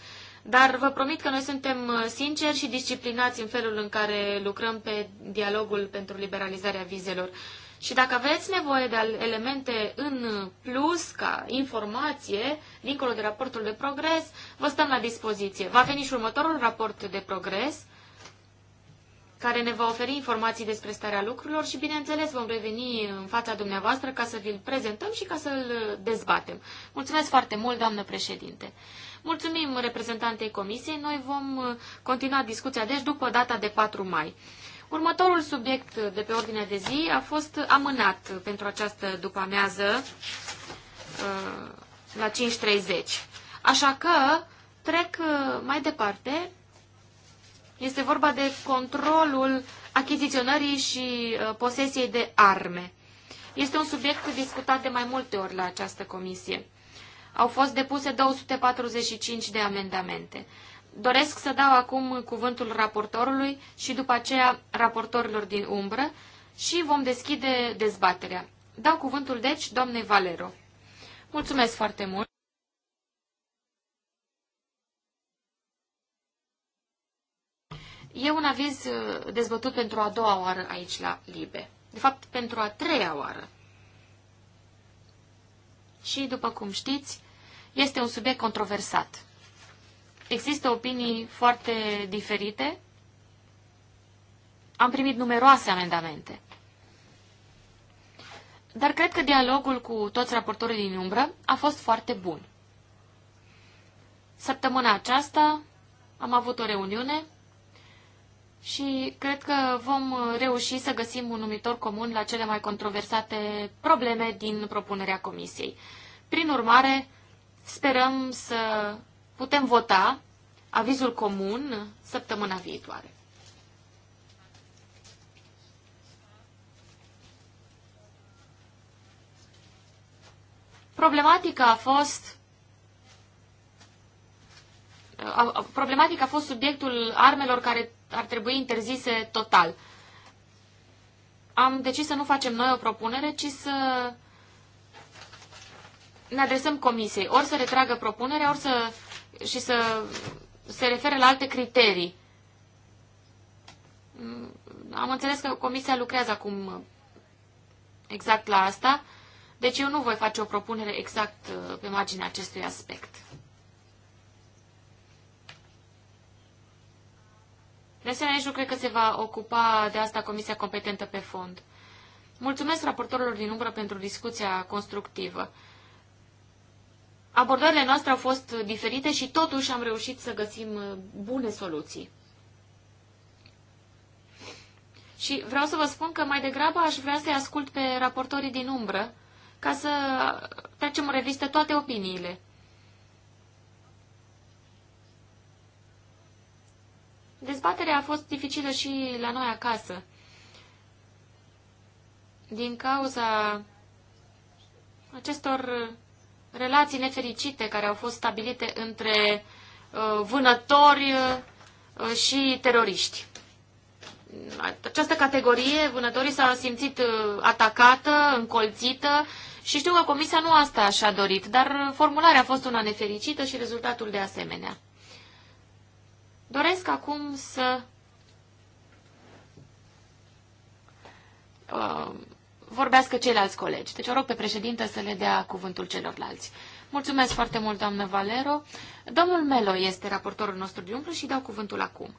Dar vă promit că noi suntem uh, sinceri și disciplinați în felul în care lucrăm pe dialogul pentru liberalizarea vizelor. Și dacă aveți nevoie de elemente în plus, ca informație, dincolo de raportul de progres, vă stăm la dispoziție. Va veni și următorul raport de progres care ne va oferi informații despre starea lucrurilor și, bineînțeles, vom reveni în fața dumneavoastră ca să vi-l prezentăm și ca să-l dezbatem. Mulțumesc foarte mult, doamnă președinte! Mulțumim reprezentantei comisiei. Noi vom uh, continua discuția, deci, după data de 4 mai. Următorul subiect de pe ordinea de zi a fost amânat pentru această după-amiază uh, la 5.30. Așa că trec uh, mai departe este vorba de controlul achiziționării și uh, posesiei de arme. Este un subiect discutat de mai multe ori la această comisie. Au fost depuse 245 de amendamente. Doresc să dau acum cuvântul raportorului și după aceea raportorilor din umbră și vom deschide dezbaterea. Dau cuvântul deci doamnei Valero. Mulțumesc foarte mult! E un aviz uh, dezbătut pentru a doua oară aici la Libe. De fapt, pentru a treia oară. Și, după cum știți, este un subiect controversat. Există opinii foarte diferite. Am primit numeroase amendamente. Dar cred că dialogul cu toți raportorii din umbră a fost foarte bun. Săptămâna aceasta am avut o reuniune și cred că vom uh, reuși să găsim un numitor comun la cele mai controversate probleme din propunerea Comisiei. Prin urmare, sperăm să putem vota avizul comun săptămâna viitoare. Problematica a fost uh, problematica a fost subiectul armelor care ar trebui interzise total. Am decis să nu facem noi o propunere, ci să ne adresăm comisiei. Ori să retragă propunerea, ori să, și să se refere la alte criterii. Mm, am înțeles că comisia lucrează acum exact la asta, deci eu nu voi face o propunere exact uh, pe marginea acestui aspect. De asemenea, nici nu cred că se va ocupa de asta Comisia competentă pe fond. Mulțumesc raportorilor din umbră pentru discuția constructivă. Abordările noastre au fost diferite și totuși am reușit să găsim uh, bune soluții. Și vreau să vă spun că mai degrabă aș vrea să-i ascult pe raportorii din umbră, ca să trecem în revistă toate opiniile. Dezbaterea a fost dificilă și la noi acasă. Din cauza acestor relații nefericite care au fost stabilite între uh, vânători uh, și teroriști. Această categorie, vânătorii s-au simțit uh, atacată, încolțită și știu că comisia nu asta și-a dorit, dar formularea a fost una nefericită și rezultatul de asemenea. Doresc acum să uh, vorbească ceilalți colegi. Deci o rog pe președintă să le dea cuvântul celorlalți. Mulțumesc foarte mult, doamnă Valero. Domnul Melo este raportorul nostru de umplu și dau cuvântul acum.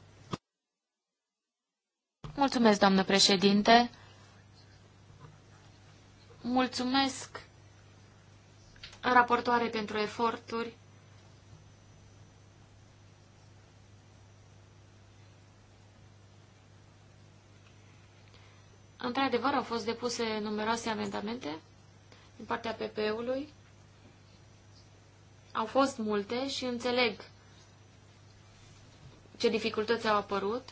Mulțumesc, doamnă președinte. Mulțumesc, raportoare, pentru eforturi. Într-adevăr, au fost depuse numeroase amendamente din partea PP-ului. Au fost multe și înțeleg ce dificultăți au apărut.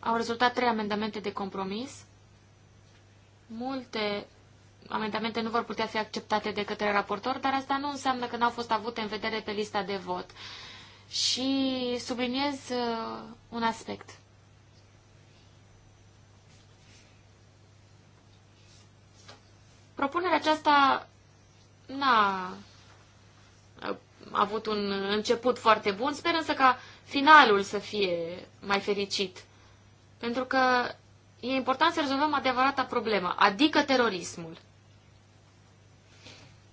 Au rezultat trei amendamente de compromis. Multe amendamente nu vor putea fi acceptate de către raportor, dar asta nu înseamnă că n-au fost avute în vedere pe lista de vot. Și subliniez uh, un aspect. Propunerea aceasta n-a avut un început foarte bun, sper însă ca finalul să fie mai fericit. Pentru că e important să rezolvăm adevărata problemă, adică terorismul.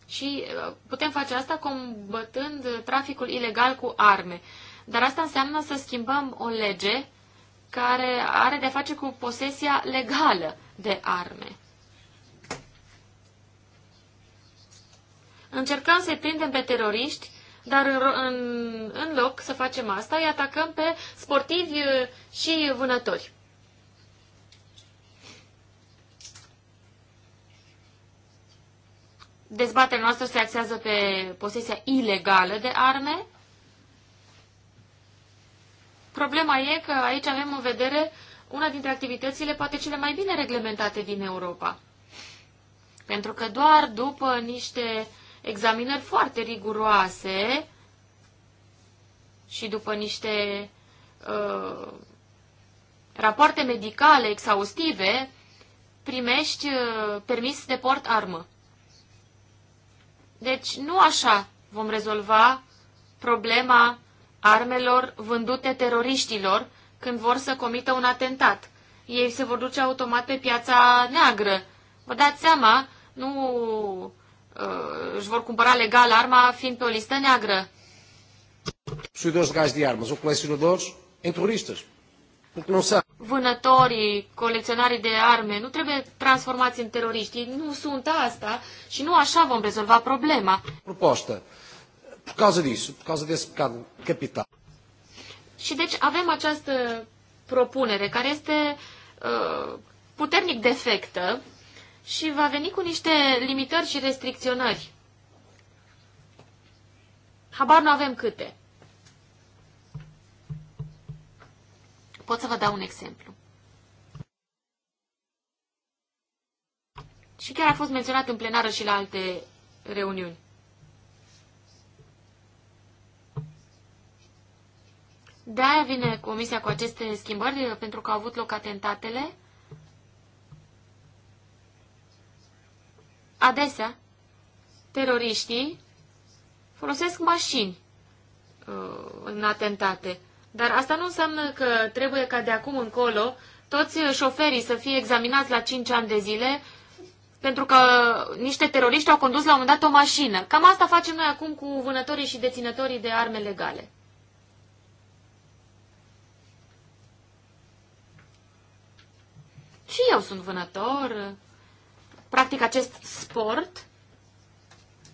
Și uh, putem face asta combătând traficul ilegal cu arme. Dar asta înseamnă să schimbăm o lege care are de-a face cu posesia legală de arme. Încercăm să-i prindem pe teroriști, dar în, în, în loc să facem asta, îi atacăm pe sportivi uh, și vânători. Dezbaterea noastră se axează pe posesia ilegală de arme. Problema e că aici avem în vedere una dintre activitățile poate cele mai bine reglementate din Europa. Pentru că doar după niște examinări foarte riguroase și după niște uh, rapoarte medicale exhaustive, primești uh, permis de port armă. Deci nu așa vom rezolva problema armelor vândute teroriștilor când vor să comită un atentat. Ei se vor duce automat pe piața neagră. Vă dați seama, nu Uh, își vor cumpăra legal arma fiind pe o listă neagră. Possuidores de gaz de armă, sunt colecionadores în turistas. Vânătorii, colecționarii de arme nu trebuie transformați în teroriști. Nu sunt asta și nu așa vom rezolva problema. Proposta. Por causa disso, por causa desse pecado capital. Și deci avem această propunere care este uh, puternic defectă, și va veni cu niște limitări și restricționări. Habar nu avem câte. Pot să vă dau un exemplu. Și chiar a fost menționat în plenară și la alte reuniuni. De-aia vine comisia cu aceste schimbări, pentru că au avut loc atentatele Adesea, teroriștii folosesc mașini uh, în atentate. Dar asta nu înseamnă că trebuie ca de acum încolo toți șoferii să fie examinați la 5 ani de zile pentru că niște teroriști au condus la un moment dat o mașină. Cam asta facem noi acum cu vânătorii și deținătorii de arme legale. Și eu sunt vânător, practic acest sport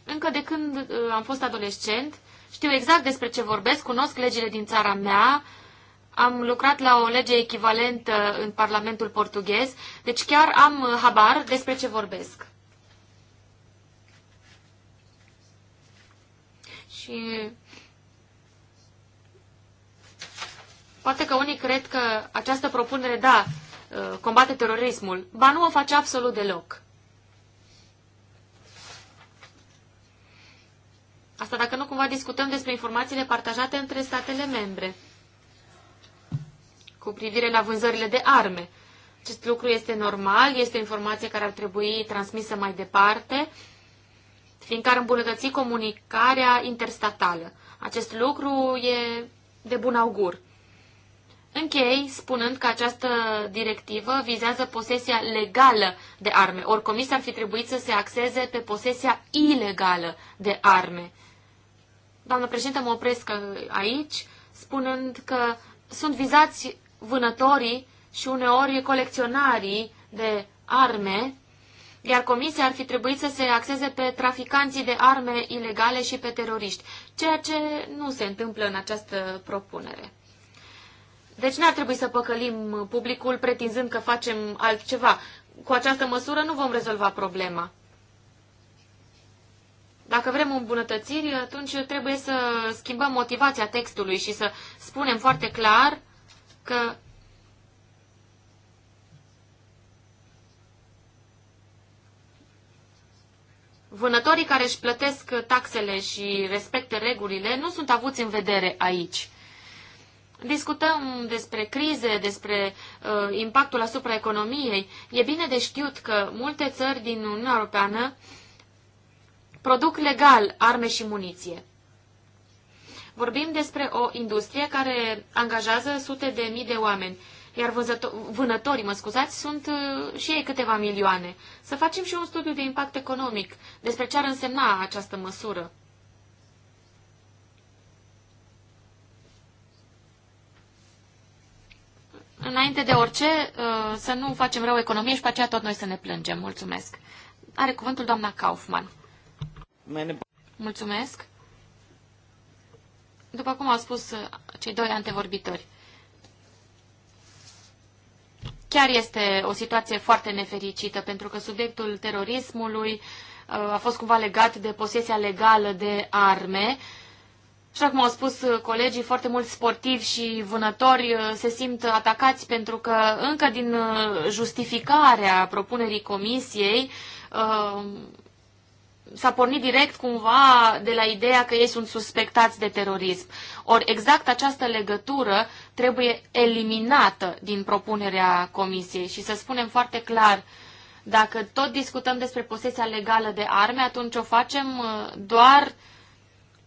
încă de când uh, am fost adolescent. Știu exact despre ce vorbesc, cunosc legile din țara mea, am lucrat la o lege echivalentă în Parlamentul portughez, deci chiar am uh, habar despre ce vorbesc. Și poate că unii cred că această propunere, da, uh, combate terorismul. Ba nu o face absolut deloc. Asta dacă nu cumva discutăm despre informațiile partajate între statele membre cu privire la vânzările de arme. Acest lucru este normal, este o informație care ar trebui transmisă mai departe, fiindcă ar îmbunătăți comunicarea interstatală. Acest lucru e de bun augur. Închei spunând că această directivă vizează posesia legală de arme, ori comisia ar fi trebuit să se axeze pe posesia ilegală de arme. Doamnă președinte, mă opresc aici, spunând că sunt vizați vânătorii și uneori colecționarii de arme, iar comisia ar fi trebuit să se axeze pe traficanții de arme ilegale și pe teroriști, ceea ce nu se întâmplă în această propunere. Deci n-ar trebui să păcălim publicul pretinzând că facem altceva. Cu această măsură nu vom rezolva problema. Dacă vrem îmbunătățiri, atunci trebuie să schimbăm motivația textului și să spunem foarte clar că Vânătorii care își plătesc taxele și respectă regulile nu sunt avuți în vedere aici. Discutăm despre crize, despre uh, impactul asupra economiei. E bine de știut că multe țări din Uniunea Europeană uh, produc legal arme și muniție. Vorbim despre o industrie care angajează sute de mii de oameni, iar vânătorii, mă scuzați, sunt uh, și ei câteva milioane. Să facem și un studiu de impact economic despre ce ar însemna această măsură. Înainte de orice, uh, să nu facem rău economie și pe aceea tot noi să ne plângem. Mulțumesc. Are cuvântul doamna Kaufmann. Mulțumesc. După cum au spus uh, cei doi antevorbitori, chiar este o situație foarte nefericită, pentru că subiectul terorismului uh, a fost cumva legat de posesia legală de arme. Așa cum au spus uh, colegii, foarte mulți sportivi și vânători se simt atacați pentru că încă din justificarea propunerii comisiei s-a pornit direct cumva de la ideea că ei sunt suspectați de terorism. Ori exact această legătură trebuie eliminată din propunerea comisiei și să spunem foarte clar, dacă tot discutăm despre posesia legală de arme, atunci o facem uh, doar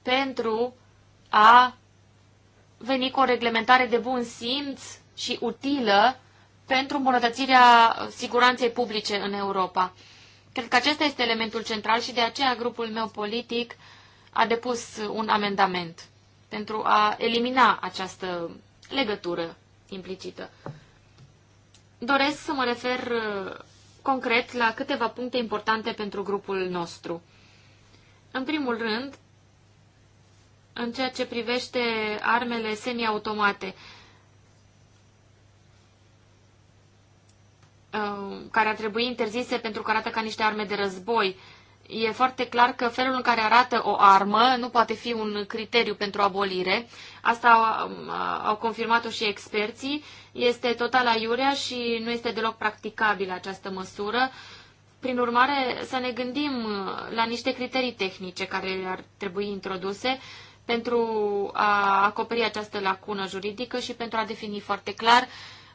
pentru a veni cu o reglementare de bun simț și utilă pentru îmbunătățirea siguranței publice în Europa. Cred că acesta este elementul central și de aceea grupul meu politic a depus un amendament pentru a elimina această legătură implicită. Doresc să mă refer uh, concret la câteva puncte importante pentru grupul nostru. În primul rând, în ceea ce privește armele semiautomate, Uh, care ar trebui interzise pentru că arată ca niște arme de război. E foarte clar că felul în care arată o armă nu poate fi un criteriu pentru abolire. Asta um, au, au confirmat-o și experții. Este total aiurea și nu este deloc practicabilă această măsură. Prin urmare, să ne gândim la niște criterii tehnice care ar trebui introduse pentru a acoperi această lacună juridică și pentru a defini foarte clar uh,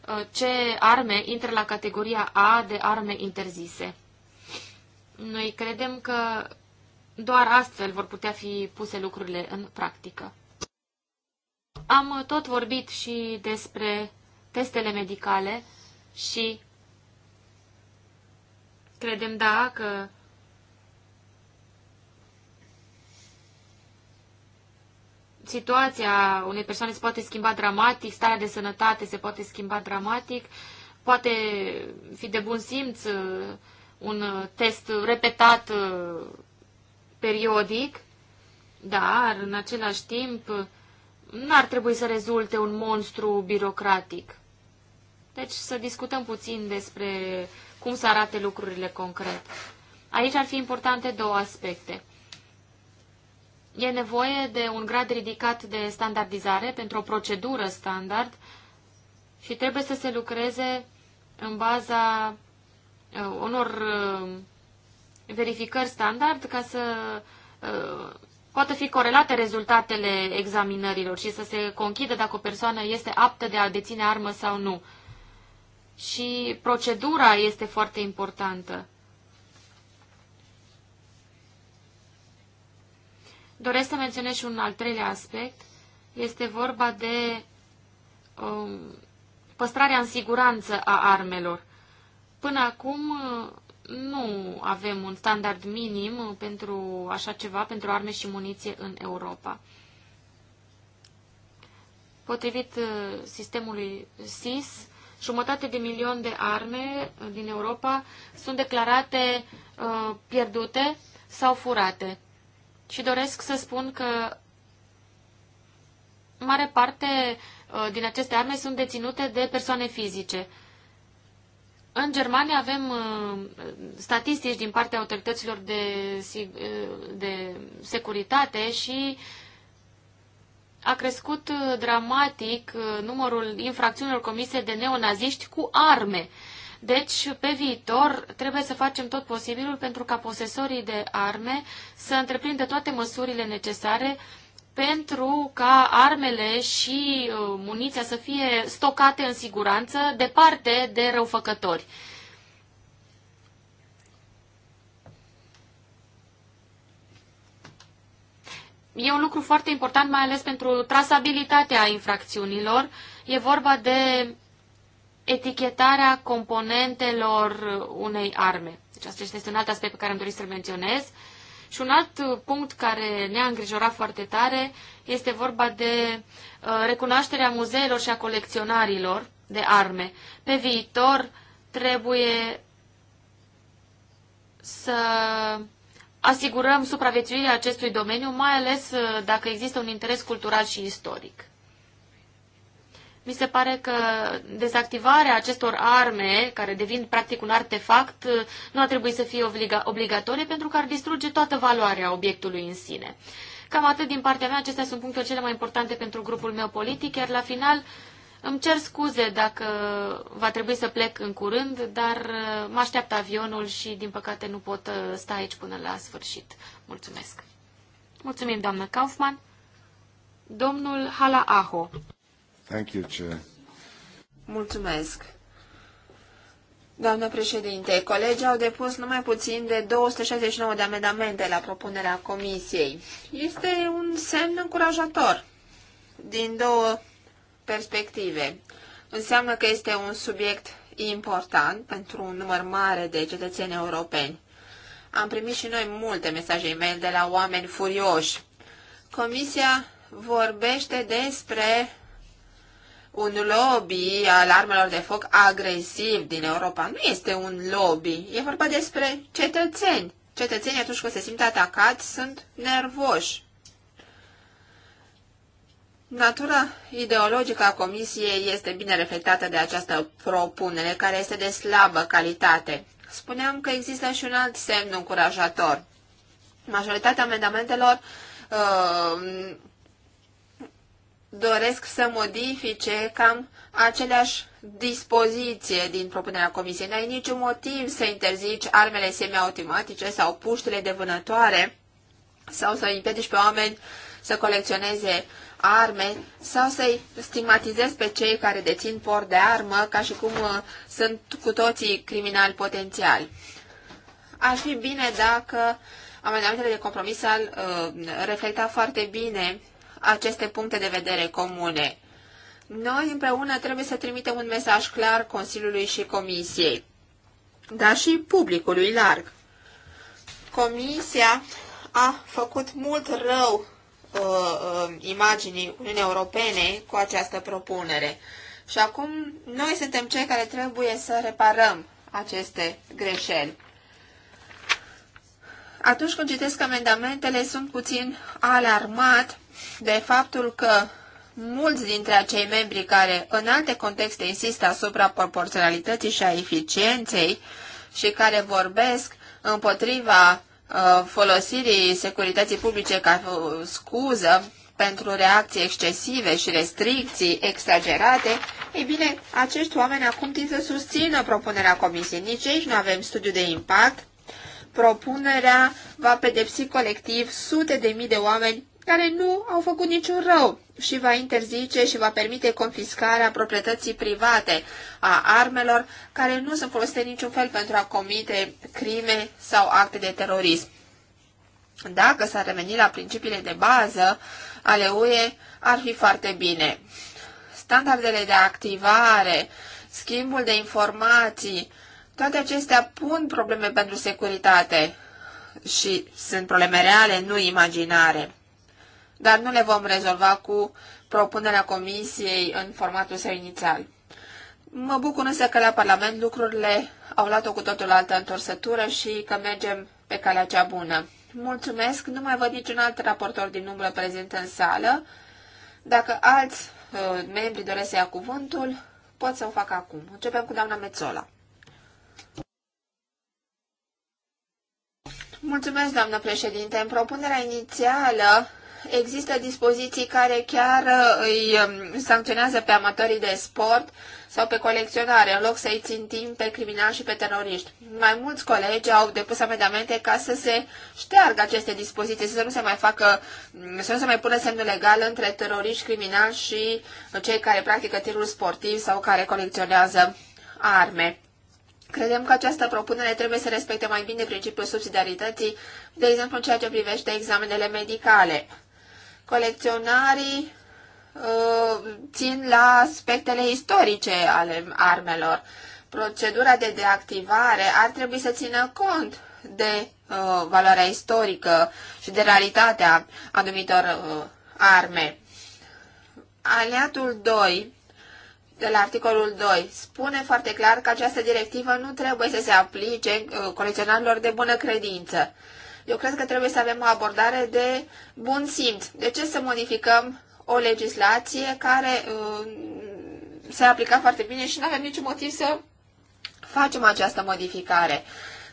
Uh, ce arme intră la categoria A de arme interzise. Noi credem că doar astfel vor putea fi puse lucrurile în practică. Am tot vorbit și despre testele medicale și credem, da, că situația unei persoane se poate schimba dramatic, starea de sănătate se poate schimba dramatic, poate fi de bun simț uh, un uh, test repetat uh, periodic, dar în același timp nu ar trebui să rezulte un monstru birocratic. Deci să discutăm puțin despre cum să arate lucrurile concret. Aici ar fi importante două aspecte. E nevoie de un grad ridicat de standardizare pentru o procedură standard și trebuie să se lucreze în baza uh, unor uh, verificări standard ca să uh, poată fi corelate rezultatele examinărilor și să se conchidă dacă o persoană este aptă de a deține armă sau nu. Și procedura este foarte importantă. Doresc să menționez și un al treilea aspect. Este vorba de um, păstrarea în siguranță a armelor. Până acum uh, nu avem un standard minim pentru așa ceva, pentru arme și muniție în Europa. Potrivit uh, sistemului SIS, jumătate de milion de arme din Europa sunt declarate uh, pierdute sau furate și doresc să spun că mare parte uh, din aceste arme sunt deținute de persoane fizice. În Germania avem uh, statistici din partea autorităților de, uh, de securitate și a crescut dramatic numărul infracțiunilor comise de neonaziști cu arme. Deci, pe viitor, trebuie să facem tot posibilul pentru ca posesorii de arme să întreprindă toate măsurile necesare pentru ca armele și uh, muniția să fie stocate în siguranță, departe de răufăcători. E un lucru foarte important, mai ales pentru trasabilitatea infracțiunilor. E vorba de etichetarea componentelor unei arme. Deci asta este un alt aspect pe care am dorit să-l menționez. Și un alt punct care ne-a îngrijorat foarte tare este vorba de uh, recunoașterea muzeelor și a colecționarilor de arme. Pe viitor trebuie să asigurăm supraviețuirea acestui domeniu, mai ales uh, dacă există un interes cultural și istoric. Mi se pare că dezactivarea acestor arme, care devin practic un artefact, nu ar trebui să fie obliga obligatorie pentru că ar distruge toată valoarea obiectului în sine. Cam atât din partea mea, acestea sunt punctele cele mai importante pentru grupul meu politic, iar la final îmi cer scuze dacă va trebui să plec în curând, dar mă așteaptă avionul și din păcate nu pot uh, sta aici până la sfârșit. Mulțumesc! Mulțumim, doamnă Kaufman! Domnul Hala Aho. Thank you, Chair. Mulțumesc. Doamnă președinte, colegii au depus numai puțin de 269 de amendamente la propunerea comisiei. Este un semn încurajator din două perspective. Înseamnă că este un subiect important pentru un număr mare de cetățeni europeni. Am primit și noi multe mesaje e-mail de la oameni furioși. Comisia vorbește despre un lobby al armelor de foc agresiv din Europa. Nu este un lobby, e vorba despre cetățeni. Cetățenii atunci când se simt atacați sunt nervoși. Natura ideologică a comisiei este bine reflectată de această propunere, care este de slabă calitate. Spuneam că există și un alt semn încurajator. Majoritatea amendamentelor uh, doresc să modifice cam aceleași dispoziție din propunerea comisiei. N-ai niciun motiv să interzici armele semiautomatice sau puștile de vânătoare sau să împiedici pe oameni să colecționeze arme sau să-i stigmatizezi pe cei care dețin por de armă ca și cum uh, sunt cu toții criminali potențiali. Aș fi bine dacă amendamentele de compromis al uh, reflecta foarte bine aceste puncte de vedere comune. Noi împreună trebuie să trimitem un mesaj clar Consiliului și Comisiei, dar și publicului larg. Comisia a făcut mult rău uh, uh, imaginii Uniunii Europene cu această propunere. Și acum noi suntem cei care trebuie să reparăm aceste greșeli. Atunci când citesc amendamentele, sunt puțin alarmat de faptul că mulți dintre acei membri care în alte contexte insistă asupra proporționalității și a eficienței și care vorbesc împotriva uh, folosirii securității publice ca scuză pentru reacții excesive și restricții exagerate, ei bine, acești oameni acum tind să susțină propunerea comisiei. Nici aici nu avem studiu de impact. Propunerea va pedepsi colectiv sute de mii de oameni care nu au făcut niciun rău și va interzice și va permite confiscarea proprietății private a armelor care nu sunt folosite niciun fel pentru a comite crime sau acte de terorism. Dacă s-ar reveni la principiile de bază ale UE, ar fi foarte bine. Standardele de activare, schimbul de informații, toate acestea pun probleme pentru securitate și sunt probleme reale, nu imaginare dar nu le vom rezolva cu propunerea comisiei în formatul său inițial. Mă bucur însă că la Parlament lucrurile au luat-o cu totul altă întorsătură și că mergem pe calea cea bună. Mulțumesc, nu mai văd niciun alt raportor din umbră prezent în sală. Dacă alți uh, membri doresc să ia cuvântul, pot să o fac acum. Începem cu doamna Mețola. Mulțumesc, doamnă președinte. În propunerea inițială există dispoziții care chiar uh, îi um, sancționează pe amatorii de sport sau pe colecționare, în loc să-i timp pe criminali și pe teroriști. Mai mulți colegi au depus amendamente ca să se șteargă aceste dispoziții, să nu se mai facă, mm, să nu se mai pună semnul legal între teroriști, criminali și cei care practică tirul sportiv sau care colecționează arme. Credem că această propunere trebuie să respecte mai bine principiul subsidiarității, de exemplu în ceea ce privește examenele medicale colecționarii uh, țin la aspectele istorice ale armelor. Procedura de deactivare ar trebui să țină cont de uh, valoarea istorică și de realitatea anumitor uh, arme. Aliatul 2 de la articolul 2 spune foarte clar că această directivă nu trebuie să se aplice uh, colecționarilor de bună credință. Eu cred că trebuie să avem o abordare de bun simț. De ce să modificăm o legislație care uh, se aplica foarte bine și nu avem niciun motiv să facem această modificare?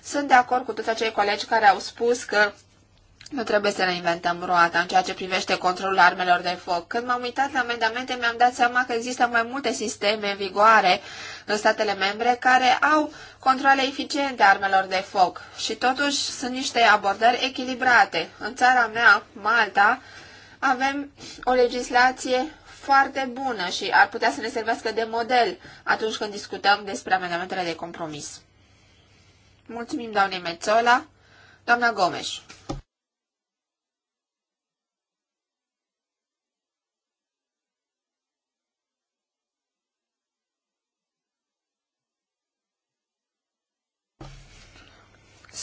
Sunt de acord cu toți acei colegi care au spus că nu trebuie să ne inventăm roata în ceea ce privește controlul armelor de foc. Când m-am uitat la amendamente, mi-am dat seama că există mai multe sisteme în vigoare în statele membre care au controle eficiente armelor de foc și totuși sunt niște abordări echilibrate. În țara mea, Malta, avem o legislație foarte bună și ar putea să ne servească de model atunci când discutăm despre amendamentele de compromis. Mulțumim, doamnei Mețola. Doamna Gomes.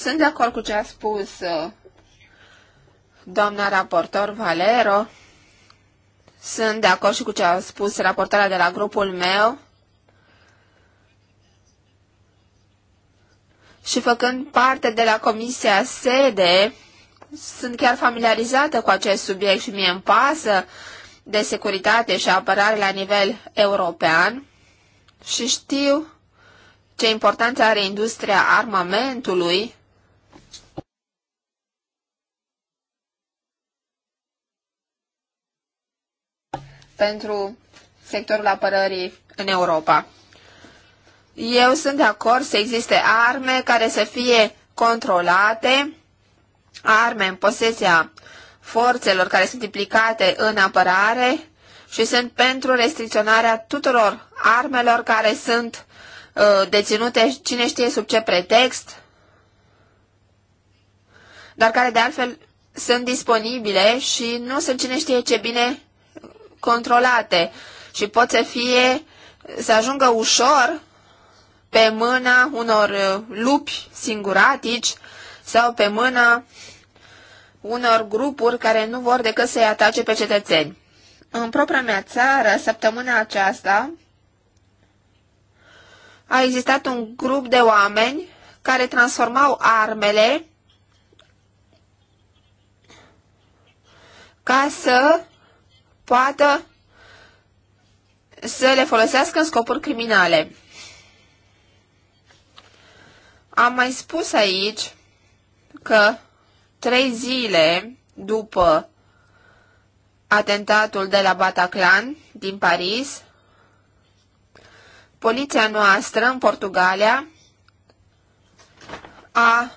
Sunt de acord cu ce a spus uh, doamna raportor Valero. Sunt de acord și cu ce a spus raportarea de la grupul meu. Și făcând parte de la Comisia Sede, sunt chiar familiarizată cu acest subiect și mie îmi pasă de securitate și apărare la nivel european și știu ce importanță are industria armamentului pentru sectorul apărării în Europa. Eu sunt de acord să existe arme care să fie controlate, arme în posesia forțelor care sunt implicate în apărare și sunt pentru restricționarea tuturor armelor care sunt uh, deținute cine știe sub ce pretext, dar care de altfel sunt disponibile și nu sunt cine știe ce bine controlate și pot să fie, să ajungă ușor pe mâna unor uh, lupi singuratici sau pe mâna unor grupuri care nu vor decât să-i atace pe cetățeni. În propria mea țară, săptămâna aceasta, a existat un grup de oameni care transformau armele ca să poată să le folosească în scopuri criminale. Am mai spus aici că trei zile după atentatul de la Bataclan din Paris, poliția noastră în Portugalia a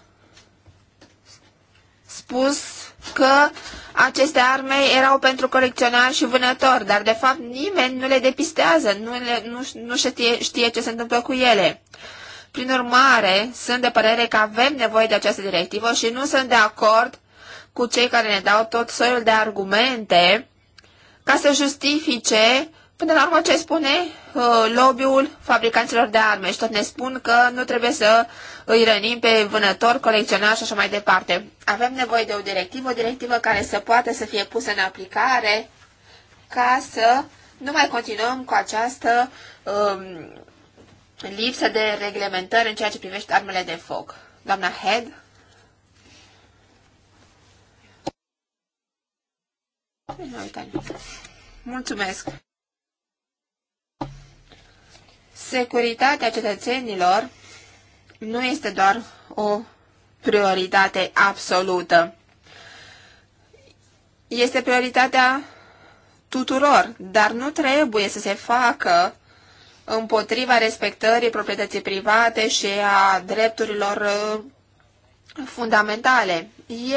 spus că aceste arme erau pentru colecționari și vânători, dar de fapt nimeni nu le depistează, nu, le, nu, nu știe, știe ce se întâmplă cu ele. Prin urmare, sunt de părere că avem nevoie de această directivă și nu sunt de acord cu cei care ne dau tot soiul de argumente ca să justifice Până la urmă, ce spune uh, lobby-ul fabricanților de arme? Și tot ne spun că nu trebuie să îi rănim pe vânători, colecționari și așa mai departe. Avem nevoie de o directivă, o directivă care să poată să fie pusă în aplicare ca să nu mai continuăm cu această um, lipsă de reglementări în ceea ce privește armele de foc. Doamna Head? Mulțumesc! Securitatea cetățenilor nu este doar o prioritate absolută. Este prioritatea tuturor, dar nu trebuie să se facă împotriva respectării proprietății private și a drepturilor uh, fundamentale.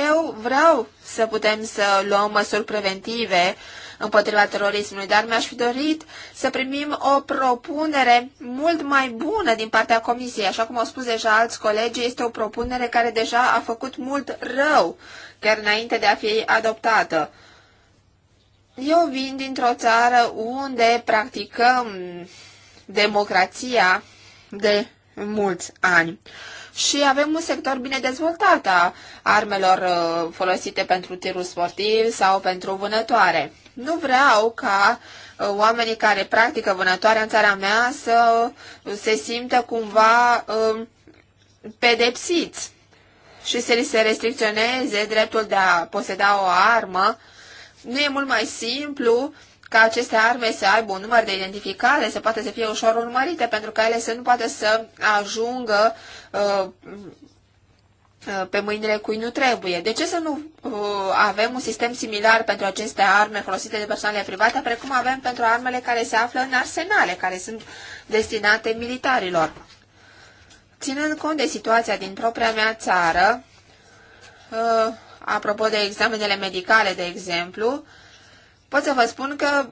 Eu vreau să putem să luăm măsuri preventive împotriva terorismului, dar mi-aș fi dorit să primim o propunere mult mai bună din partea Comisiei. Așa cum au spus deja alți colegi, este o propunere care deja a făcut mult rău, chiar înainte de a fi adoptată. Eu vin dintr-o țară unde practicăm democrația de mulți ani și avem un sector bine dezvoltat a armelor uh, folosite pentru tirul sportiv sau pentru vânătoare. Nu vreau ca uh, oamenii care practică vânătoarea în țara mea să se simtă cumva um, pedepsiți și să li se restricționeze dreptul de a poseda o armă. Nu e mult mai simplu ca aceste arme să aibă un număr de identificare, să poată să fie ușor urmărite, pentru că ele să nu poată să ajungă uh, uh, pe mâinile cui nu trebuie. De ce să nu uh, avem un sistem similar pentru aceste arme folosite de persoanele private, precum avem pentru armele care se află în arsenale, care sunt destinate militarilor? Ținând cont de situația din propria mea țară, uh, apropo de examenele medicale, de exemplu, Pot să vă spun că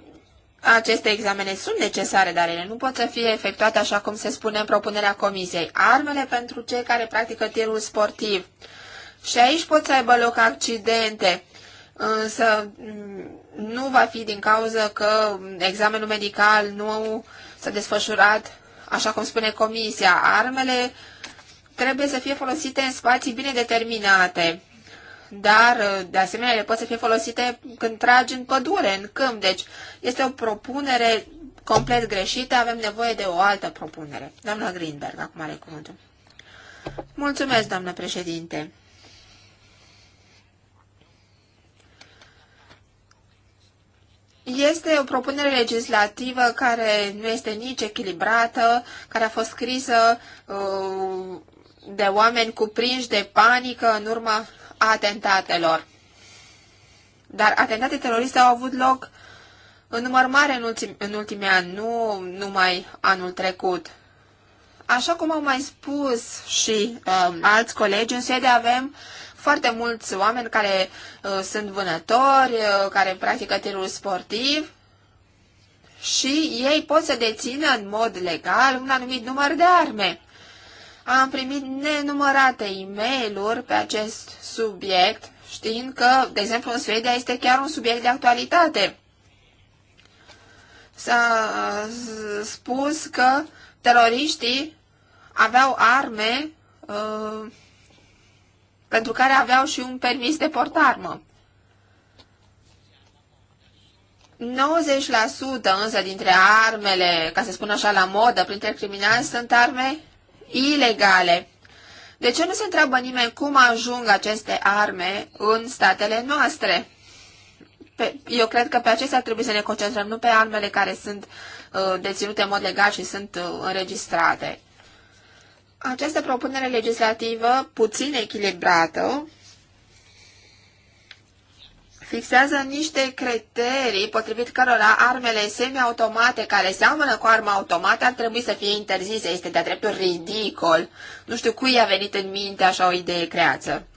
aceste examene sunt necesare, dar ele nu pot să fie efectuate așa cum se spune în propunerea comisiei. Armele pentru cei care practică tirul sportiv. Și aici pot să aibă loc accidente, însă mm, nu va fi din cauza că examenul medical nu s-a desfășurat așa cum spune comisia. Armele trebuie să fie folosite în spații bine determinate dar uh, de asemenea ele pot să fie folosite când tragi în pădure, în câmp. Deci este o propunere complet greșită, avem nevoie de o altă propunere. Doamna Greenberg, acum are cuvântul. Mulțumesc, doamnă președinte. Este o propunere legislativă care nu este nici echilibrată, care a fost scrisă uh, de oameni cuprinși de panică în urma atentatelor. Dar atentate teroriste au avut loc în număr mare în, ultim, în ultimii ani, nu numai anul trecut. Așa cum au mai spus și uh, alți colegi, în Suedia avem foarte mulți oameni care uh, sunt vânători, uh, care practică tirul sportiv și ei pot să dețină în mod legal un anumit număr de arme. Am primit nenumărate e mail pe acest subiect, știind că, de exemplu, în Suedia este chiar un subiect de actualitate. S-a uh, spus că teroriștii aveau arme uh, pentru care aveau și un permis de portarmă. 90% însă dintre armele, ca să spun așa, la modă printre criminali sunt arme ilegale. De ce nu se întreabă nimeni cum ajung aceste arme în statele noastre? Pe, eu cred că pe acestea trebuie să ne concentrăm, nu pe armele care sunt uh, deținute în mod legal și sunt uh, înregistrate. Această propunere legislativă, puțin echilibrată, fixează niște criterii potrivit cărora armele semiautomate care seamănă cu arma automată ar trebui să fie interzise. Este de-a dreptul ridicol. Nu știu cui a venit în minte așa o idee creață.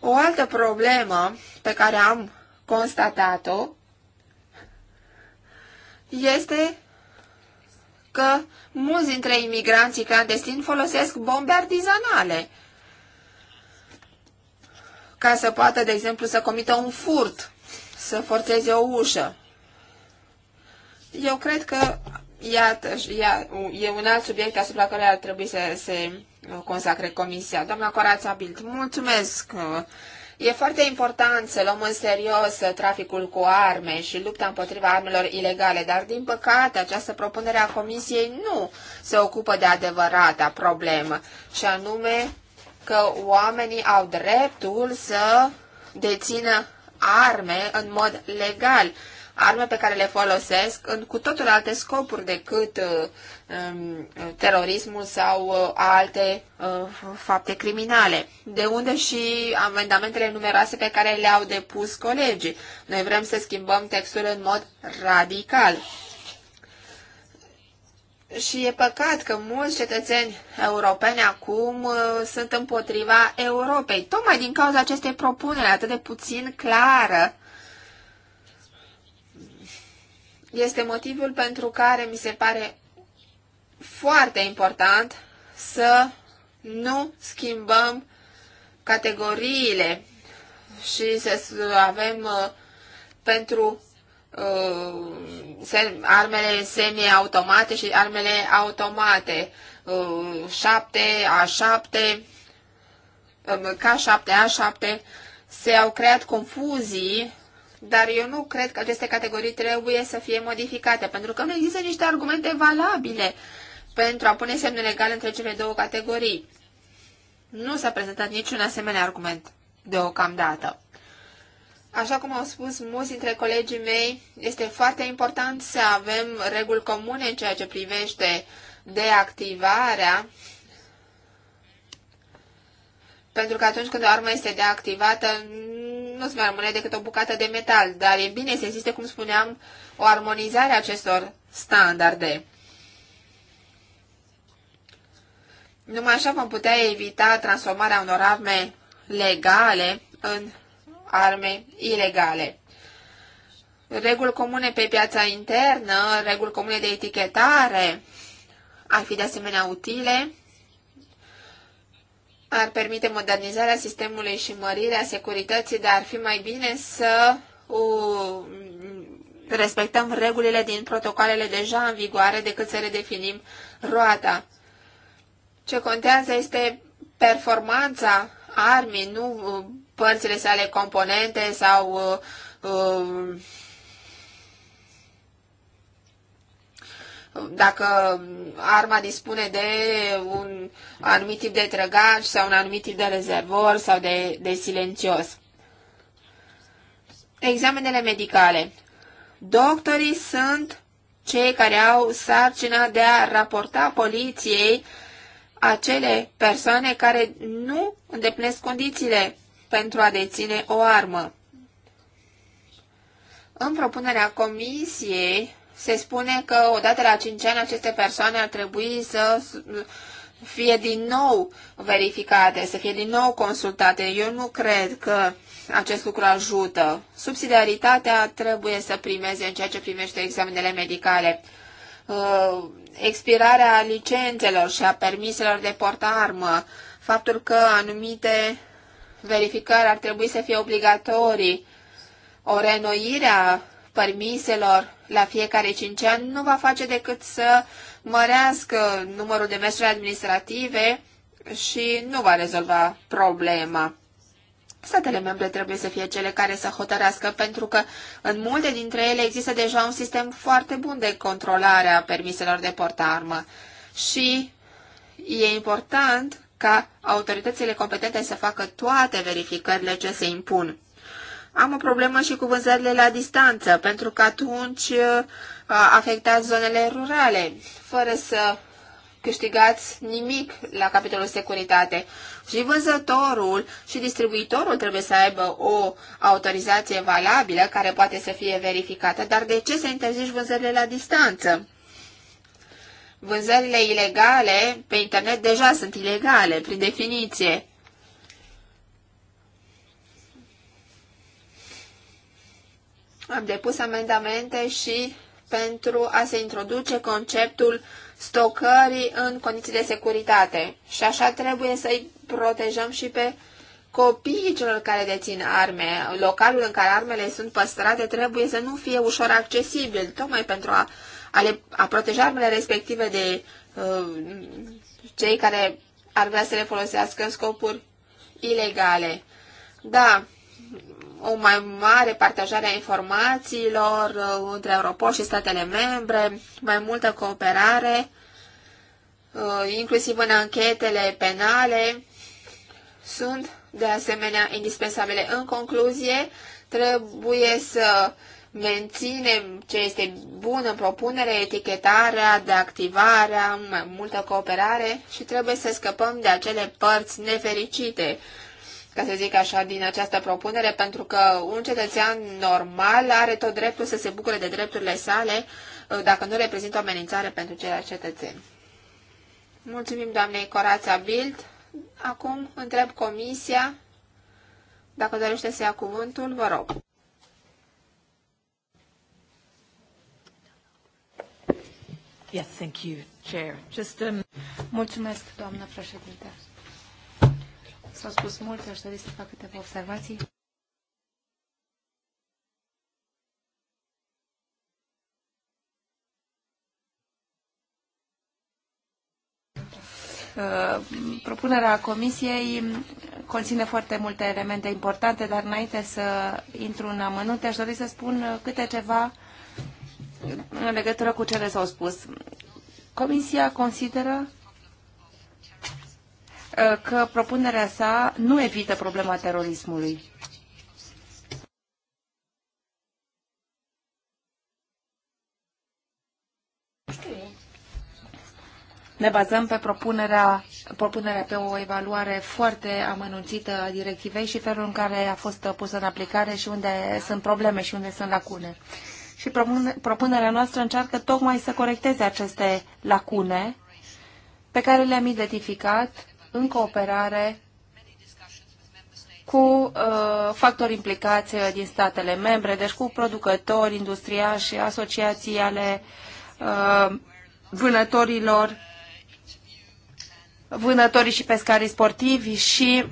O altă problemă pe care am constatat-o este că mulți dintre imigranții clandestini folosesc bombe artizanale – ca să poată, de exemplu, să comită un furt, să forțeze o ușă. Eu cred că, iată, ia, e un alt subiect asupra care ar trebui să se uh, consacre comisia. Doamna Corața Bild, mulțumesc! Uh, e foarte important să luăm în serios uh, traficul cu arme și lupta împotriva armelor ilegale, dar din păcate această propunere a Comisiei nu se ocupă de adevărata problemă, și anume că oamenii au dreptul să dețină arme în mod legal, arme pe care le folosesc în cu totul alte scopuri decât uh, um, terorismul sau uh, alte uh, fapte criminale. De unde și amendamentele numeroase pe care le-au depus colegii. Noi vrem să schimbăm textul în mod radical. Și e păcat că mulți cetățeni europeni acum uh, sunt împotriva Europei, tocmai din cauza acestei propuneri atât de puțin clară. Este motivul pentru care mi se pare foarte important să nu schimbăm categoriile și să avem uh, pentru Uh, armele semi-automate și armele automate. 7, A7, K7, A7 se-au creat confuzii, dar eu nu cred că aceste categorii trebuie să fie modificate, pentru că nu există niște argumente valabile pentru a pune semne legale între cele două categorii. Nu s-a prezentat niciun asemenea argument deocamdată. Așa cum au spus mulți dintre colegii mei, este foarte important să avem reguli comune în ceea ce privește deactivarea, pentru că atunci când o armă este deactivată, nu se mai rămâne decât o bucată de metal, dar e bine să existe, cum spuneam, o armonizare a acestor standarde. Numai așa vom putea evita transformarea unor arme legale în arme ilegale. Reguli comune pe piața internă, reguli comune de etichetare ar fi de asemenea utile, ar permite modernizarea sistemului și mărirea securității, dar ar fi mai bine să respectăm regulile din protocoalele deja în vigoare decât să redefinim roata. Ce contează este performanța armii, nu părțile sale, componente sau uh, uh, dacă arma dispune de un anumit tip de trăgaș sau un anumit tip de rezervor sau de, de silențios. Examenele medicale. Doctorii sunt cei care au sarcina de a raporta poliției acele persoane care nu îndeplinesc condițiile pentru a deține o armă. În propunerea comisiei se spune că odată la 5 ani aceste persoane ar trebui să fie din nou verificate, să fie din nou consultate. Eu nu cred că acest lucru ajută. Subsidiaritatea trebuie să primeze în ceea ce primește examenele medicale. Uh, expirarea licențelor și a permiselor de porta armă, faptul că anumite verificări ar trebui să fie obligatorii. O renoire a permiselor la fiecare cinci ani nu va face decât să mărească numărul de mesuri administrative și nu va rezolva problema. Statele membre trebuie să fie cele care să hotărească, pentru că în multe dintre ele există deja un sistem foarte bun de controlare a permiselor de portarmă. Și e important ca autoritățile competente să facă toate verificările ce se impun. Am o problemă și cu vânzările la distanță, pentru că atunci uh, afectați zonele rurale, fără să câștigați nimic la capitolul securitate. Și vânzătorul și distribuitorul trebuie să aibă o autorizație valabilă care poate să fie verificată, dar de ce să interzici vânzările la distanță? Vânzările ilegale pe internet deja sunt ilegale, prin definiție. Am depus amendamente și pentru a se introduce conceptul stocării în condiții de securitate. Și așa trebuie să-i protejăm și pe copiii celor care dețin arme. Localul în care armele sunt păstrate trebuie să nu fie ușor accesibil, tocmai pentru a a, le, a proteja armele respective de uh, cei care ar vrea să le folosească în scopuri ilegale. Da, o mai mare partajare a informațiilor uh, între Europol și statele membre, mai multă cooperare, uh, inclusiv în anchetele penale, sunt de asemenea indispensabile. În concluzie, trebuie să uh, menținem ce este bun în propunere, etichetarea, de activarea, mai multă cooperare și trebuie să scăpăm de acele părți nefericite, ca să zic așa, din această propunere, pentru că un cetățean normal are tot dreptul să se bucure de drepturile sale uh, dacă nu reprezintă o amenințare pentru ceilalți cetățeni. Mulțumim doamnei Corața Bild. Acum întreb comisia dacă dorește să ia cuvântul, vă rog. Yes, thank you, Chair. Just, um... Mulțumesc, doamnă președinte. S-au spus multe, aș dori să fac câteva observații. Uh, propunerea comisiei conține foarte multe elemente importante, dar înainte să intru în amănunte, aș dori să spun câte ceva în legătură cu cele s-au spus. Comisia consideră uh, că propunerea sa nu evită problema terorismului. Ne bazăm pe propunerea, propunerea pe o evaluare foarte amănunțită a directivei și felul în care a fost pusă în aplicare și unde sunt probleme și unde sunt lacune și propunerea noastră încearcă tocmai să corecteze aceste lacune pe care le-am identificat în cooperare cu uh, factori implicați uh, din statele membre, deci cu producători, industriași, asociații ale uh, vânătorilor, vânătorii și pescarii sportivi și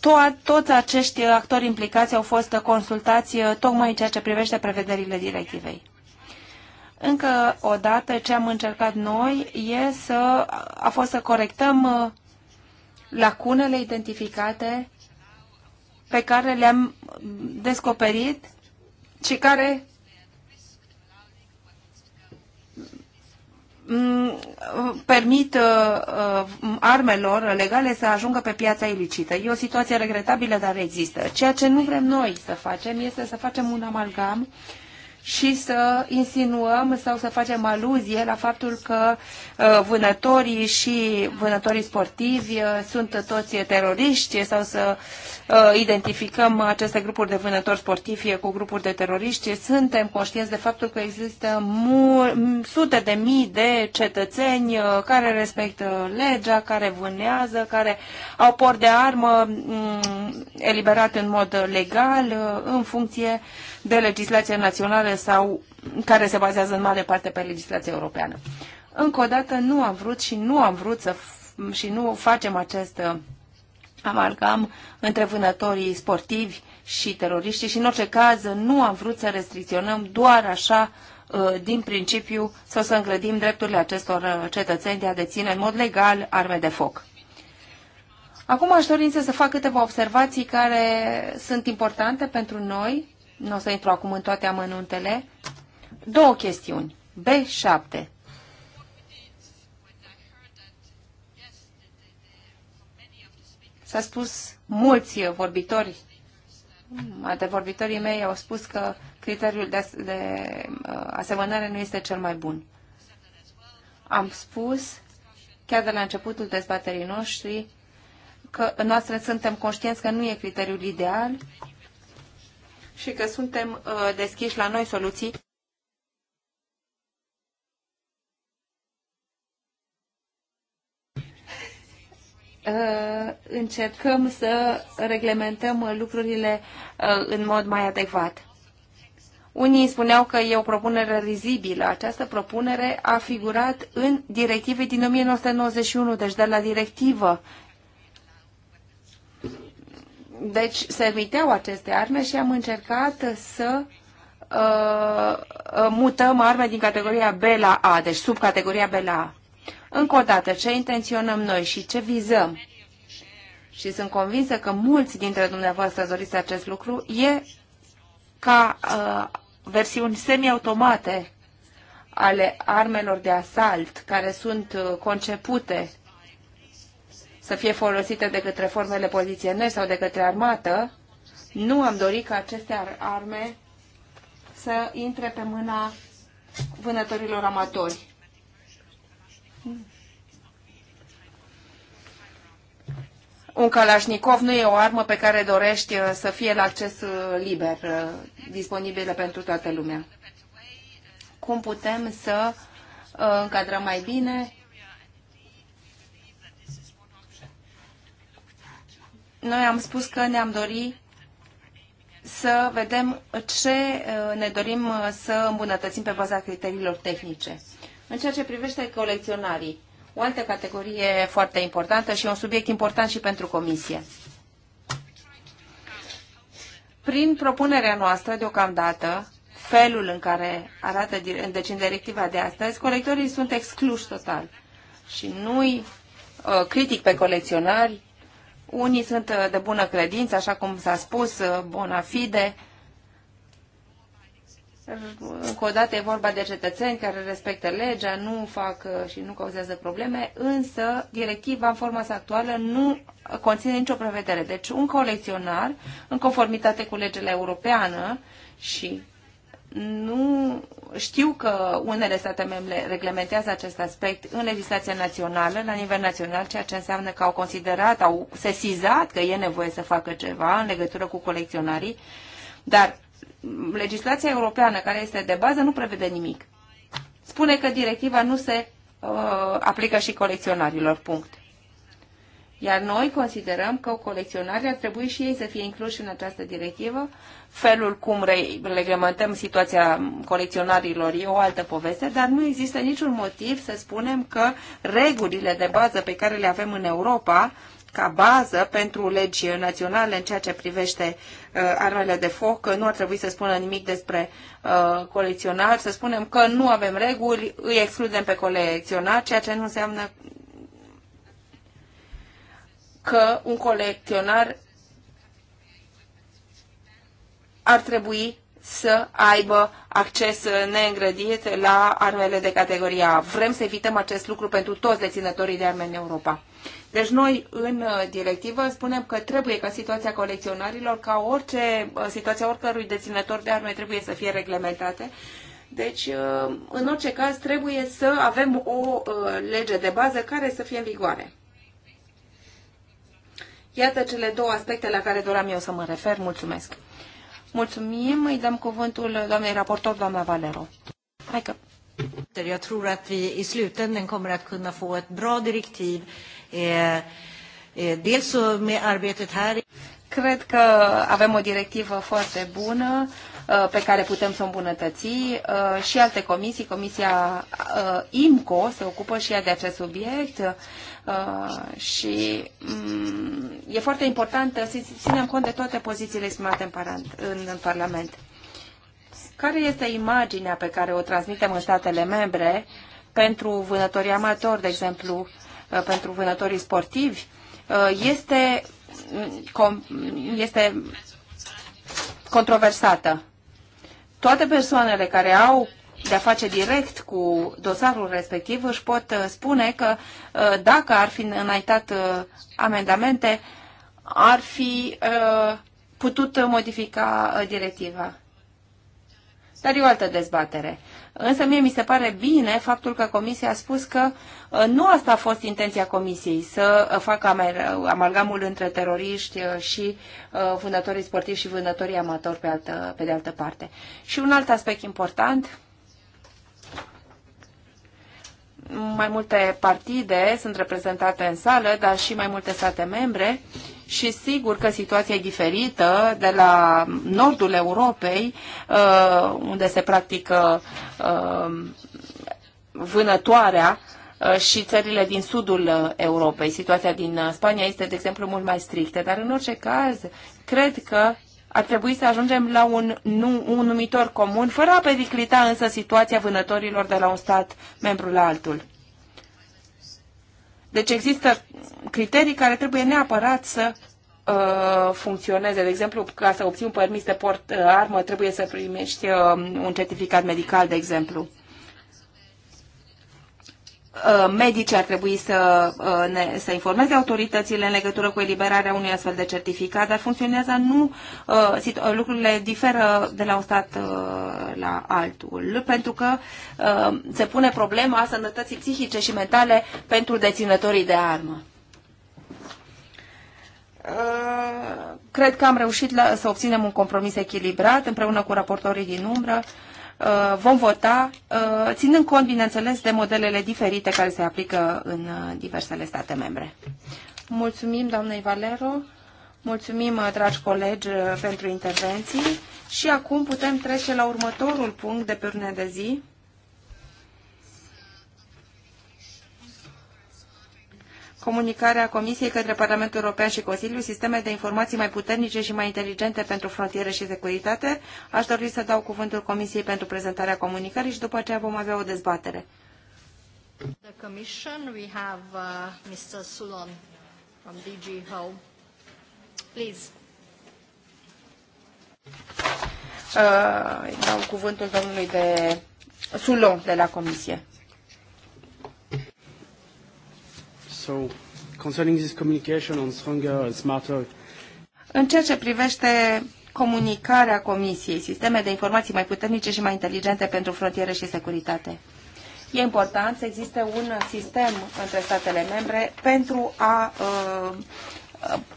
to- toți acești actori implicați au fost consultați uh, tocmai în ceea ce privește prevederile directivei. Încă o dată, ce am încercat noi e să, a fost să corectăm uh, lacunele identificate pe care le-am descoperit și care Mm, permit uh, uh, armelor legale să ajungă pe piața ilicită. E o situație regretabilă, dar există. Ceea ce nu vrem noi să facem este să facem un amalgam uh, și să insinuăm sau să facem aluzie la faptul că uh, vânătorii și vânătorii sportivi uh, sunt toți teroriști sau să uh, identificăm aceste grupuri de vânători sportivi cu grupuri de teroriști. Suntem conștienți de faptul că există sute de mii de cetățeni care respectă legea, care vânează, care au port de armă mm, eliberat în mod legal în funcție de legislație națională sau care se bazează în mare parte pe legislația europeană. Încă o dată nu am vrut și nu am vrut să și nu facem acest uh, amalgam între vânătorii sportivi și teroriștii și în orice caz nu am vrut să restricționăm doar așa uh, din principiu sau să îngrădim drepturile acestor uh, cetățeni de a deține în mod legal arme de foc. Acum aș dori să fac câteva observații care sunt importante pentru noi nu o să intru acum în toate amănuntele. Două chestiuni. B7. S-a spus mulți vorbitori, vorbitorii mei au spus că criteriul de, de uh, asemănare nu este cel mai bun. Am spus, chiar de la începutul dezbaterii noștri, că noastre suntem conștienți că nu e criteriul ideal și că suntem uh, deschiși la noi soluții. Uh, încercăm să reglementăm lucrurile uh, în mod mai adecvat. Unii spuneau că e o propunere rizibilă. Această propunere a figurat în directive din 1991, deci de la directivă deci se emiteau aceste arme și am încercat să uh, uh, mutăm arme din categoria B la A, deci sub categoria B la A. Încă o dată, ce intenționăm noi și ce vizăm, și sunt convinsă că mulți dintre dumneavoastră doriți acest lucru, e ca uh, versiuni semiautomate ale armelor de asalt care sunt uh, concepute să fie folosite de către formele poziționești sau de către armată, nu am dorit ca aceste arme să intre pe mâna vânătorilor amatori. Un Kalashnikov nu e o armă pe care dorești uh, să fie la acces uh, liber, uh, disponibilă pentru toată lumea. Cum putem să încadrăm mai bine Noi am spus că ne-am dorit să vedem ce uh, ne dorim uh, să îmbunătățim pe baza criteriilor tehnice. În ceea ce privește colecționarii, o altă categorie foarte importantă și un subiect important și pentru Comisie. Prin propunerea noastră, deocamdată, felul în care arată, deci în directiva de astăzi, colectorii sunt excluși total. Și nu-i uh, critic pe colecționari, unii sunt uh, de bună credință, așa cum s-a spus, uh, bona fide. Încă o dată e vorba de cetățeni care respectă legea, nu fac uh, și nu cauzează probleme, însă directiva în forma sa actuală nu conține nicio prevedere. Deci un colecționar, în conformitate cu legea europeană și nu știu că unele state membre reglementează acest aspect în legislația națională, la nivel național, ceea ce înseamnă că au considerat, au sesizat că e nevoie să facă ceva în legătură cu colecționarii, dar legislația europeană care este de bază nu prevede nimic. Spune că directiva nu se uh, aplică și colecționarilor, punct. Iar noi considerăm că colecționarii ar trebui și ei să fie incluși în această directivă. Felul cum reglementăm situația colecționarilor e o altă poveste, dar nu există niciun motiv să spunem că regulile de bază pe care le avem în Europa ca bază pentru legi naționale în ceea ce privește uh, armele de foc. Nu ar trebui să spună nimic despre uh, colecționar. Să spunem că nu avem reguli, îi excludem pe colecționar, ceea ce nu înseamnă că un colecționar ar trebui să aibă acces neîngrădit la armele de categoria A. Vrem să evităm acest lucru pentru toți deținătorii de arme în Europa. Deci noi în uh, directivă spunem că trebuie ca situația colecționarilor, ca orice uh, situația oricărui deținător de arme trebuie să fie reglementate. Deci, uh, în orice caz, trebuie să avem o lege de bază care să fie în vigoare. Iată cele două aspecte la care doream eu să mă refer. Mulțumesc. Mulțumim. Îi dăm cuvântul doamnei raportor, doamna Valero. Hai că... Jag tror att vi i slutändan kommer att kunna få ett bra direktiv. Eh, eh, dels med arbetet här. Cred că avem o directivă foarte bună. Uh, pe care putem să o îmbunătăți uh, și alte comisii. Comisia uh, IMCO se ocupă și ea de acest subiect și mm, e foarte important să ținem cont de toate pozițiile exprimate în Parlament. Care este imaginea pe care o transmitem în statele membre pentru vânătorii amatori, de exemplu, pentru vânătorii sportivi? Este, mm, este controversată toate persoanele care au de-a face direct cu dosarul respectiv își pot uh, spune că uh, dacă ar fi înaintat uh, amendamente, ar fi putut modifica directiva. Dar e o altă dezbatere. Însă mie mi se pare bine faptul că Comisia a spus că uh, nu asta a fost intenția Comisiei, să uh, facă uh, amalgamul între teroriști și vânătorii sportivi și vânătorii amatori pe, altă, pe de altă parte. Și un alt aspect important, mai multe partide sunt reprezentate în sală, dar și mai multe state membre și sigur că situația e diferită de la nordul Europei, uh, unde se practică uh, vânătoarea uh, și țările din sudul Europei. Situația din Spania este, de exemplu, mult mai strictă, dar în orice caz, cred că ar trebui să ajungem la un, nu, un numitor comun, fără a periclita însă situația vânătorilor de la un stat membru la altul. Deci există criterii care trebuie neapărat să uh, funcționeze. De exemplu, ca să obții un permis de port uh, armă, trebuie să primești uh, un certificat medical, de exemplu. Uh, medici ar trebui să, uh, ne, să informeze autoritățile în legătură cu eliberarea unui astfel de certificat, dar funcționează nu, uh, lucrurile diferă de la un stat la altul, pentru că se pune problema sănătății psihice și mentale pentru deținătorii de armă cred că am reușit la, să obținem un compromis echilibrat împreună cu raportorii din umbră Uh, vom vota, uh, ținând cont, bineînțeles, de modelele diferite care se aplică în uh, diversele state membre. Mulțumim, doamnei Valero, mulțumim, dragi colegi, pentru intervenții și acum putem trece la următorul punct de pe de zi, comunicarea Comisiei către Parlamentul European și Consiliu, sisteme de informații mai puternice și mai inteligente pentru frontiere și securitate. Aș dori să dau cuvântul Comisiei pentru prezentarea comunicării și după aceea vom avea o dezbatere. The Commission, we have uh, Mr. Sulon from DG Please. Uh, dau cuvântul domnului de Sulon de la Comisie. So, concerning this communication on stronger and smarter... În ceea ce privește comunicarea Comisiei, sisteme de informații mai puternice și mai inteligente pentru frontiere și securitate. E important să existe un sistem între statele membre pentru a, a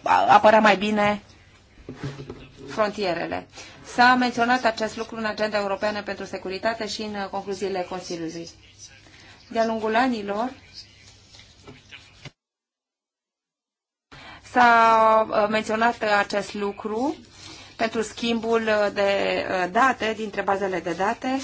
uh, apăra mai bine frontierele. S-a menționat acest lucru în Agenda Europeană pentru Securitate și în concluziile Consiliului. De-a lungul anilor, S-a uh, menționat acest lucru pentru schimbul uh, de uh, date dintre bazele de date,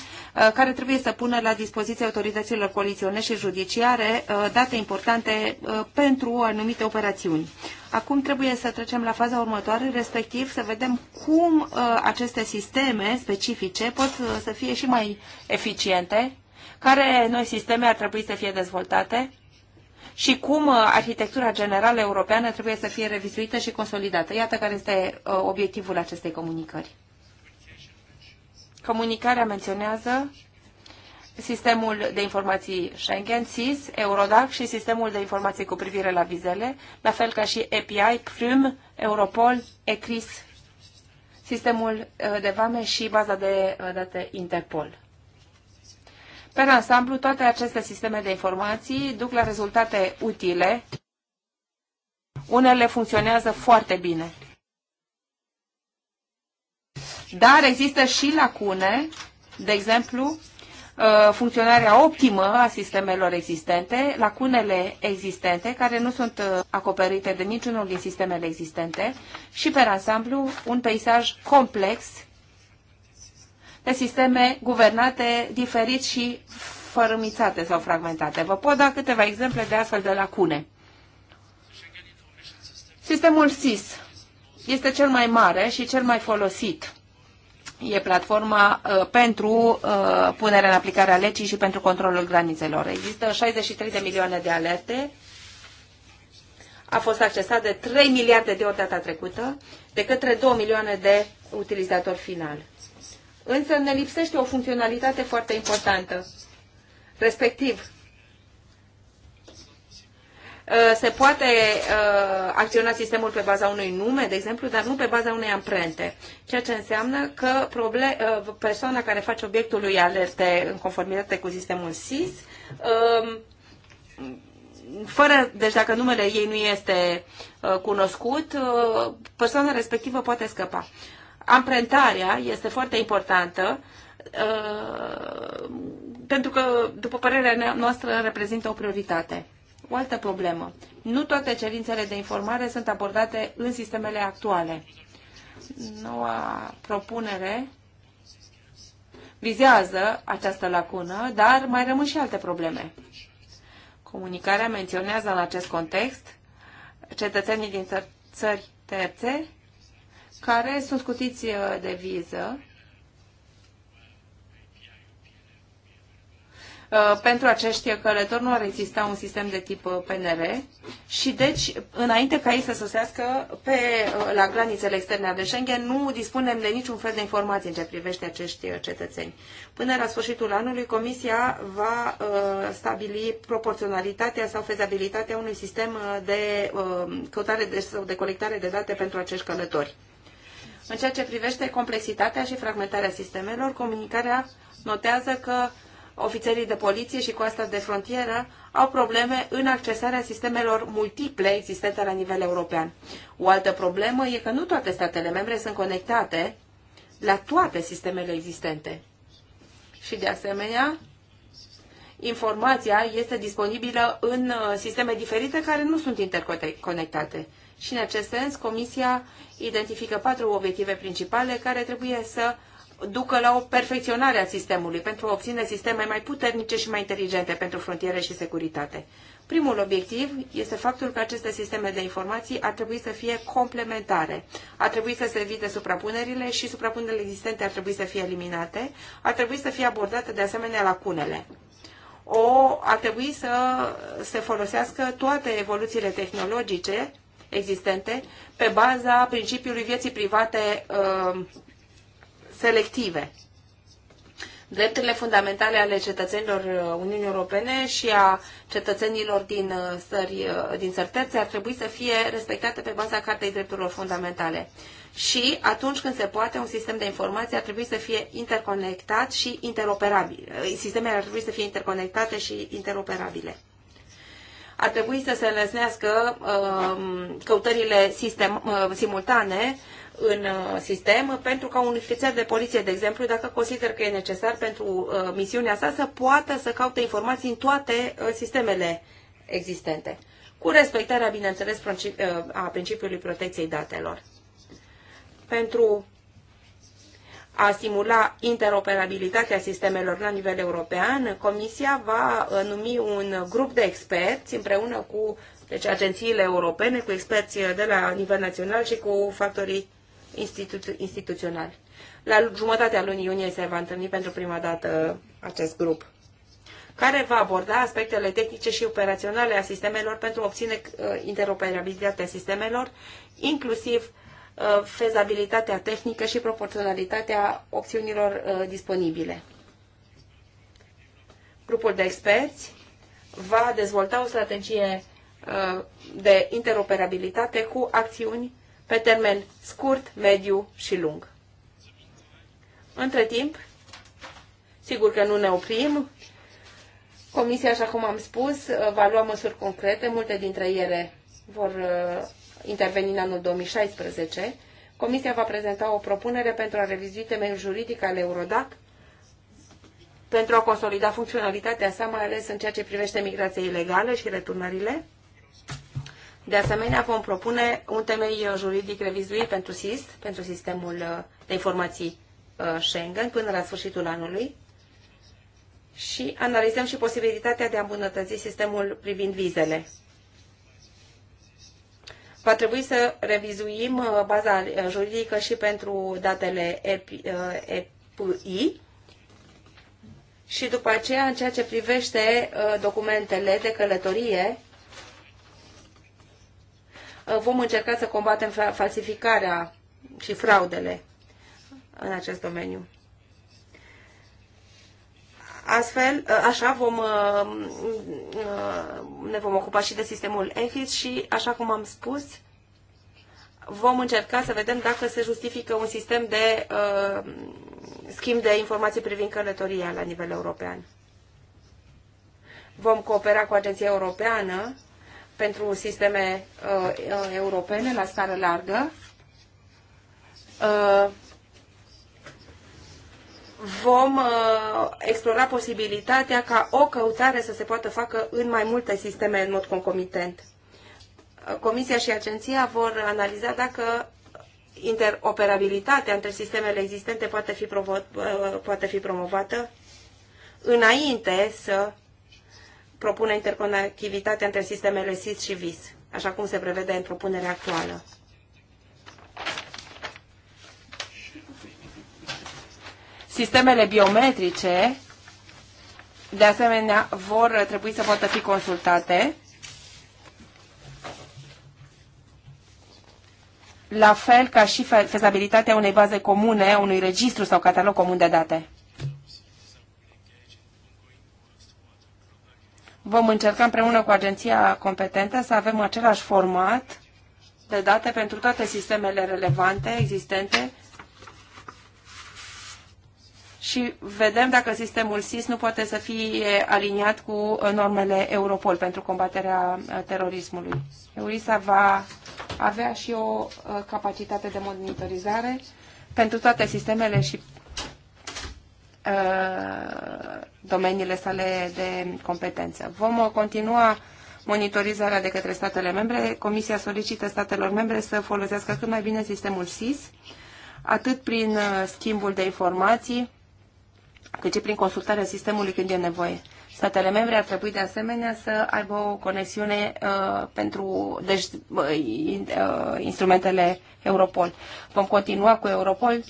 care trebuie să pună la dispoziție autorităților poliționești și judiciare date importante pentru anumite operațiuni. Acum trebuie să trecem la faza următoare, respectiv să vedem cum aceste sisteme specifice pot să fie și mai eficiente, care noi sisteme ar trebui să fie dezvoltate și cum uh, arhitectura generală europeană trebuie să fie revizuită și consolidată. Iată care este uh, obiectivul acestei comunicări. Comunicarea menționează sistemul de informații Schengen, SIS, Eurodac și sistemul de informații cu privire la vizele, la fel ca și API, PRIM, Europol, ECRIS, sistemul uh, de vame și baza de date Interpol. Pe ansamblu, toate aceste sisteme de informații duc la rezultate utile. Unele funcționează foarte bine. Dar există și lacune, de exemplu, uh, funcționarea optimă a sistemelor existente, lacunele existente care nu sunt uh, acoperite de niciunul din sistemele existente și, pe ansamblu, un peisaj complex de sisteme guvernate diferit și fărâmițate sau fragmentate. Vă pot da câteva exemple de astfel de lacune. Sistemul SIS este cel mai mare și cel mai folosit. E platforma uh, pentru uh, punerea în aplicare a legii și pentru controlul granițelor. Există 63 de milioane de alerte. A fost accesat de 3 miliarde de ori data trecută, de către 2 milioane de utilizatori finali însă ne lipsește o funcționalitate foarte importantă. Respectiv, uh, se poate uh, acționa sistemul pe baza unui nume, de exemplu, dar nu pe baza unei amprente, ceea ce înseamnă că uh, persoana care face obiectul lui alerte în conformitate cu sistemul SIS, um, fără, deci dacă numele ei nu este cunoscut, persoana respectivă poate scăpa amprentarea este foarte importantă uh, pentru că, după părerea noastră, reprezintă o prioritate. O altă problemă. Nu toate cerințele de informare sunt abordate în sistemele actuale. Noua propunere vizează această lacună, dar mai rămân și alte probleme. Comunicarea menționează în acest context cetățenii din țări terțe care sunt scutiți uh, de viză uh, pentru acești călători nu ar exista un sistem de tip uh, PNR și deci, înainte ca ei să sosească pe, la granițele externe ale Schengen, nu dispunem de niciun fel de informații în ce privește acești cetățeni. Până la sfârșitul anului, Comisia va stabili proporționalitatea sau fezabilitatea unui sistem de căutare de, sau de colectare de date pentru acești călători. În ceea ce privește complexitatea și fragmentarea sistemelor, comunicarea notează că ofițerii de poliție și coasta de frontieră au probleme în accesarea sistemelor multiple existente la nivel european. O altă problemă e că nu toate statele membre sunt conectate la toate sistemele existente. Și de asemenea, informația este disponibilă în uh, sisteme diferite care nu sunt interconectate. Și în acest sens, Comisia identifică patru obiective principale care trebuie să ducă la o perfecționare a sistemului pentru a obține sisteme mai puternice și mai inteligente pentru frontiere și securitate. Primul obiectiv este faptul că aceste sisteme de informații ar trebui să fie complementare. Ar trebui să se evite suprapunerile și suprapunerile existente ar trebui să fie eliminate. Ar trebui să fie abordate de asemenea lacunele. O, ar trebui să se folosească toate evoluțiile tehnologice existente pe baza principiului vieții private uh, selective. Drepturile fundamentale ale cetățenilor uh, Uniunii Europene și a cetățenilor din uh, țări, din țări ar trebui să fie respectate pe baza Cartei Drepturilor Fundamentale. Și atunci când se poate, un sistem de informații ar trebui să fie interconectat și interoperabil. Sistemele ar trebui să fie interconectate și interoperabile ar trebui să se înlesnească um, căutările sistem, uh, simultane în uh, sistem pentru ca un ofițer de poliție, de exemplu, dacă consider că e necesar pentru uh, misiunea sa, să poată să caute informații în toate sistemele existente, cu respectarea, bineînțeles, a principiului protecției datelor. Pentru a simula interoperabilitatea sistemelor la nivel european, Comisia va uh, numi un grup de experți împreună cu deci, agențiile europene, cu experți uh, de la nivel național și cu factorii institu- instituționali. La jumătatea lunii iunie se va întâlni pentru prima dată acest grup care va aborda aspectele tehnice și operaționale a sistemelor pentru a obține uh, interoperabilitatea sistemelor, inclusiv Uh, fezabilitatea tehnică și proporționalitatea opțiunilor uh, disponibile. Grupul de experți va dezvolta o strategie uh, de interoperabilitate cu acțiuni pe termen scurt, mediu și lung. Între timp, sigur că nu ne oprim, Comisia, așa cum am spus, va lua măsuri concrete, multe dintre ele vor interveni în anul 2016, Comisia va prezenta o propunere pentru a revizui temeiul juridic al Eurodac pentru a consolida funcționalitatea sa, mai ales în ceea ce privește migrația ilegală și returnările. De asemenea, vom propune un temei juridic revizuit pentru SIS, pentru sistemul uh, de informații uh, Schengen, până la sfârșitul anului și analizăm și posibilitatea de a îmbunătăți sistemul privind vizele va trebui să revizuim uh, baza uh, juridică și pentru datele EPI uh, și după aceea, în ceea ce privește documentele de călătorie, vom încerca să combatem falsificarea și fraudele în acest domeniu. Astfel, ă, așa vom, ă, ă, ne vom ocupa și de sistemul EFIS și, așa cum am spus, vom încerca să vedem dacă se justifică un sistem de uh, schimb de informații privind călătoria la nivel european. Vom coopera cu Agenția Europeană pentru sisteme uh, europene la scară largă. Uh, vom uh, explora posibilitatea ca o căutare să se poată facă în mai multe sisteme în mod concomitent. Uh, Comisia și agenția vor analiza dacă interoperabilitatea între sistemele existente poate fi, provo- uh, poate fi promovată înainte să propună interconectivitatea între sistemele SIS și VIS, așa cum se prevede în propunerea actuală. Sistemele biometrice, de asemenea, vor trebui să poată fi consultate. la fel ca și fezabilitatea unei baze comune, unui registru sau catalog comun de date. Vom încerca împreună cu agenția competentă să avem același format de date pentru toate sistemele relevante existente și vedem dacă sistemul SIS nu poate să fie aliniat cu normele Europol pentru combaterea uh, terorismului. EURISA va avea și o uh, capacitate de monitorizare pentru toate sistemele și uh, domeniile sale de competență. Vom continua monitorizarea de către statele membre. Comisia solicită statelor membre să folosească cât mai bine sistemul SIS, atât prin schimbul de informații, cât și prin consultarea sistemului când e nevoie. Statele membre ar trebui de asemenea să aibă o conexiune uh, pentru deci, uh, instrumentele Europol. Vom continua cu Europol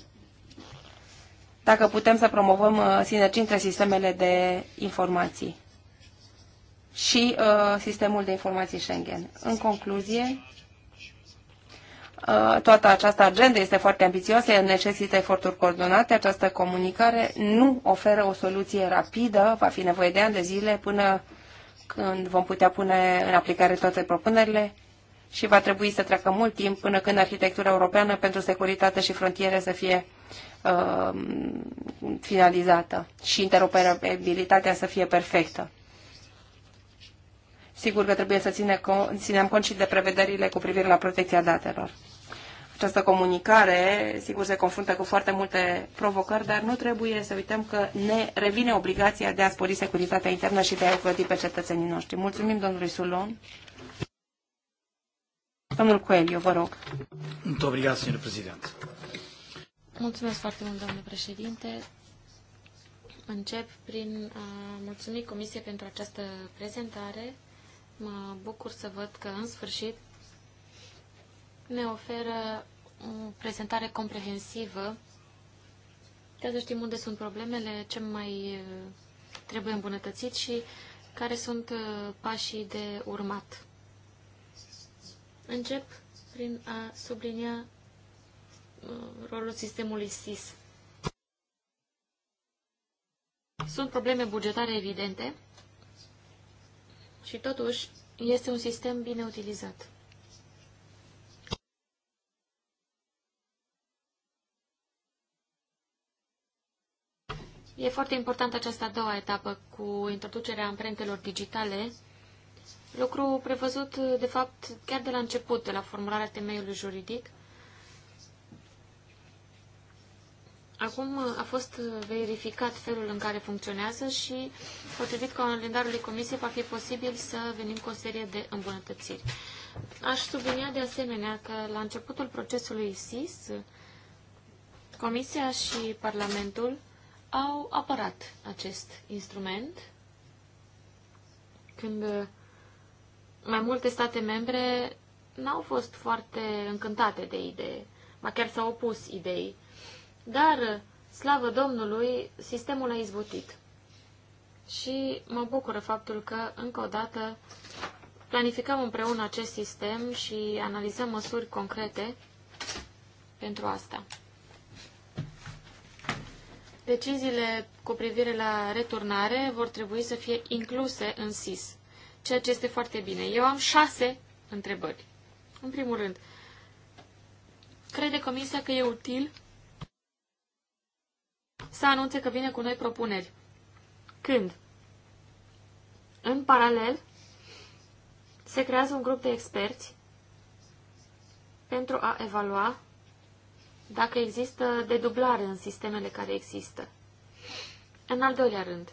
dacă putem să promovăm uh, sinergii între sistemele de informații și uh, sistemul de informații Schengen. În concluzie, Uh, toată această agendă este foarte ambițioasă, necesită eforturi coordonate. Această comunicare nu oferă o soluție rapidă, va fi nevoie de ani de zile până când vom putea pune în aplicare toate propunerile și va trebui să treacă mult timp până când arhitectura europeană pentru securitate și frontiere să fie uh, finalizată și interoperabilitatea să fie perfectă. Sigur că trebuie să ținem cont și de prevederile cu privire la protecția datelor. Această comunicare, sigur, se confruntă cu foarte multe provocări, dar nu trebuie să uităm că ne revine obligația de a spori securitatea internă și de a plăti pe cetățenii noștri. Mulțumim, domnului Sulon. Domnul Coelho, vă rog. Mulțumesc, domnule președinte. Mulțumesc foarte mult, domnule președinte. Încep prin a mulțumi Comisiei pentru această prezentare. Mă bucur să văd că, în sfârșit, ne oferă o prezentare comprehensivă ca să știm unde sunt problemele, ce mai uh, trebuie îmbunătățit și care sunt uh, pașii de urmat. Încep prin a sublinia uh, rolul sistemului SIS. Sunt probleme bugetare evidente și totuși este un sistem bine utilizat. E foarte importantă această a doua etapă cu introducerea amprentelor digitale, lucru prevăzut, de fapt, chiar de la început, de la formularea temeiului juridic. Acum a fost verificat felul în care funcționează și, potrivit calendarului comisiei, va fi posibil să venim cu o serie de îmbunătățiri. Aș sublinia de asemenea că la începutul procesului SIS, Comisia și Parlamentul au apărat acest instrument când mai multe state membre n-au fost foarte încântate de idee, ma chiar s-au opus idei. Dar, slavă Domnului, sistemul a izbutit. Și mă bucură faptul că, încă o dată, planificăm împreună acest sistem și analizăm măsuri concrete pentru asta. Deciziile cu privire la returnare vor trebui să fie incluse în SIS, ceea ce este foarte bine. Eu am șase întrebări. În primul rând, crede Comisia că e util să anunțe că vine cu noi propuneri? Când? În paralel, se creează un grup de experți pentru a evalua dacă există dedublare în sistemele care există. În al doilea rând,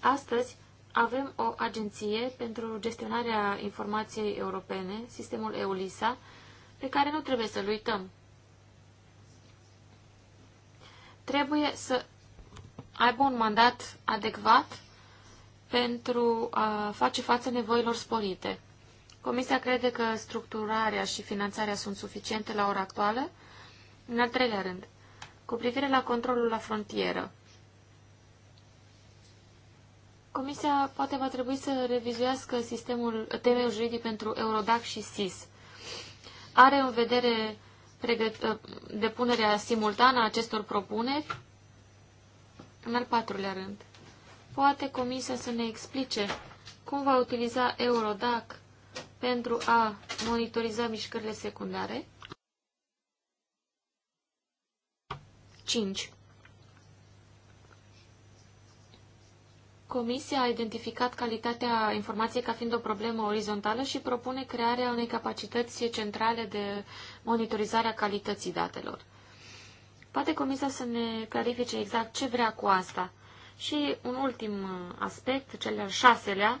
astăzi avem o agenție pentru gestionarea informației europene, sistemul EULISA, pe care nu trebuie să-l uităm. Trebuie să aibă un mandat adecvat pentru a face față nevoilor sporite. Comisia crede că structurarea și finanțarea sunt suficiente la ora actuală în al treilea rând, cu privire la controlul la frontieră, Comisia poate va trebui să revizuiască sistemul temeiul juridic pentru Eurodac și SIS. Are în vedere uh, depunerea simultană a acestor propuneri? În al patrulea rând, poate Comisia să ne explice cum va utiliza Eurodac pentru a monitoriza mișcările secundare? 5. Comisia a identificat calitatea informației ca fiind o problemă orizontală și propune crearea unei capacități centrale de monitorizare a calității datelor. Poate Comisia să ne clarifice exact ce vrea cu asta. Și un ultim aspect, cel al șaselea,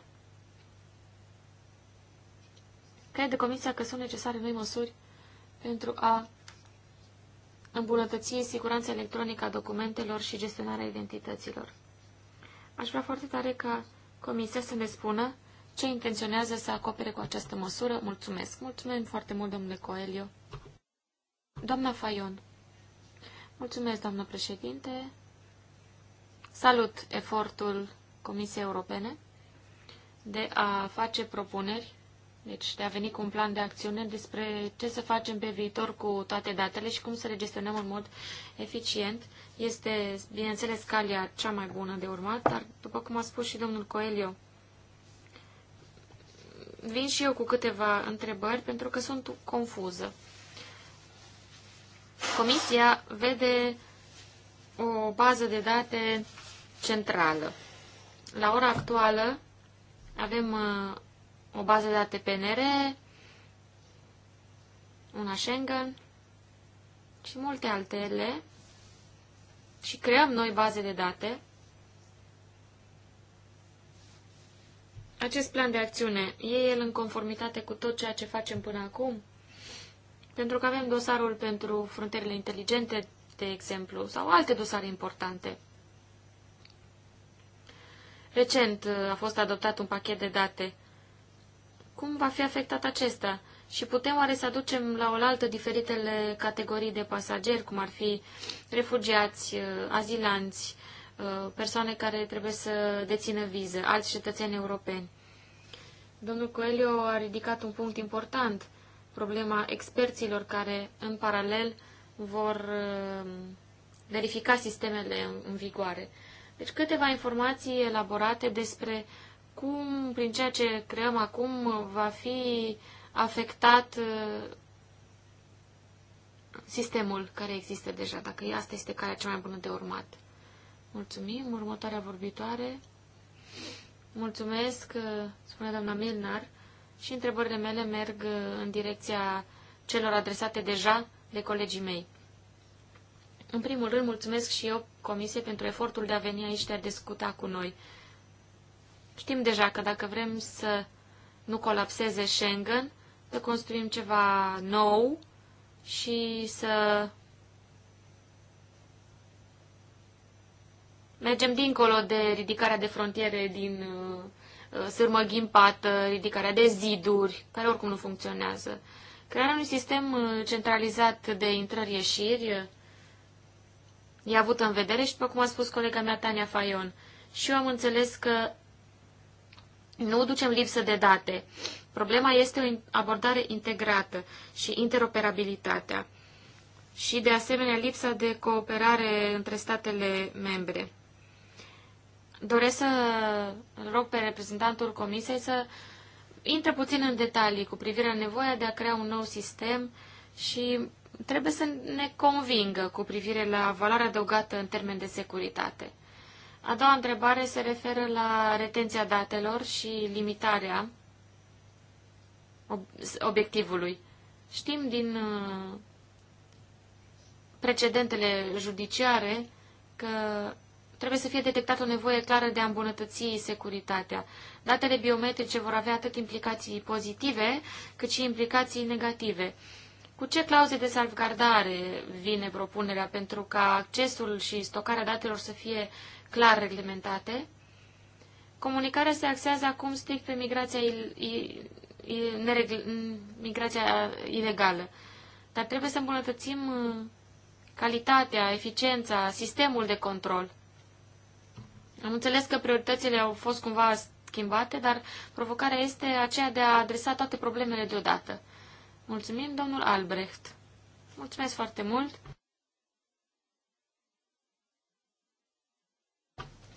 crede Comisia că sunt necesare noi măsuri pentru a îmbunătăți siguranța electronică a documentelor și gestionarea identităților. Aș vrea foarte tare ca Comisia să ne spună ce intenționează să acopere cu această măsură. Mulțumesc! Mulțumim foarte mult, domnule Coelio! Doamna Faion! Mulțumesc, doamnă președinte! Salut efortul Comisiei Europene de a face propuneri deci de a veni cu un plan de acțiune despre ce să facem pe viitor cu toate datele și cum să le gestionăm în mod eficient. Este, bineînțeles, calea cea mai bună de urmat, dar, după cum a spus și domnul Coelio, vin și eu cu câteva întrebări pentru că sunt confuză. Comisia vede o bază de date centrală. La ora actuală avem uh, o bază de date PNR, una Schengen și multe altele și creăm noi baze de date. Acest plan de acțiune, e el în conformitate cu tot ceea ce facem până acum? Pentru că avem dosarul pentru frontierele inteligente, de exemplu, sau alte dosare importante. Recent uh, a fost adoptat un pachet de date cum va fi afectat acesta? Și putem oare să aducem la oaltă diferitele categorii de pasageri, cum ar fi refugiați, uh, azilanți, uh, persoane care trebuie să dețină viză, alți cetățeni europeni? Domnul Coelho a ridicat un punct important, problema experților care, în paralel, vor uh, verifica sistemele în vigoare. Deci câteva informații elaborate despre cum, prin ceea ce creăm acum, va fi afectat uh, sistemul care există deja, dacă asta este calea cea mai bună de urmat. Mulțumim. Următoarea vorbitoare. Mulțumesc, uh, spune doamna Milnar. Și întrebările mele merg uh, în direcția celor adresate deja de colegii mei. În primul rând, mulțumesc și eu Comisie pentru efortul de a veni aici de a discuta cu noi. Știm deja că dacă vrem să nu colapseze Schengen, să construim ceva nou și să mergem dincolo de ridicarea de frontiere din uh, uh, sârmă ghimpată, ridicarea de ziduri, care oricum nu funcționează. Crearea unui sistem uh, centralizat de intrări-ieșiri e avut în vedere și, după cum a spus colega mea Tania Fayon, și eu am înțeles că nu ducem lipsă de date. Problema este o abordare integrată și interoperabilitatea și, de asemenea, lipsa de cooperare între statele membre. Doresc să rog pe reprezentantul Comisiei să intre puțin în detalii cu privire la nevoia de a crea un nou sistem și trebuie să ne convingă cu privire la valoarea adăugată în termen de securitate. A doua întrebare se referă la retenția datelor și limitarea obiectivului. Știm din uh, precedentele judiciare că trebuie să fie detectată o nevoie clară de a îmbunătăți securitatea. Datele biometrice vor avea atât implicații pozitive, cât și implicații negative. Cu ce clauze de salvgardare vine propunerea pentru ca accesul și stocarea datelor să fie clar reglementate. Comunicarea se axează acum strict pe migrația, il, il, il, migrația ilegală. Dar trebuie să îmbunătățim uh, calitatea, eficiența, sistemul de control. Am înțeles că prioritățile au fost cumva schimbate, dar provocarea este aceea de a adresa toate problemele deodată. Mulțumim, domnul Albrecht. Mulțumesc foarte mult.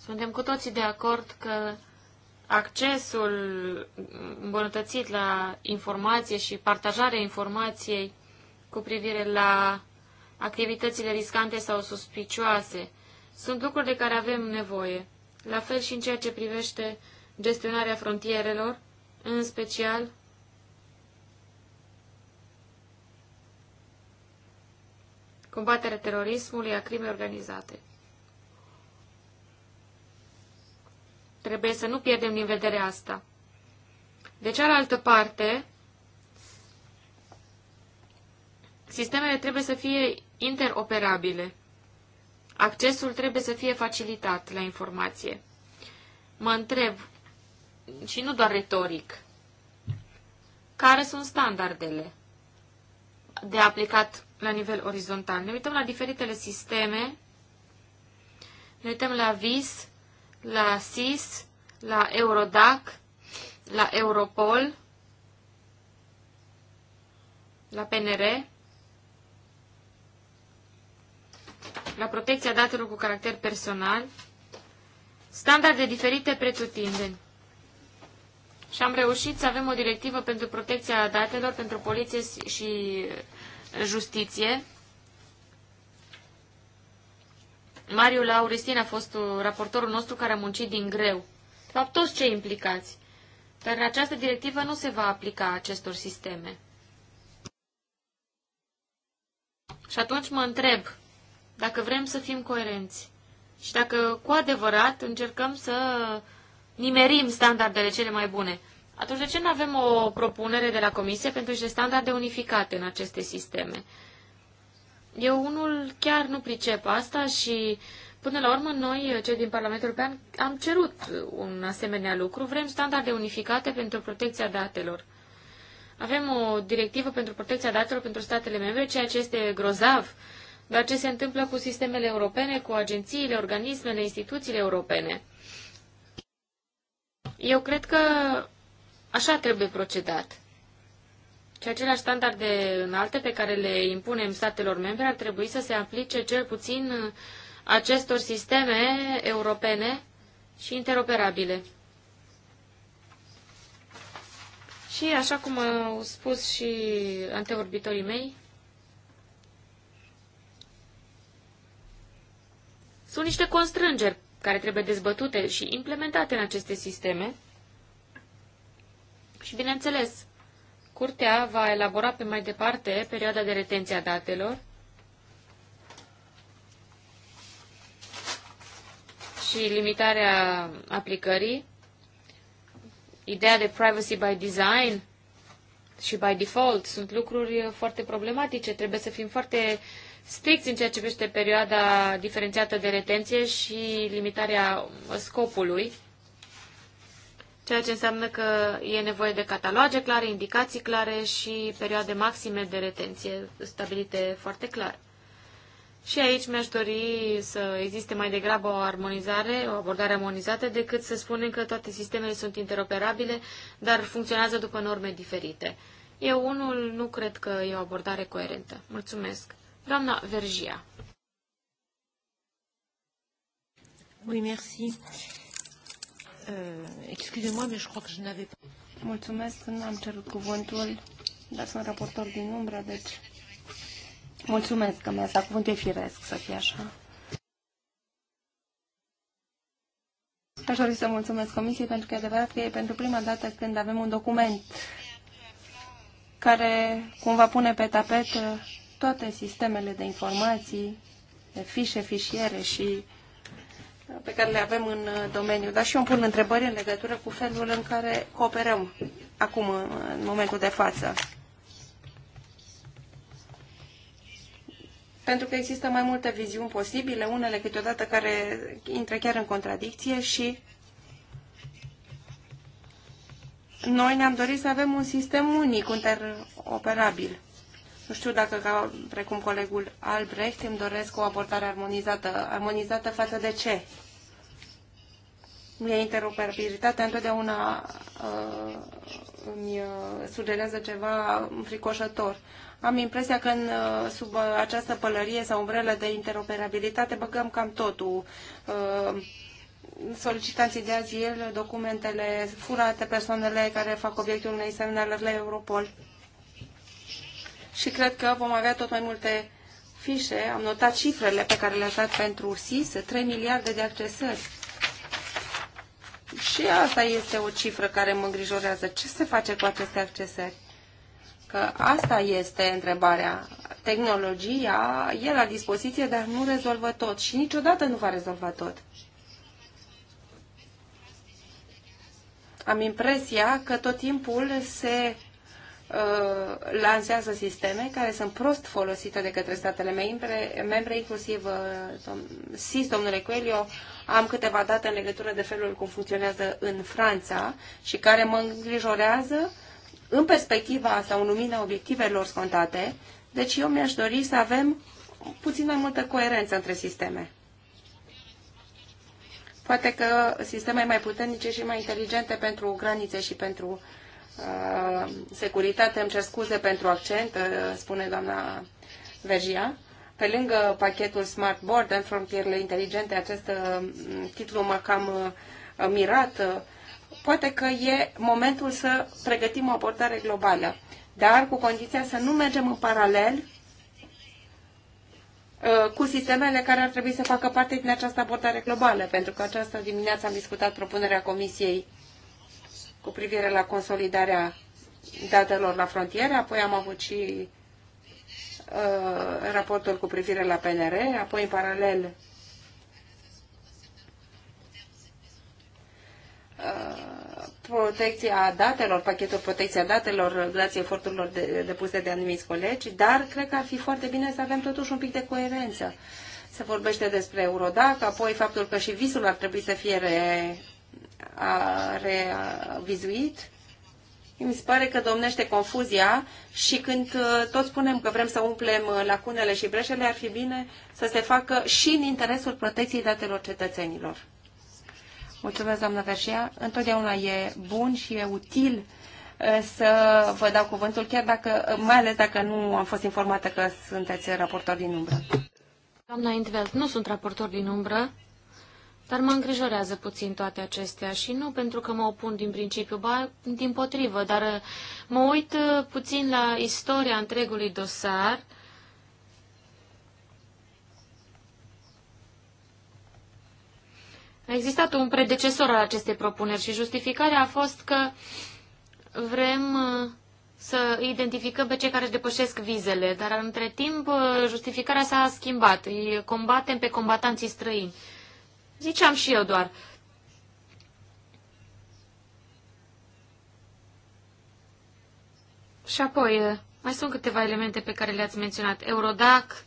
Suntem cu toții de acord că accesul îmbunătățit la informație și partajarea informației cu privire la activitățile riscante sau suspicioase sunt lucruri de care avem nevoie. La fel și în ceea ce privește gestionarea frontierelor, în special combaterea terorismului, a crimei organizate. Trebuie să nu pierdem din vedere asta. De cealaltă parte, sistemele trebuie să fie interoperabile. Accesul trebuie să fie facilitat la informație. Mă întreb, și nu doar retoric, care sunt standardele de aplicat la nivel orizontal? Ne uităm la diferitele sisteme, ne uităm la VIS, la SIS, la Eurodac, la Europol, la PNR, la protecția datelor cu caracter personal, standarde diferite pretutindeni. Și am reușit să avem o directivă pentru protecția datelor pentru poliție și justiție, Mariu Lauristin a fost uh, raportorul nostru care a muncit din greu. De fapt, toți cei implicați. Dar această directivă nu se va aplica acestor sisteme. Și atunci mă întreb dacă vrem să fim coerenți și dacă cu adevărat încercăm să nimerim standardele cele mai bune. Atunci de ce nu avem o propunere de la Comisie pentru niște standarde unificate în aceste sisteme? Eu unul chiar nu pricep asta și până la urmă noi, cei din Parlamentul European, am cerut un asemenea lucru. Vrem standarde unificate pentru protecția datelor. Avem o directivă pentru protecția datelor pentru statele membre, ceea ce este grozav, dar ce se întâmplă cu sistemele europene, cu agențiile, organismele, instituțiile europene. Eu cred că așa trebuie procedat și aceleași standarde înalte pe care le impunem statelor membre ar trebui să se aplice cel puțin acestor sisteme europene și interoperabile. Și așa cum au spus și antevorbitorii mei, sunt niște constrângeri care trebuie dezbătute și implementate în aceste sisteme. Și bineînțeles, Curtea va elabora pe mai departe perioada de retenție a datelor și limitarea aplicării, ideea de privacy by design și by default sunt lucruri foarte problematice. Trebuie să fim foarte stricți în ceea ce privește perioada diferențiată de retenție și limitarea scopului ceea ce înseamnă că e nevoie de cataloge clare, indicații clare și perioade maxime de retenție stabilite foarte clar. Și aici mi-aș dori să existe mai degrabă o armonizare, o abordare armonizată, decât să spunem că toate sistemele sunt interoperabile, dar funcționează după norme diferite. Eu unul nu cred că e o abordare coerentă. Mulțumesc. Doamna Vergia. Oui, merci. Euh, excusez-moi, mais je crois que je n'avais pas... Mulțumesc, nu am cerut cuvântul, dar sunt raportor din umbră, deci... Mulțumesc că mi-ați dat cuvântul, e firesc să fie așa. Aș dori să mulțumesc Comisiei pentru că e adevărat că e pentru prima dată când avem un document care cumva pune pe tapet uh, toate sistemele de informații, de fișe, fișiere și pe care le avem în uh, domeniu. Dar și eu îmi pun întrebări în legătură cu felul în care cooperăm acum, uh, în momentul de față. Pentru că există mai multe viziuni posibile, unele câteodată care intră chiar în contradicție și noi ne-am dorit să avem un sistem unic, interoperabil. Nu știu dacă, ca, precum colegul Albrecht, îmi doresc o abordare armonizată. Armonizată față de ce? interoperabilitatea întotdeauna uh, îmi uh, sugerează ceva fricoșător. Am impresia că în, uh, sub uh, această pălărie sau umbrelă de interoperabilitate băgăm cam totul. Uh, solicitanții de azil, documentele furate, persoanele care fac obiectul unei semnalări la Europol. Și cred că vom avea tot mai multe fișe. Am notat cifrele pe care le-ați dat pentru SIS, 3 miliarde de accesări. Și asta este o cifră care mă îngrijorează. Ce se face cu aceste accesări? Că asta este întrebarea. Tehnologia e la dispoziție, dar nu rezolvă tot și niciodată nu va rezolva tot. Am impresia că tot timpul se Uh, lansează sisteme care sunt prost folosite de către statele membre, membre inclusiv uh, dom- SIS, domnule Coelho, am câteva date în legătură de felul cum funcționează în Franța și care mă îngrijorează în perspectiva sau în lumina obiectivelor scontate, deci eu mi-aș dori să avem puțin mai multă coerență între sisteme. Poate că sisteme mai puternice și mai inteligente pentru granițe și pentru uh, Uh, securitate, îmi cer scuze pentru accent, uh, spune doamna Vergia. Pe lângă pachetul Smart Board, în frontierele inteligente, acest uh, titlu m-a cam mirat. Poate că e momentul să pregătim o abordare globală, dar cu condiția să nu mergem în paralel cu sistemele care ar trebui să facă parte din această abordare globală, pentru că această dimineață am discutat propunerea Comisiei cu privire la consolidarea datelor la frontiere, apoi am avut și uh, raportul cu privire la PNR, apoi în paralel uh, protecția datelor, pachetul protecția datelor, grație eforturilor de, depuse de anumiți colegi, dar cred că ar fi foarte bine să avem totuși un pic de coerență. Se vorbește despre Eurodac, apoi faptul că și visul ar trebui să fie re, a revizuit, mi se pare că domnește confuzia și când uh, tot spunem că vrem să umplem uh, lacunele și breșele, ar fi bine să se facă și în interesul protecției datelor cetățenilor. Mulțumesc, doamnă Verșea. Întotdeauna e bun și e util uh, să vă dau cuvântul, chiar dacă, mai ales dacă nu am fost informată că sunteți raportor din umbră. Doamna Intveld, nu sunt raportor din umbră. Dar mă îngrijorează puțin toate acestea și nu pentru că mă opun din principiu, ba din potrivă, dar uh, mă uit uh, puțin la istoria întregului dosar A existat un predecesor al acestei propuneri și justificarea a fost că vrem uh, să identificăm pe cei care își depășesc vizele, dar între timp justificarea s-a schimbat. Îi combatem pe combatanții străini. Ziceam și eu doar. Și apoi, eh, mai sunt câteva elemente pe care le-ați menționat. Eurodac,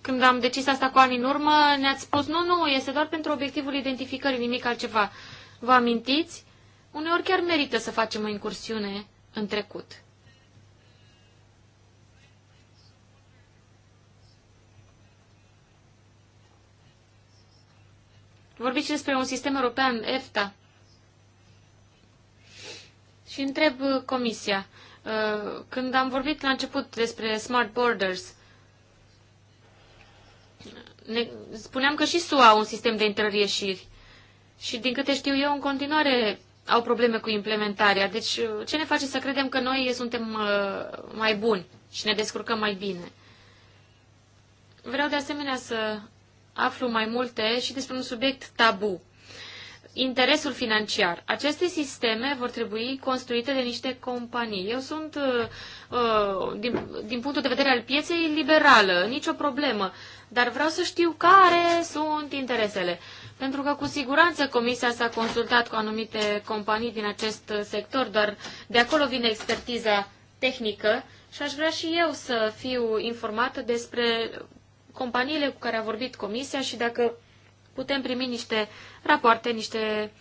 când am decis asta cu ani în urmă, ne-ați spus, nu, nu, este doar pentru obiectivul identificării, nimic altceva. Vă amintiți? Uneori chiar merită să facem o incursiune în trecut. Vorbiți despre un sistem european, EFTA. Și întreb uh, Comisia, uh, când am vorbit la început despre Smart Borders, ne spuneam că și SUA au un sistem de interieșiri. Și din câte știu eu, în continuare au probleme cu implementarea. Deci, uh, ce ne face să credem că noi suntem mai buni și ne descurcăm mai bine? Vreau de asemenea să aflu mai multe și despre un subiect tabu. Interesul financiar. Aceste sisteme vor trebui construite de niște companii. Eu sunt, uh, uh, din, din punctul de vedere al pieței, liberală, nicio problemă, dar vreau să știu care sunt interesele. Pentru că cu siguranță Comisia s-a consultat cu anumite companii din acest sector, dar de acolo vine expertiza tehnică și aș vrea și eu să fiu informată despre companiile cu care a vorbit Comisia și dacă putem primi niște rapoarte, niște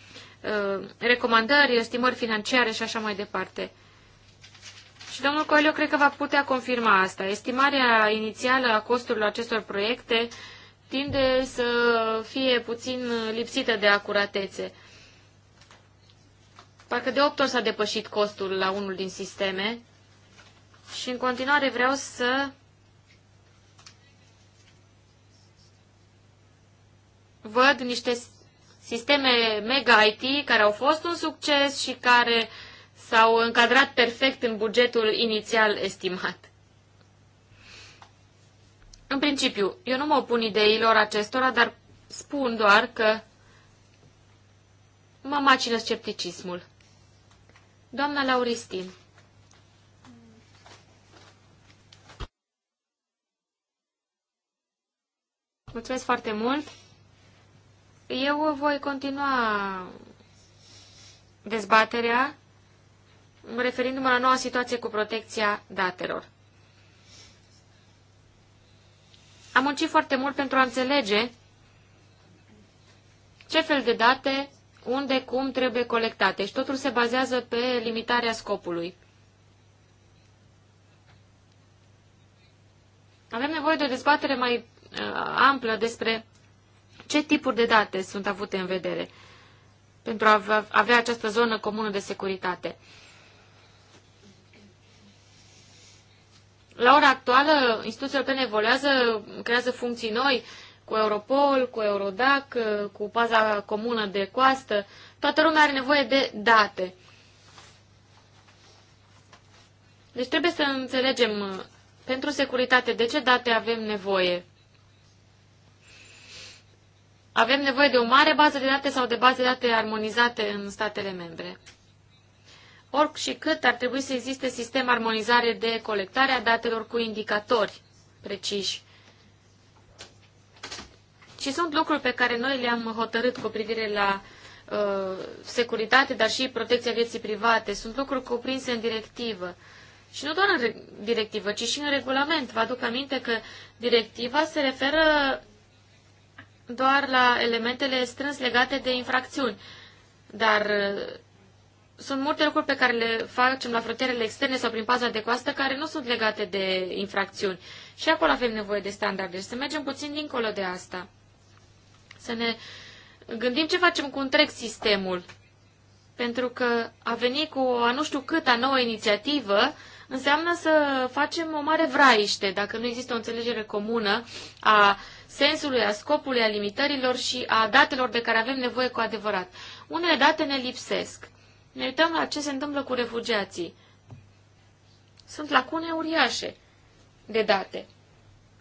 uh, recomandări, estimări financiare și așa mai departe. Și domnul Coelho cred că va putea confirma asta. Estimarea inițială a costurilor acestor proiecte tinde să fie puțin lipsită de acuratețe. Parcă de 8 ori s-a depășit costul la unul din sisteme și în continuare vreau să văd niște sisteme mega IT care au fost un succes și care s-au încadrat perfect în bugetul inițial estimat. În principiu, eu nu mă opun ideilor acestora, dar spun doar că mă macină scepticismul. Doamna Lauristin. Mulțumesc foarte mult! Eu voi continua dezbaterea referindu-mă la noua situație cu protecția datelor. Am muncit foarte mult pentru a înțelege ce fel de date, unde, cum trebuie colectate și totul se bazează pe limitarea scopului. Avem nevoie de o dezbatere mai uh, amplă despre ce tipuri de date sunt avute în vedere pentru a avea această zonă comună de securitate. La ora actuală, instituțiile europene evoluează, creează funcții noi cu Europol, cu Eurodac, cu paza comună de coastă. Toată lumea are nevoie de date. Deci trebuie să înțelegem pentru securitate de ce date avem nevoie. Avem nevoie de o mare bază de date sau de baze de date armonizate în statele membre. Oric și cât ar trebui să existe sistem armonizare de colectare a datelor cu indicatori preciși. Și sunt lucruri pe care noi le-am hotărât cu privire la uh, securitate, dar și protecția vieții private. Sunt lucruri cuprinse în directivă. Și nu doar în directivă, ci și în regulament. Vă aduc aminte că directiva se referă doar la elementele strâns legate de infracțiuni. Dar uh, sunt multe lucruri pe care le facem la frontierele externe sau prin paza de coastă care nu sunt legate de infracțiuni. Și acolo avem nevoie de standarde și să mergem puțin dincolo de asta. Să ne gândim ce facem cu întreg sistemul. Pentru că a veni cu a nu știu câta nouă inițiativă înseamnă să facem o mare vraiște dacă nu există o înțelegere comună a sensului, a scopului, a limitărilor și a datelor de care avem nevoie cu adevărat. Unele date ne lipsesc. Ne uităm la ce se întâmplă cu refugiații. Sunt lacune uriașe de date,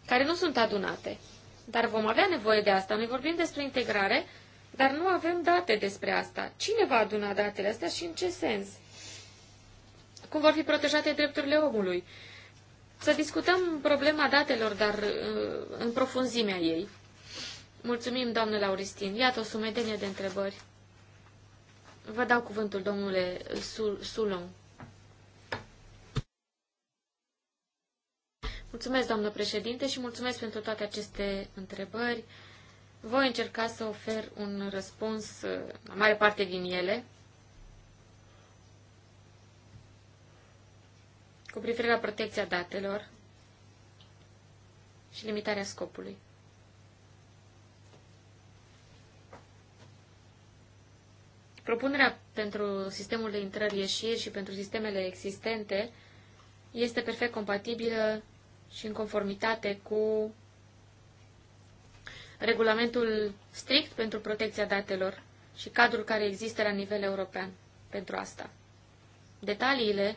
care nu sunt adunate. Dar vom avea nevoie de asta. Noi vorbim despre integrare, dar nu avem date despre asta. Cine va aduna datele astea și în ce sens? Cum vor fi protejate drepturile omului? să discutăm problema datelor, dar uh, în profunzimea ei. Mulțumim, doamnă Lauristin. Iată o sumedenie de întrebări. Vă dau cuvântul, domnule Sulon. Mulțumesc, doamnă președinte, și mulțumesc pentru toate aceste întrebări. Voi încerca să ofer un răspuns uh, la mare parte din ele. cu privire la protecția datelor și limitarea scopului. Propunerea pentru sistemul de intrări-ieșiri și pentru sistemele existente este perfect compatibilă și în conformitate cu regulamentul strict pentru protecția datelor și cadrul care există la nivel european pentru asta. Detaliile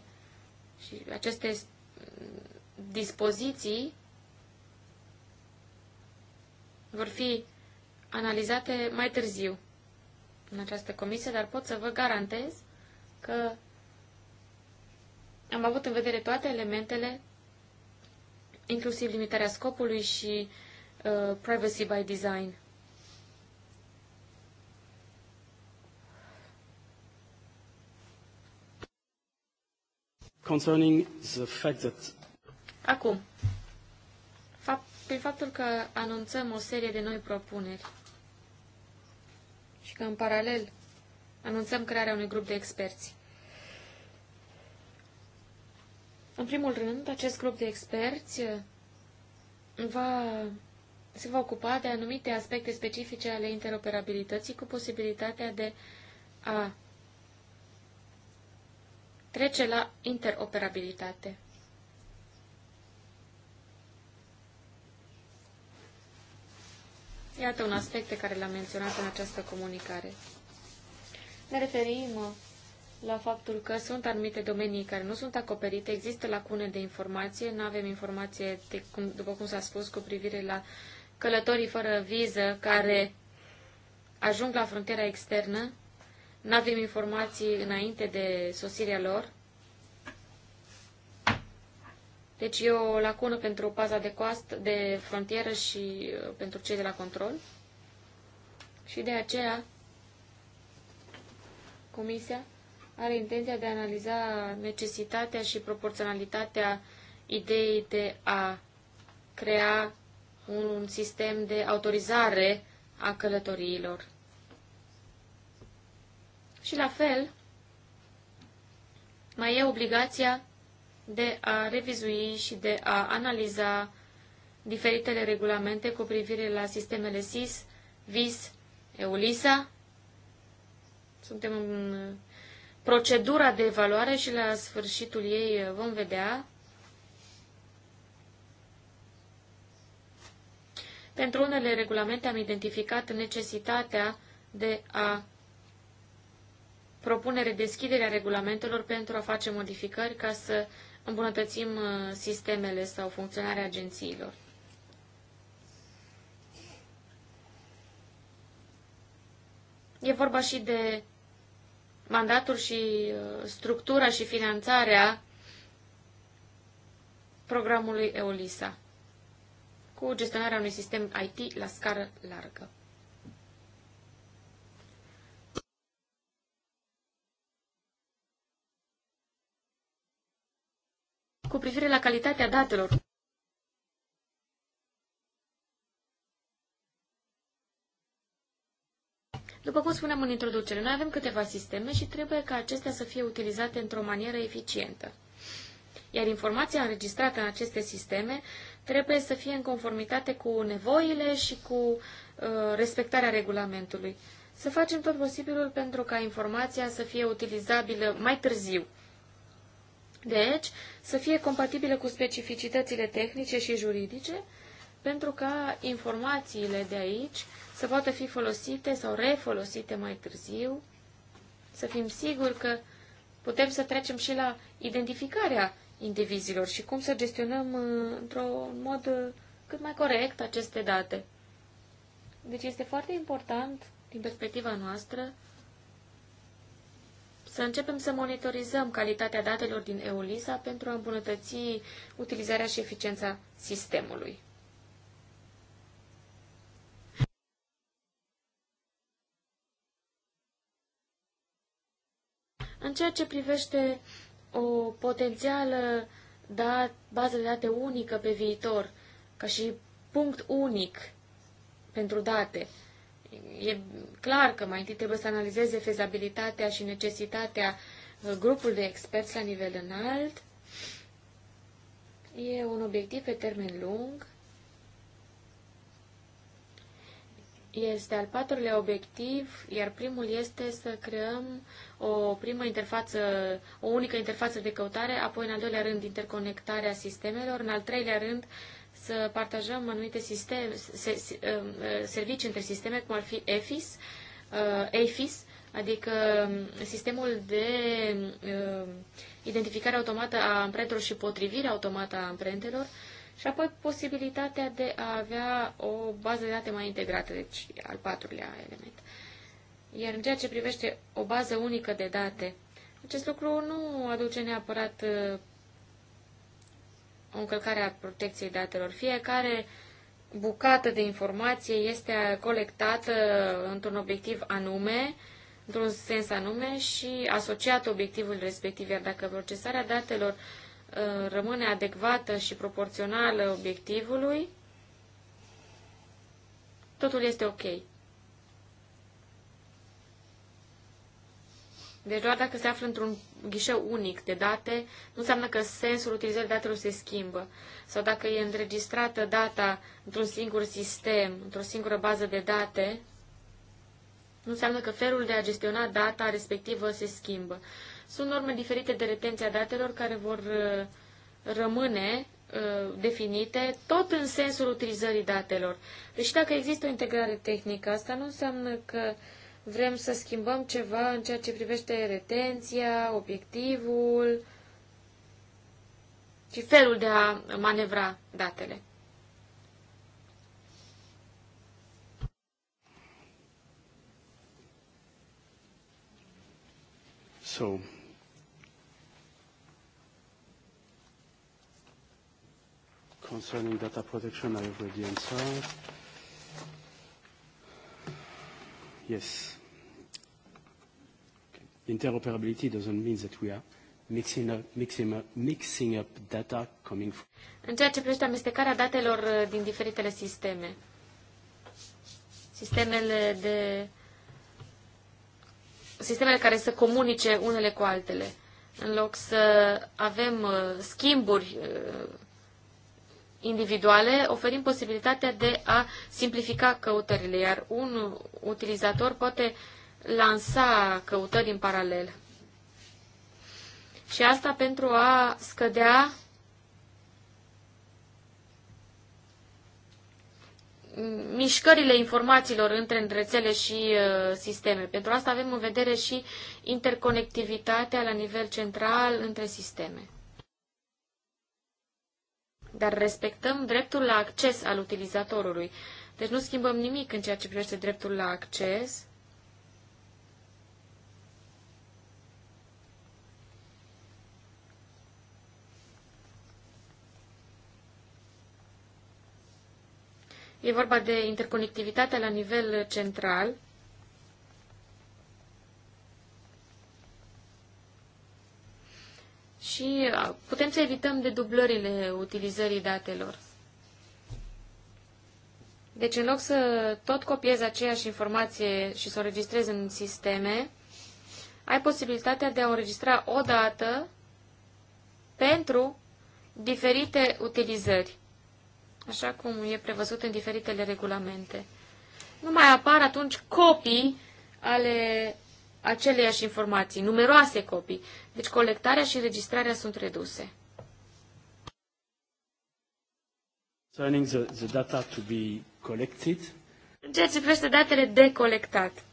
și aceste dispoziții vor fi analizate mai târziu în această comisie, dar pot să vă garantez că am avut în vedere toate elementele, inclusiv limitarea scopului și uh, privacy by design. concerning the fact that... Acum, fapt, prin faptul că anunțăm o serie de noi propuneri și că în paralel anunțăm crearea unui grup de experți. În primul rând, acest grup de experți uh, va, se va ocupa de anumite aspecte specifice ale interoperabilității cu posibilitatea de a trece la interoperabilitate. Iată un aspect pe care l-am menționat în această comunicare. Ne referim la faptul că sunt anumite domenii care nu sunt acoperite, există lacune de informație, nu avem informație, de, cum, după cum s-a spus, cu privire la călătorii fără viză care ajung la frontiera externă nu avem informații înainte de sosirea lor. Deci e o lacună pentru paza de coastă, de frontieră și uh, pentru cei de la control. Și de aceea Comisia are intenția de a analiza necesitatea și proporționalitatea ideii de a crea un sistem de autorizare a călătoriilor. Și la fel, mai e obligația de a revizui și de a analiza diferitele regulamente cu privire la sistemele SIS, VIS, EULISA. Suntem în procedura de evaluare și la sfârșitul ei vom vedea. Pentru unele regulamente am identificat necesitatea de a propunere deschiderea regulamentelor pentru a face modificări ca să îmbunătățim uh, sistemele sau funcționarea agențiilor. E vorba și de mandatul și uh, structura și finanțarea programului EOLISA cu gestionarea unui sistem IT la scară largă. cu privire la calitatea datelor. După cum spuneam în introducere, noi avem câteva sisteme și trebuie ca acestea să fie utilizate într-o manieră eficientă. Iar informația înregistrată în aceste sisteme trebuie să fie în conformitate cu nevoile și cu uh, respectarea regulamentului. Să facem tot posibilul pentru ca informația să fie utilizabilă mai târziu deci, să fie compatibile cu specificitățile tehnice și juridice, pentru ca informațiile de aici să poată fi folosite sau refolosite mai târziu, să fim siguri că putem să trecem și la identificarea indivizilor și cum să gestionăm uh, într-un mod uh, cât mai corect aceste date. Deci este foarte important, din perspectiva noastră, să începem să monitorizăm calitatea datelor din EULISA pentru a îmbunătăți utilizarea și eficiența sistemului. În ceea ce privește o potențială dat, bază de date unică pe viitor, ca și punct unic pentru date, e clar că mai întâi trebuie să analizeze fezabilitatea și necesitatea uh, grupului de experți la nivel înalt. E un obiectiv pe termen lung. Este al patrulea obiectiv, iar primul este să creăm o primă interfață, o unică interfață de căutare, apoi în al doilea rând interconectarea sistemelor, în al treilea rând uh, să partajăm anumite sisteme, se, se, um, uh, servicii între sisteme, cum ar fi EFIS, EFIS uh, adică um, sistemul de um, identificare automată a amprentelor și potrivire automată a amprentelor, și apoi posibilitatea de a avea o bază de date mai integrată, deci al patrulea element. Iar în ceea ce privește o bază unică de date, acest lucru nu aduce neapărat uh, o încălcare a protecției datelor. Fiecare bucată de informație este colectată într-un obiectiv anume, într-un sens anume și asociat obiectivul respectiv, iar dacă procesarea datelor uh, rămâne adecvată și proporțională obiectivului, totul este ok. Deci doar dacă se află într-un ghișeu unic de date, nu înseamnă că sensul utilizării datelor se schimbă. Sau dacă e înregistrată data într-un singur sistem, într-o singură bază de date, nu înseamnă că felul de a gestiona data respectivă se schimbă. Sunt norme diferite de retenția datelor care vor uh, rămâne uh, definite, tot în sensul utilizării datelor. Deci dacă există o integrare tehnică, asta nu înseamnă că uh, vrem să schimbăm ceva în ceea ce privește retenția, obiectivul și felul de a manevra datele. So, concerning data protection, I already answered. Yes interoperability doesn't mean that we are mixing up, mixing up, mixing up data coming from... În ceea ce privește amestecarea datelor uh, din diferitele sisteme, sistemele de sistemele care să comunice unele cu altele, în loc să avem uh, schimburi uh, individuale, oferim posibilitatea de a simplifica căutările, iar un utilizator poate uh, lansa căutări în paralel. Și asta pentru a scădea mișcările informațiilor între rețele și uh, sisteme. Pentru asta avem în vedere și interconectivitatea la nivel central între sisteme. Dar respectăm dreptul la acces al utilizatorului. Deci nu schimbăm nimic în ceea ce privește dreptul la acces, E vorba de interconectivitatea la nivel central. Și uh, putem să evităm de dublările utilizării datelor. Deci, în loc să tot copiez aceeași informație și să o registrez în sisteme, ai posibilitatea de a o înregistra o dată pentru diferite utilizări așa cum e prevăzut în diferitele regulamente. Nu mai apar atunci copii ale aceleiași informații, numeroase copii. Deci colectarea și registrarea sunt reduse. În ceea ce privește datele de colectat,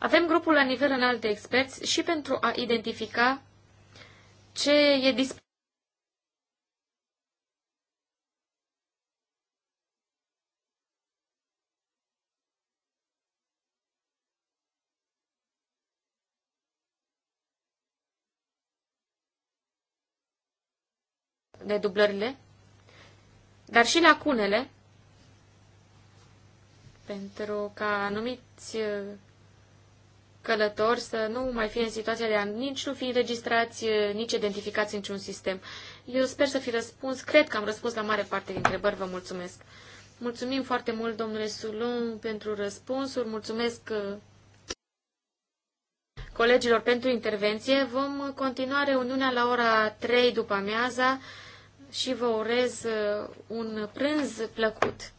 Avem grupul la nivel înalt de experți și pentru a identifica ce e disponibil. de dublările, dar și lacunele, pentru ca anumiți călători să nu mai fie în situația de a nici nu fi înregistrați, nici identificați în niciun sistem. Eu sper să fi răspuns, cred că am răspuns la mare parte din întrebări, vă mulțumesc. Mulțumim foarte mult, domnule Sulun, pentru răspunsuri, mulțumesc uh, colegilor pentru intervenție. Vom continua reuniunea la ora 3 după amiaza și vă urez uh, un prânz plăcut.